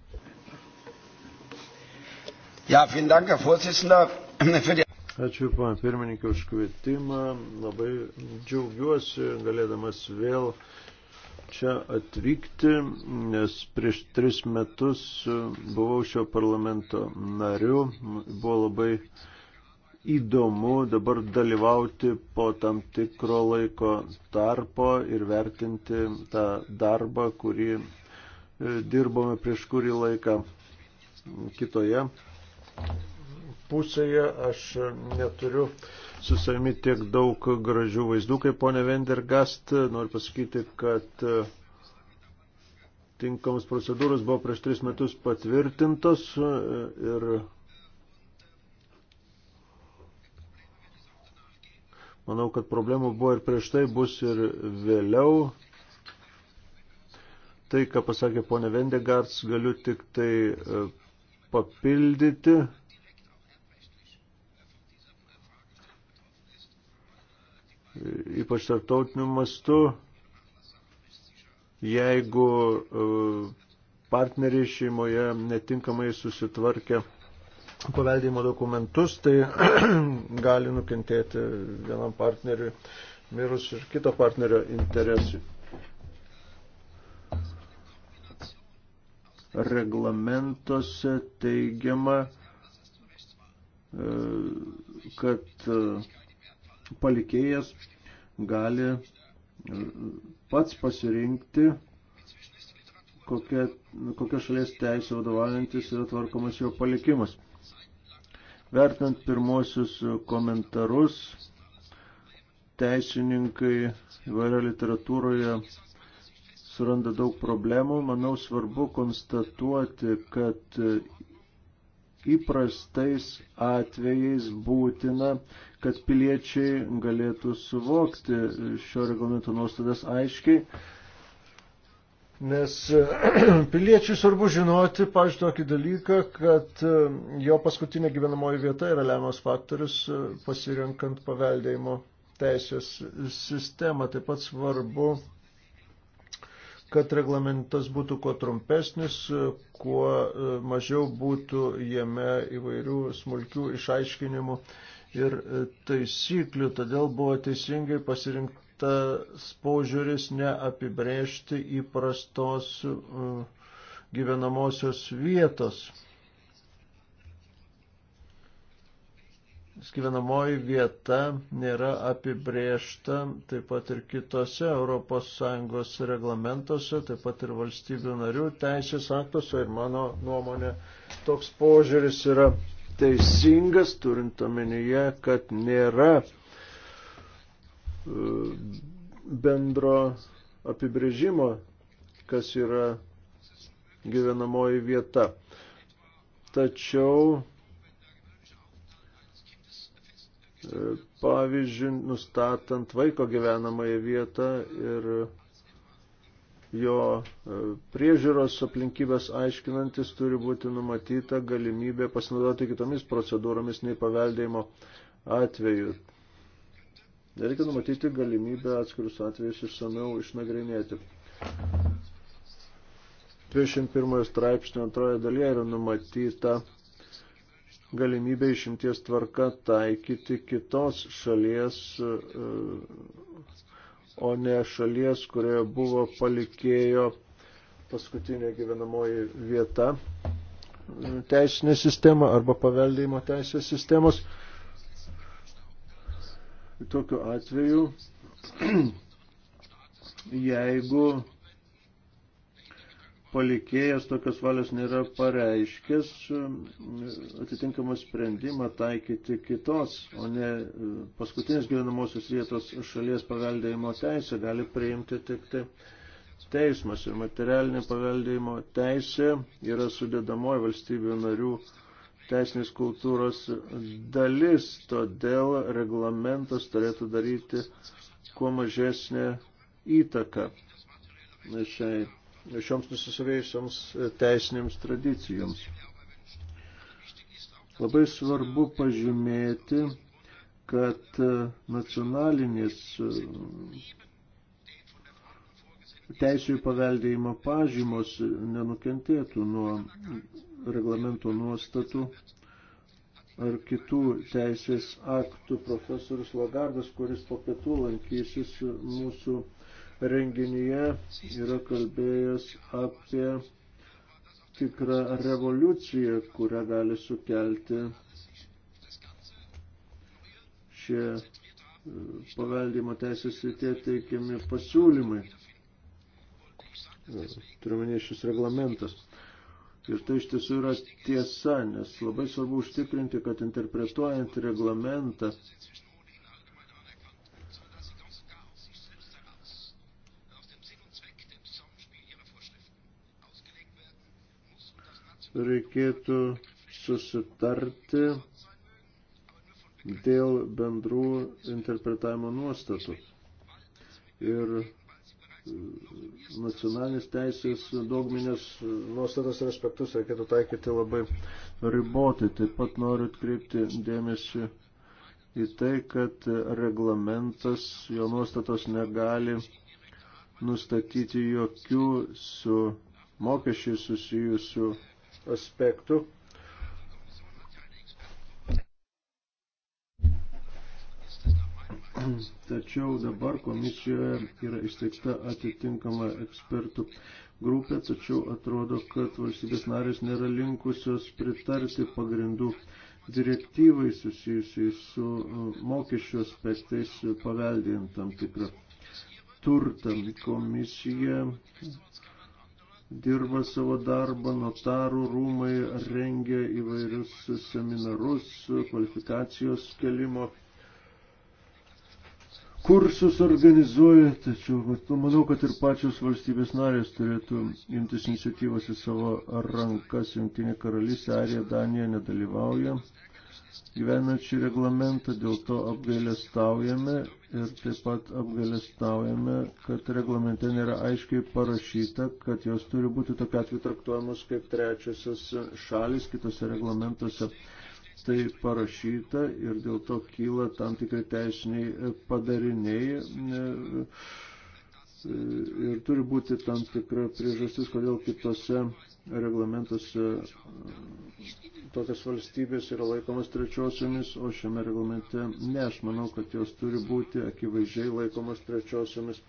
Ja, vielen Dank, Herr Vorsitzender, für die Ačiū, pana pirmininkė, už kvietimą. Labai džiaugiuosi galėdamas vėl uh, čia atvykti, nes prieš tris metus buvau šio parlamento nariu. Buvo labai įdomu dabar dalyvauti po tam tikro laiko tarpo ir vertinti tą darbą, kurį e, dirbome prieš kurį laiką kitoje pusėje. Aš neturiu su savimi tiek daug gražių vaizdų, kaip ponė Vendergast. Noriu pasakyti, kad e, tinkamos procedūros buvo prieš tris metus patvirtintos e, ir manau, kad problemų buvo ir prieš tai bus ir vėliau. Tai, ką pasakė ponė Vendegards, galiu tik tai e, papildyti. ypač tarptautiniu mastu, jeigu e, partneriai šeimoje netinkamai susitvarkia paveldėjimo dokumentus, tai gali nukentėti vienam partneriui mirus ir kito partnerio interesui. Reglamentuose teigiama, e, kad e, palikėjas gali e, pats pasirinkti, kokia, kokia šalies teisė vadovaujantis yra tvarkomas jo palikimas. Vertant pirmosius komentarus, teisininkai įvairioje literatūroje suranda daug problemų. Manau svarbu konstatuoti, kad įprastais atvejais būtina kad piliečiai galėtų suvokti šio reglamento nuostadas aiškiai. Nes piliečiui svarbu žinoti, pažiūrėjau, tokį dalyką, kad e, jo paskutinė gyvenamoji vieta yra lemiamas faktorius e, pasirinkant paveldėjimo teisės sistemą. Taip pat svarbu, kad reglamentas būtų kuo trumpesnis, e, kuo mažiau būtų jame įvairių smulkių išaiškinimų ir e, taisyklių, todėl buvo teisingai pasirinktas požiūris neapibrėžti įprastos e, gyvenamosios vietos. Gyvenamoji vieta nėra apibrėžta taip pat ir kitose ES reglamentuose, taip pat ir valstybių narių teisės aktuose ir mano nuomonė toks požiūris yra teisingas, turint omenyje, kad nėra e, bendro apibrėžimo, kas yra gyvenamoji vieta. Tačiau, e, pavyzdžiui, nustatant vaiko gyvenamąją vietą ir jo e, priežiūros aplinkybės aiškinantis turi būti numatyta galimybė pasinaudoti kitomis procedūromis nei paveldėjimo atveju. Reikia numatyti galimybę atskirus atvejus išsameu išnagrinėti. 21 straipsnio antroje dalyje yra numatyta galimybė išimties tvarka taikyti kitos šalies e, o ne šalies, kurioje buvo palikėjo paskutinė gyvenamoji vieta e, teisinė sistema arba paveldėjimo teisės sistemos. Tokiu atveju, jeigu palikėjas tokios valios nėra pareiškęs atitinkamą sprendimą taikyti kitos, o ne e, paskutinės gyvenamosios vietos šalies paveldėjimo teisę gali priimti tik tai teismas. Ir materialinė paveldėjimo teisė yra sudėdamoji valstybių narių teisinės kultūros dalis, todėl reglamentas turėtų daryti kuo mažesnę įtaką šiai šioms nusisavėjusiams e, teisinėms tradicijoms. Labai svarbu pažymėti, kad e, nacionalinis e, teisų į paveldėjimą pažymos nenukentėtų nuo reglamento nuostatų ar kitų teisės aktų. Profesorius Lagardas, kuris po pietų lankysis mūsų renginyje yra kalbėjęs apie tikrą revoliuciją, kurią gali sukelti šie e, paveldimo teisės rytie teikiami pasiūlymai. E, Turiuomenė šis reglamentas. Ir tai iš tiesų yra tiesa, nes labai svarbu užtikrinti, kad interpretuojant reglamentą reikėtų susitarti dėl bendrų interpretavimo nuostatų. Ir e, nacionalinis teisės dogminės nuostatas ir aspektus reikėtų taikyti labai ribotai. Taip pat noriu atkreipti dėmesį į tai, kad reglamentas, jo nuostatos negali nustatyti jokių su mokesčiai susijusių su aspektų. Tačiau dabar komisijoje yra įsteigta atitinkama ekspertų grupė, tačiau atrodo, kad valstybės narės nėra linkusios pritarti pagrindų direktyvai susijusiai su uh, mokesčių aspektais paveldėjant tam tikrą turtą. Komisija dirba savo darbą, notarų rūmai rengia įvairius seminarus, kvalifikacijos kelimo kursus organizuoja, tačiau manau, kad ir pačios valstybės narės turėtų imtis iniciatyvos į savo rankas. Jungtinė karalystė, Arija, Danija nedalyvauja gyvenančių reglamentą, dėl to apgailestaujame ir taip pat apgailestaujame, kad reglamente nėra aiškiai parašyta, kad jos turi būti tokia atveju traktuojamos kaip trečiosios šalis kitose reglamentuose. Tai parašyta ir dėl to kyla tam tikri teisiniai padariniai. Ne, e, e, ir turi būti tam tikra priežastis, kodėl kitose reglamentuose tokias valstybės yra laikomas trečiosiomis, o šiame reglamente ne, aš manau, kad jos turi būti akivaizdžiai laikomas trečiosiomis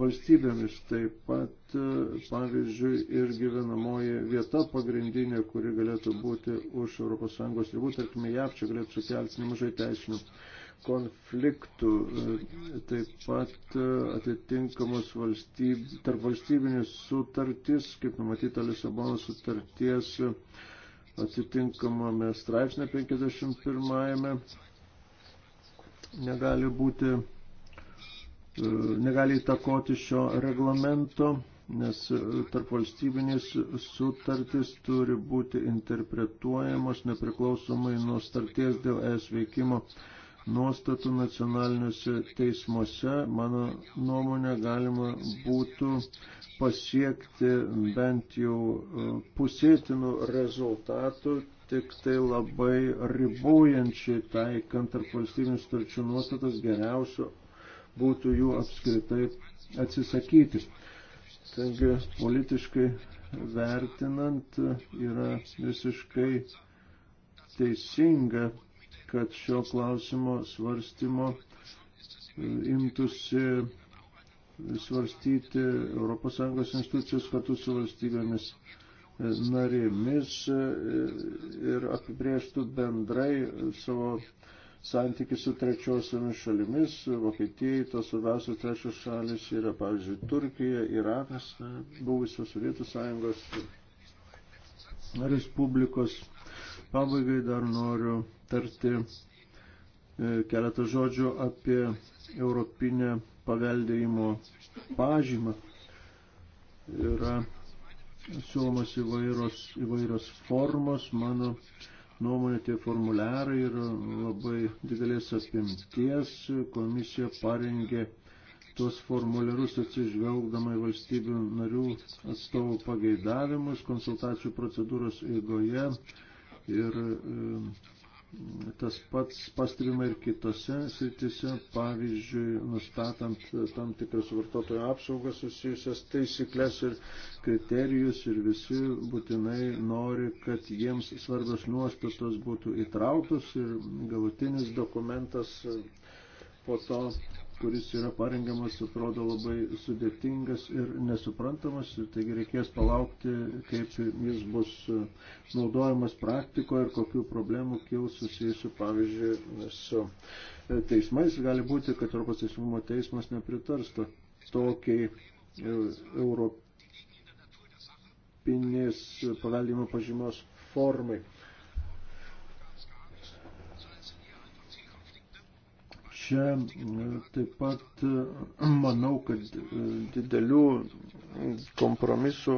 valstybėmis. Taip pat, e, pavyzdžiui, ir gyvenamoji vieta pagrindinė, kuri galėtų būti už ES ribų, tarkime, JAV čia galėtų sukelti nemažai teisinių konfliktų, e, taip pat e, atitinkamos valstyb, tarp valstybinės sutartys, kaip numatyta Lisabono sutarties e, atitinkamame straipsnė 51-ame, negali būti, negali įtakoti šio reglamento, nes tarp valstybinės sutartys turi būti interpretuojamos nepriklausomai nuo starties dėl es veikimo nuostatų nacionaliniuose teismuose, mano nuomonė, galima būtų pasiekti bent jau e, pusėtinų rezultatų, tik tai labai ribojančiai taikant tarp valstybinių sutarčių nuostatas geriausio būtų jų apskritai atsisakyti. Taigi politiškai vertinant yra visiškai teisinga kad šio klausimo svarstymo e, imtųsi svarstyti ES institucijos kartu su valstybėmis e, narėmis e, ir apibrėžtų bendrai savo santykių su trečiosiomis šalimis. Vokietijai tos svarbiausios trečios šalis yra, pavyzdžiui, Turkija, Iranas, buvusios Sovietų sąjungos respublikos. Pabaigai dar noriu tarti e, keletą žodžių apie Europinę paveldėjimo pažymą. Yra siūlomas įvairios, įvairios formos, mano nuomonė tie formuliarai yra labai didelės apimties, komisija parengė tuos formuliarus atsižvelgdama į valstybių narių atstovų pageidavimus konsultacijų procedūros eigoje ir e, Tas pats pastebima ir kitose sritise, pavyzdžiui, nustatant tam tikras vartotojo apsaugas susijusias taisyklės ir kriterijus ir visi būtinai nori, kad jiems svarbios nuostatos būtų įtrauktos ir galutinis dokumentas po to kuris yra parengiamas, atrodo labai sudėtingas ir nesuprantamas, taigi reikės palaukti, kaip jis bus e, naudojamas praktikoje ir kokių problemų kils susijusių, pavyzdžiui, su e, teismais. Gali būti, kad Europos teisingumo teismas nepritars tokiai e, europinės paveldimo pažymos formai. čia e, taip pat e, manau, kad e, didelių kompromisų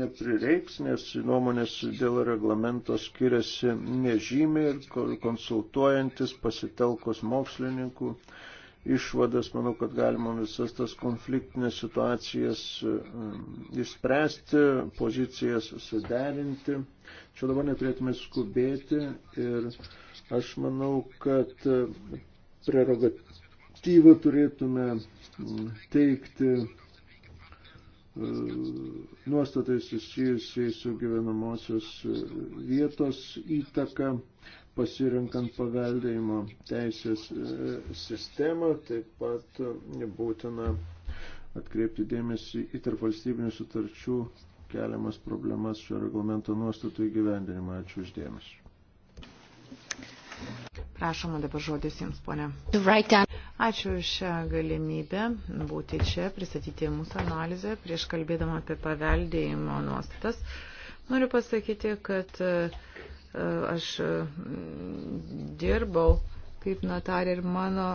neprireiks, nes nuomonės dėl reglamento skiriasi nežymiai ir konsultuojantis pasitelkus mokslininkų išvadas, manau, kad galima visas tas konfliktinės situacijas išspręsti, pozicijas suderinti. Čia dabar neturėtume skubėti ir aš manau, kad prerogatyvą turėtume mm, teikti e, nuostatai susijusiai su gyvenamosios e, vietos įtaka, pasirinkant paveldėjimo teisės e, sistemą, taip pat būtina atkreipti dėmesį į tarpvalstybinių sutarčių keliamas problemas šio reglamento nuostatų įgyvendinimą. Ačiū uždėmesi. Prašoma dabar žodis Jums, ponė. Ačiū už šią galimybę būti čia, pristatyti mūsų analizę prieš kalbėdama apie paveldėjimo nuostatas. Noriu pasakyti, kad e, aš e, dirbau kaip notarė ir mano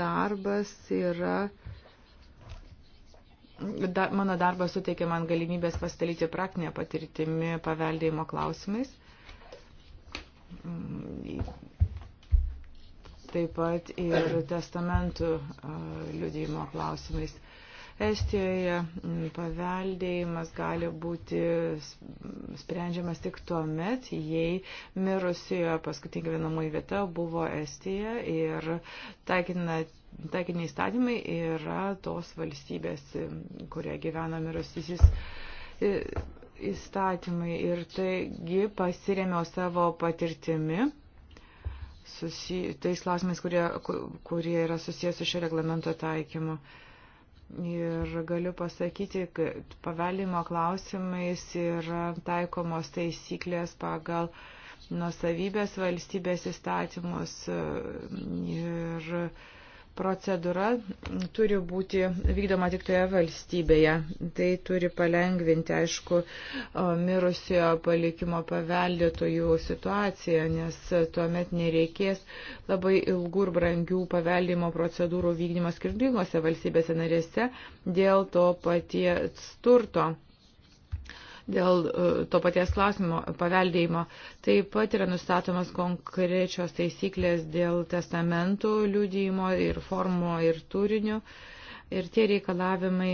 darbas yra da, mano darbas suteikia man galimybės pasidalyti praktinę patirtimi paveldėjimo klausimais taip pat ir testamentų liudėjimo klausimais. Estijoje paveldėjimas gali būti sprendžiamas tik tuo met, jei mirusiojo paskutinė gyvenamoji vieta buvo Estija ir taikina, taikiniai įstatymai yra tos valstybės, kurioje gyvena mirusysis įstatymai ir taigi pasiremiau savo patirtimi susi, tais klausimais, kurie, kurie yra susijęs su šio reglamento taikymu. Ir galiu pasakyti, kad paveldimo klausimais yra taikomos taisyklės pagal nusavybės valstybės įstatymus ir procedūra turi būti vykdoma tik toje valstybėje. Tai turi palengvinti, aišku, mirusiojo palikimo paveldėtojų situaciją, nes tuomet nereikės labai ilgų ir brangių paveldimo procedūrų vykdymo skirtingose valstybėse narėse dėl to paties turto dėl e, to paties klausimo paveldėjimo. Taip pat yra nustatomas konkrečios taisyklės dėl testamentų liudijimo ir formo ir turinio. Ir tie reikalavimai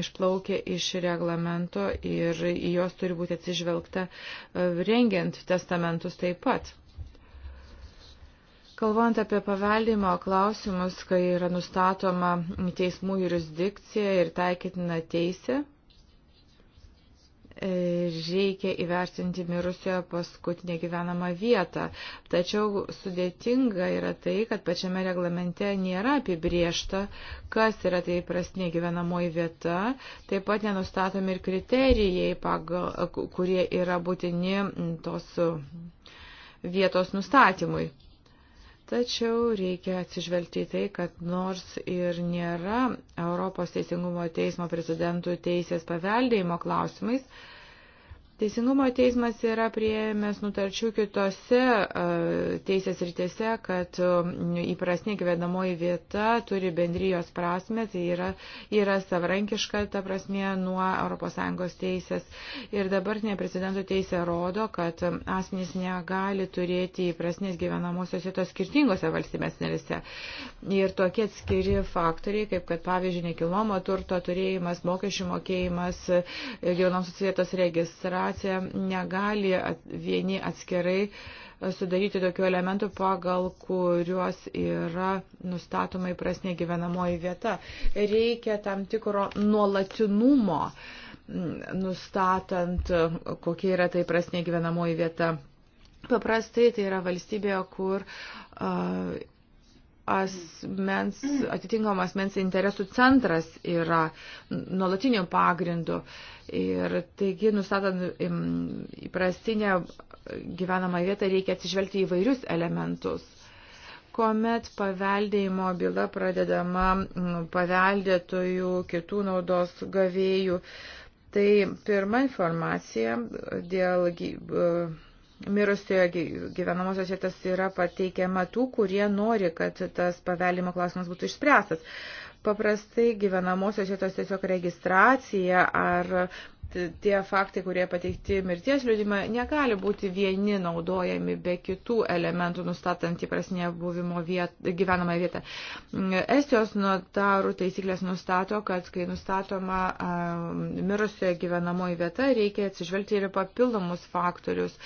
išplaukia iš reglamento ir į juos turi būti atsižvelgta e, rengiant testamentus taip pat. Kalbant apie paveldimo klausimus, kai yra nustatoma teismų jurisdikcija ir taikytina teisė, reikia įvertinti mirusiojo paskutinę gyvenamą vietą. Tačiau sudėtinga yra tai, kad pačiame reglamente nėra apibriešta, kas yra tai prastinė gyvenamoji vieta. Taip pat nenustatomi ir kriterijai, pagal, kurie yra būtini tos vietos nustatymui. Tačiau reikia atsižvelgti į tai, kad nors ir nėra Europos Teisingumo teismo prezidentų teisės paveldėjimo klausimais, Teisingumo teismas yra prieėmęs nutarčių kitose e, teisės rytėse, kad e, įprasnė gyvenamoji vieta turi bendrijos prasme, tai yra, yra savrankiška ta prasme nuo ES teisės. Ir dabartinė prezidento teisė rodo, kad asmenys negali turėti įprasnės gyvenamosios vietos skirtingose valstybės narėse. Ir tokie atskiri faktoriai, kaip kad pavyzdžiui nekilnomo turto turėjimas, mokesčių mokėjimas, gyvenamosios vietos registravimas, situacija negali vieni atskirai e, sudaryti tokių elementų, pagal kuriuos yra nustatoma įprasnė gyvenamoji vieta. Reikia tam tikro nuolatinumo, nustatant, e, kokia yra tai prasnė gyvenamoji vieta. Paprastai tai yra valstybė, kur uh, asmens, atitinkamo asmens interesų centras yra nuolatiniu pagrindu. Ir taigi, nustatant įprastinę gyvenamą vietą, reikia atsižvelgti įvairius elementus. Komet paveldėjimo byla pradedama paveldėtojų, kitų naudos gavėjų, tai pirma informacija dėl e, mirusiojo gyvenamosios vietos yra pateikiama tų, kurie nori, kad tas paveldimo klausimas būtų išspręstas. Paprastai gyvenamosios vietos tiesiog registracija ar tie faktai, kurie pateikti mirties liūdime, negali būti vieni naudojami be kitų elementų, nustatant įprasinę buvimo vietą, gyvenamą vietą. Mm, Estijos notarų taisyklės nustato, kad kai nustatoma mirusioje gyvenamoji vieta, reikia atsižvelgti ir papildomus faktorius.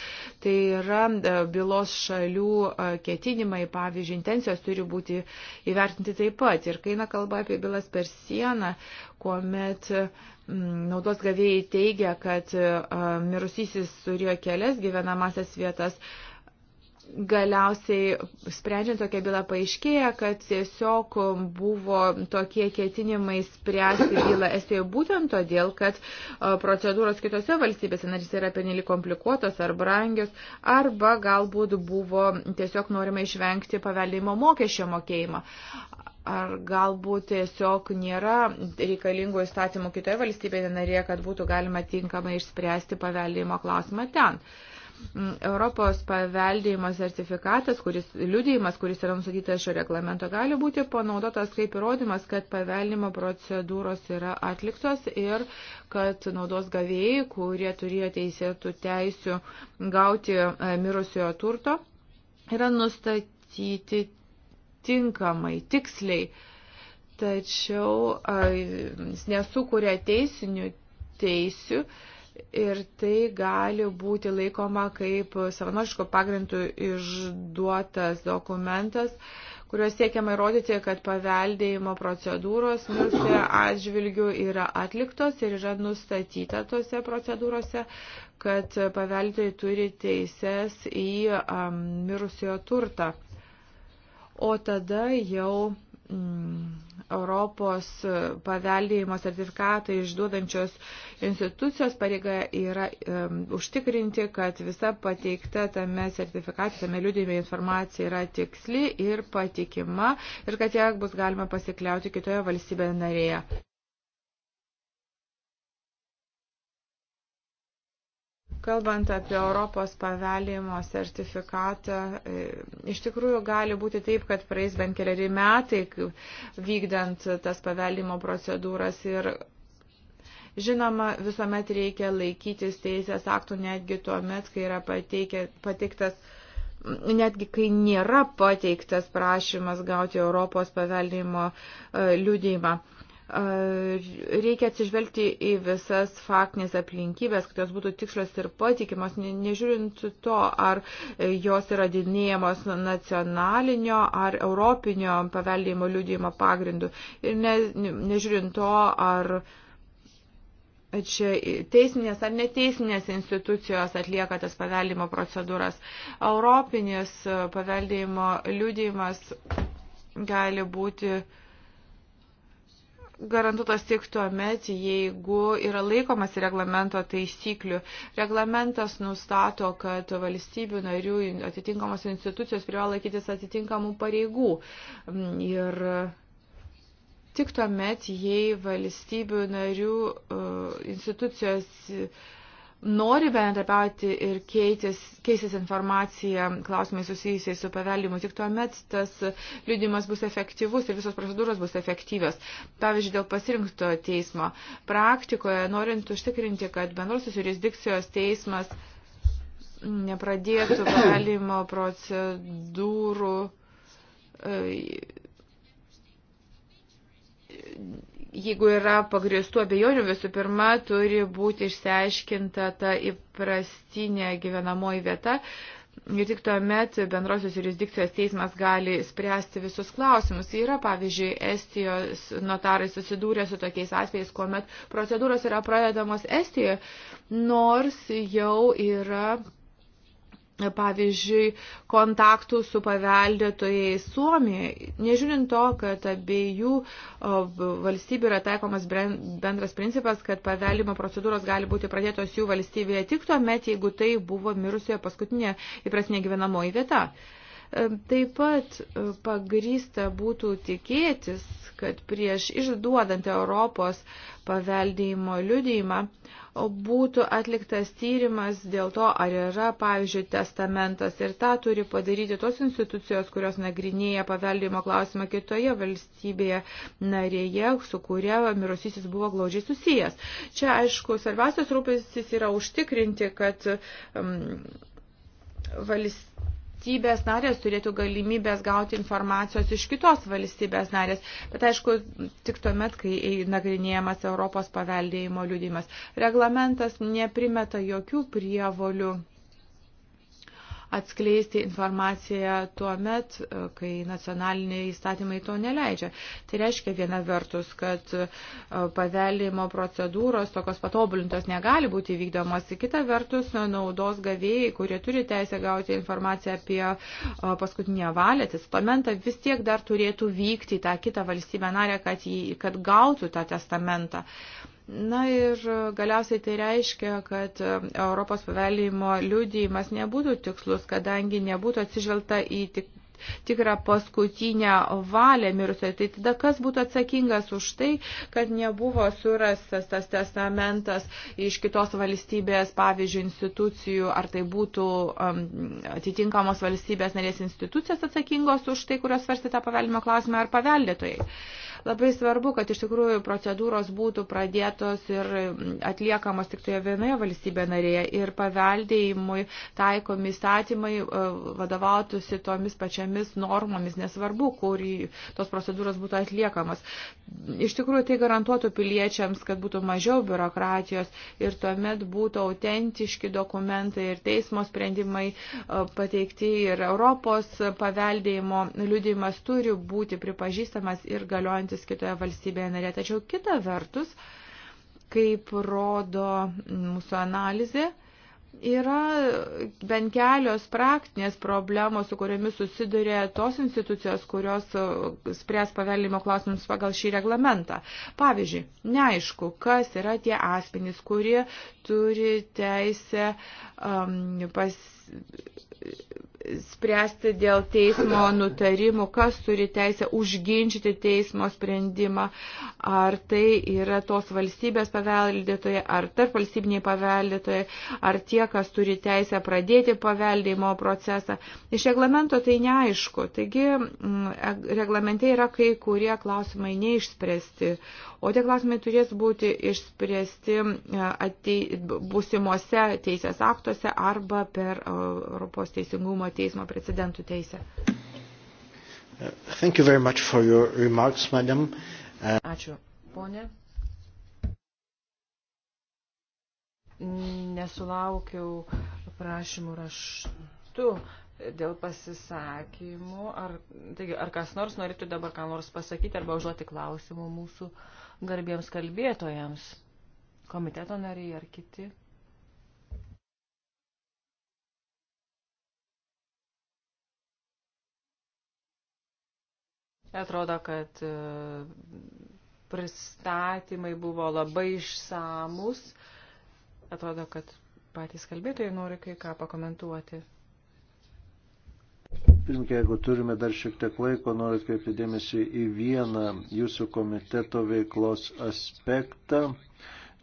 Tai yra e, bylos šalių e, ketinimai, pavyzdžiui, intencijos turi būti įvertinti taip pat. Ir kai eina kalba apie bylas per sieną, kuomet uh, Mm, naudos gavėjai teigia, kad e, mirusysis turėjo kelias gyvenamasias vietas. Galiausiai, sprendžiant tokią bylą, paaiškėja, kad tiesiog buvo tokie ketinimai spręsti bylą Estijoje būtent todėl, kad procedūros kitose valstybėse narys yra pernelyg komplikuotos ar brangios, arba galbūt buvo tiesiog norima išvengti paveldėjimo mokesčio mokėjimo Ar galbūt tiesiog nėra reikalingų įstatymų kitoje valstybėje narėje, kad būtų galima tinkamai išspręsti paveldėjimo klausimą ten. Mm, Europos paveldėjimo sertifikatas, kuris liudėjimas, kuris yra nusatytas šio reglamento, gali būti panaudotas kaip įrodymas, kad paveldėjimo procedūros yra atliktos ir kad naudos gavėjai, kurie turėjo teisėtų teisių gauti e, mirusiojo turto, yra nustatyti tinkamai, tiksliai, tačiau jis nesukuria teisinių teisių ir tai gali būti laikoma kaip savanoriško pagrindų išduotas dokumentas kuriuos siekiama įrodyti, kad paveldėjimo procedūros mūsų atžvilgių yra atliktos ir yra nustatyta tose procedūrose, kad paveldėjai turi teises į um, mirusiojo turtą o tada jau mm, Europos paveldėjimo sertifikatą išduodančios institucijos pareiga yra um, užtikrinti, kad visa pateikta tame sertifikate, tame liūdėjime informacija yra tiksli ir patikima ir kad ją bus galima pasikliauti kitoje valstybėje narėje. Kalbant apie Europos paveldėjimo sertifikatą, e, iš tikrųjų gali būti taip, kad praeis bent keliari metai vykdant tas paveldėjimo procedūras ir Žinoma, visuomet reikia laikytis teisės aktų netgi tuo met, kai yra pateikė, pateiktas, netgi kai nėra pateiktas prašymas gauti Europos paveldėjimo e, liūdėjimą reikia atsižvelgti į visas faktinės aplinkybės, kad jos būtų tikslios ir patikimos, nežiūrint to, ar jos yra didinėjamos nacionalinio ar europinio paveldėjimo liudijimo pagrindu. Ir ne, nežiūrint to, ar čia teisminės ar neteisminės institucijos atlieka tas paveldėjimo procedūras. Europinis paveldėjimo liudijimas gali būti uh, garantuotos tik tuo met, jeigu yra laikomas reglamento taisyklių. Reglamentas nustato, kad valstybių narių atitinkamos institucijos privalo laikytis atitinkamų pareigų. Mm, ir tik tuo met, jei valstybių narių uh, institucijos nori bendrabiauti ir keitis, keisis informacija klausimai susijusiai su paveldimu. Tik tuomet tas liudimas bus efektyvus ir visos procedūros bus efektyvios. Pavyzdžiui, dėl pasirinkto teismo praktikoje, norint užtikrinti, kad bendrosios jurisdikcijos teismas nepradėtų paveldimo procedūrų. E, jeigu yra pagristų abejonių, visų pirma, turi būti išsiaiškinta ta įprastinė gyvenamoji vieta. Ir tik tuomet bendrosios jurisdikcijos teismas gali spręsti visus klausimus. Yra, pavyzdžiui, Estijos notarai susidūrė su tokiais atvejais, kuomet procedūros yra pradedamos Estijoje, nors jau yra pavyzdžiui, kontaktų su paveldėtojai Suomijoje. Nežiūrint to, kad abiejų valstybių yra taikomas bendras principas, kad paveldimo procedūros gali būti pradėtos jų valstybėje tik tuo met, jeigu tai buvo mirusioje paskutinė įprasnė gyvenamoji vieta. E, taip pat e, pagrysta būtų tikėtis, kad prieš išduodant Europos paveldėjimo liudėjimą būtų atliktas tyrimas dėl to, ar yra, pavyzdžiui, testamentas ir tą turi padaryti tos institucijos, kurios nagrinėja paveldimo klausimą kitoje valstybėje narėje, su kuria mirusysis buvo glaudžiai susijęs. Čia, aišku, svarbiausias rūpestis yra užtikrinti, kad um, valstybė valstybės narės turėtų galimybės gauti informacijos iš kitos valstybės narės, bet aišku, tik tuomet, kai nagrinėjamas Europos paveldėjimo liūdimas. Reglamentas neprimeta jokių prievolių atskleisti informaciją tuo met, e, kai nacionaliniai įstatymai to neleidžia. Tai reiškia viena vertus, kad e, paveldimo procedūros tokios patobulintos negali būti vykdomos, kita vertus naudos gavėjai, kurie turi teisę gauti informaciją apie e, paskutinę valią, testamentą, vis tiek dar turėtų vykti į tą kitą valstybę narę, kad, jį, kad gautų tą testamentą. Uh, Na ir galiausiai tai reiškia, kad e, Europos paveldėjimo liudijimas nebūtų tikslus, kadangi nebūtų atsižvelgta į tik tikrą paskutinę valią mirusio. Tai tada kas būtų atsakingas už tai, kad nebuvo surastas tas testamentas iš kitos valstybės, pavyzdžiui, institucijų, ar tai būtų um, atitinkamos valstybės narės institucijos atsakingos už tai, kurios svarstė tą paveldimo klausimą, ar paveldėtojai. Uh, Labai svarbu, kad iš tikrųjų procedūros būtų pradėtos ir atliekamos tik toje vienoje valstybė narėje ir paveldėjimui taikomi statymai e, vadovautųsi tomis pačiamis normomis, nesvarbu, kur tos procedūros būtų atliekamos. Iš tikrųjų, tai garantuotų piliečiams, kad būtų mažiau biurokratijos ir tuomet būtų autentiški dokumentai ir teismo sprendimai e, pateikti ir Europos paveldėjimo liudimas turi būti pripažįstamas ir galiojantis gyvenantis kitoje valstybėje narė. Tačiau kita vertus, kaip rodo mūsų analizė, yra bent kelios praktinės problemos, su kuriomis susiduria tos institucijos, kurios spręs paveldimo klausimus pagal šį reglamentą. Pavyzdžiui, neaišku, kas yra tie asmenys, kurie turi teisę um, pas, spręsti dėl teismo nutarimų, kas turi teisę užginčyti teismo sprendimą, ar tai yra tos valstybės paveldėtoje, ar tarp valstybiniai paveldėtoje, ar tie, kas turi teisę pradėti paveldėjimo procesą. Iš reglamento tai neaišku, taigi mm, reglamente yra kai kurie klausimai neišspręsti, O tie klausimai turės būti išspręsti e, atei, būsimuose teisės aktuose arba per e, Europos teisingumo teismo precedentų teisę. Uh, thank you very much for your remarks, madam. Uh, Ačiū, ponė. Nesulaukiau prašymų raštu dėl pasisakymų. Ar, taigi, ar kas nors norėtų dabar ką nors pasakyti arba užduoti klausimų mūsų uh, garbiems kalbėtojams, komiteto nariai ar kiti. Atrodo, kad e, pristatymai buvo labai išsamus. Atrodo, kad patys kalbėtojai nori kai ką pakomentuoti. Pirmininkė, jeigu turime dar šiek tiek laiko, noriu atkreipti dėmesį į vieną jūsų komiteto veiklos aspektą.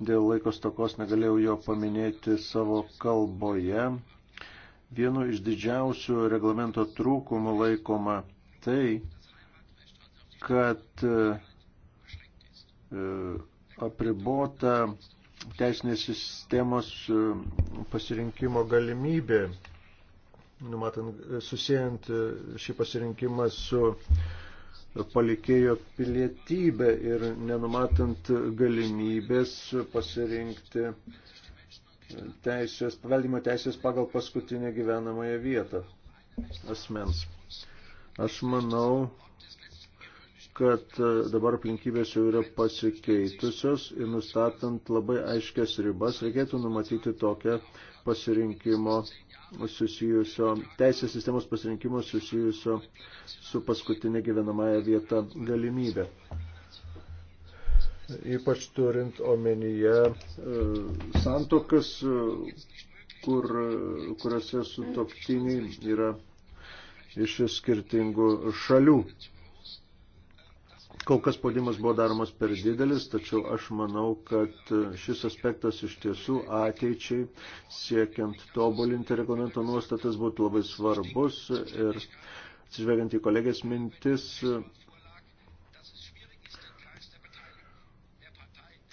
Dėl laikos tokos negalėjau jo paminėti savo kalboje. Vienu iš didžiausių reglamento trūkumų laikoma tai, kad e, apribota teisinės sistemos e, pasirinkimo galimybė numatant, e, susijęjant e, šį pasirinkimą su palikėjo pilietybė ir nenumatant galimybės pasirinkti teisės, paveldimo teisės pagal paskutinę gyvenamąją vietą asmens. Aš manau, kad e, dabar aplinkybės jau yra pasikeitusios ir nustatant labai aiškias ribas reikėtų numatyti tokią pasirinkimo susijusio, teisės sistemos pasirinkimo susijusio su paskutinė gyvenamąją vietą galimybė. Ypač turint omenyje e, santokas, e, kur, kuriuose sutoktiniai yra iš skirtingų šalių kol kas spaudimas buvo daromas per didelis, tačiau aš manau, kad šis aspektas iš tiesų ateičiai siekiant tobulinti reglamento nuostatas būtų labai svarbus ir atsižvelgiant į kolegės mintis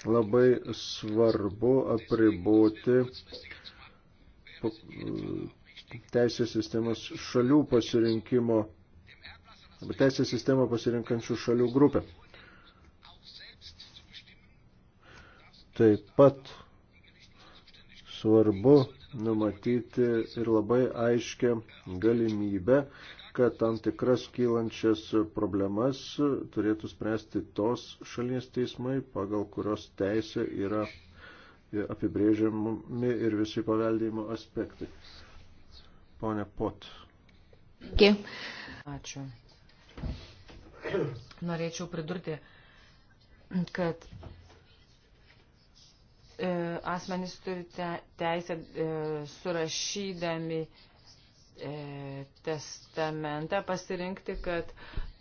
labai svarbu apriboti teisės sistemos šalių pasirinkimo teisės sistemą pasirinkančių šalių grupę. Taip pat svarbu numatyti ir labai aiškę galimybę, kad tam tikras kylančias problemas turėtų spręsti tos šalies teismai, pagal kurios teisė yra apibrėžiami ir visi paveldėjimo aspektai. Pone Pot. Ačiū. Ačiū. Norėčiau pridurti, kad e, asmenys turi teisę e, surašydami e, testamentą pasirinkti, kad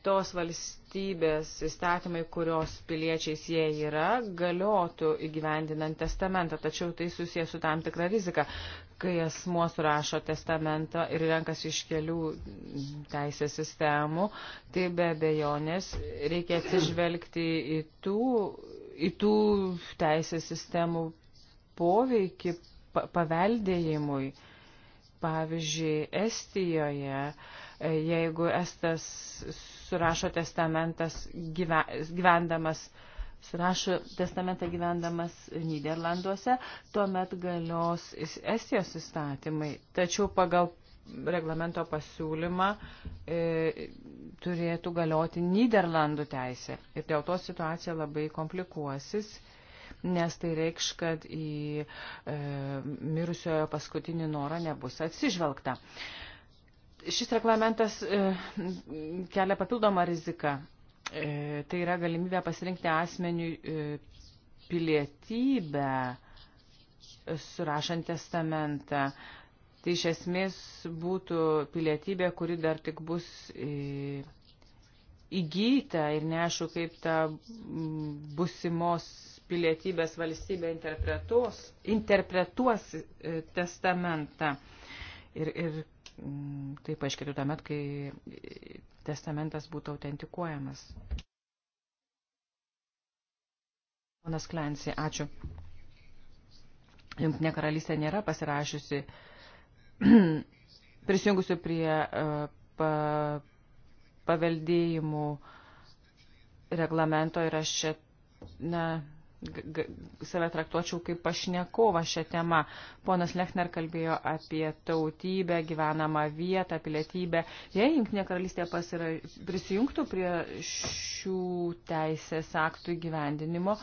tos valstybės įstatymai, kurios piliečiais jie yra, galiotų įgyvendinant testamentą, tačiau tai susijęs su tam tikra rizika kai asmuo surašo testamentą ir renkasi iš kelių teisės sistemų, tai be abejonės reikia atsižvelgti į tų, į tų teisės sistemų poveikį paveldėjimui. Pavyzdžiui, Estijoje, e, jeigu Estas surašo testamentas gyvendamas surašo testamentą gyvendamas Niderlanduose, tuomet galios Estijos įstatymai. Tačiau pagal reglamento pasiūlymą e, turėtų galioti Niderlandų teisė. Ir dėl to situacija labai komplikuosis, nes tai reikš, kad į e, mirusiojo paskutinį norą nebus atsižvelgta. Šis reglamentas e, kelia papildomą riziką E, tai yra galimybė pasirinkti asmeniui e, pilietybę e, surašant testamentą. Tai iš esmės būtų pilietybė, kuri dar tik bus įgyta ir neaišku, kaip ta busimos pilietybės valstybė interpretuos, interpretuos testamentą. Ir, ir tai paaiškėtų tuomet, kai testamentas būtų autentikuojamas. Ponas Klensi, ačiū. Jungtinė karalystė nėra pasirašiusi prisijungusių prie e, pa, paveldėjimų reglamento ir aš čia na, save traktuočiau kaip pašnekovą šią temą. Ponas Lechner kalbėjo apie tautybę, gyvenamą vietą, pilietybę. Jei Junktinė karalystė pasira, prisijungtų prie šių teisės aktų įgyvendinimo,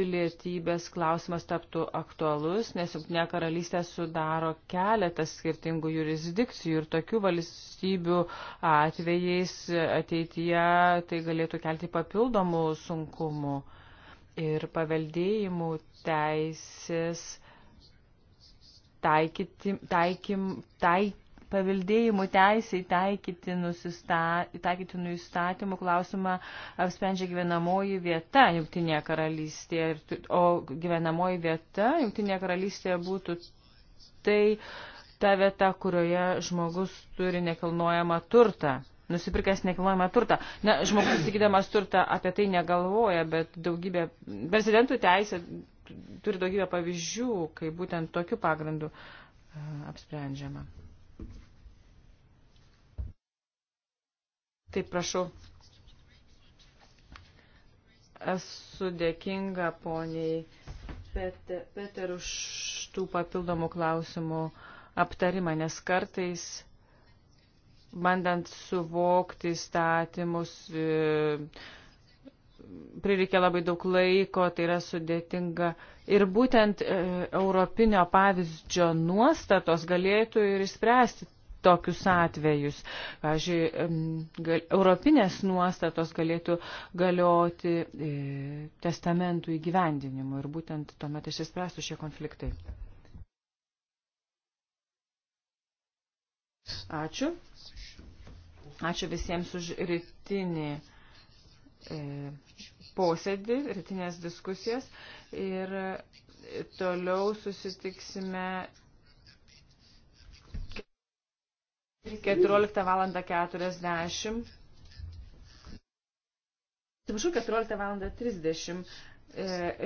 pilietybės klausimas taptų aktualus, nes Junktinė karalystė sudaro keletas skirtingų jurisdikcijų ir tokių valstybių atvejais ateityje tai galėtų kelti papildomų sunkumų ir paveldėjimų teisės taikyti, taikim, taik, paveldėjimų teisiai taikyti taikytinų įstatymų klausimą apsprendžia gyvenamoji vieta Junktinėje karalystėje, o gyvenamoji vieta Junktinėje karalystėje būtų tai ta vieta, kurioje žmogus turi nekilnojamą turtą nusipirkęs nekilnojamą turtą. Na, žmogus įsigydamas turtą apie tai negalvoja, bet daugybė, prezidentų teisė turi daugybę pavyzdžių, kai būtent tokiu pagrindu e, apsprendžiama. Taip, prašau. Esu dėkinga poniai Peter, Peter už tų papildomų klausimų aptarimą, nes kartais bandant suvokti statymus, e, prireikia labai daug laiko, tai yra sudėtinga. Ir būtent e, europinio pavyzdžio nuostatos galėtų ir išspręsti tokius atvejus. Pavyzdžiui, gal, europinės nuostatos galėtų galioti e, testamentų įgyvendinimu ir būtent tuomet išsispręstų šie konfliktai. Ačiū. Ačiū visiems už rytinį e, posėdį, rytinės diskusijas ir toliau susitiksime 14 val. 40. Atsiprašau, 14 val. 30.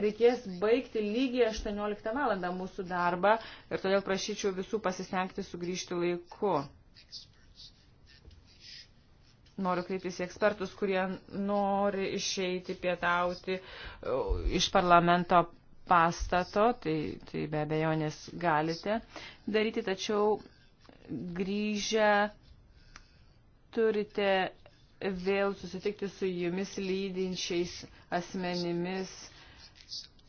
Reikės baigti lygiai 18 val. mūsų darbą ir todėl prašyčiau visų pasistengti sugrįžti laiku. Noriu kreiptis į ekspertus, kurie nori išeiti pietauti e, iš parlamento pastato, tai, tai be abejonės galite daryti, tačiau grįžę turite vėl susitikti su jumis lydinčiais asmenimis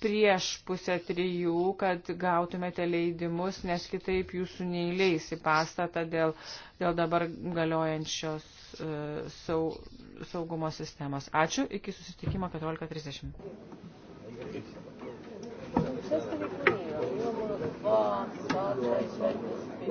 prieš pusę trijų, kad gautumėte leidimus, nes kitaip jūsų neįleis į pastatą dėl, dėl dabar galiojančios E, sau, saugumo sistemos. Ačiū, iki susitikimo 14.30. Thank you.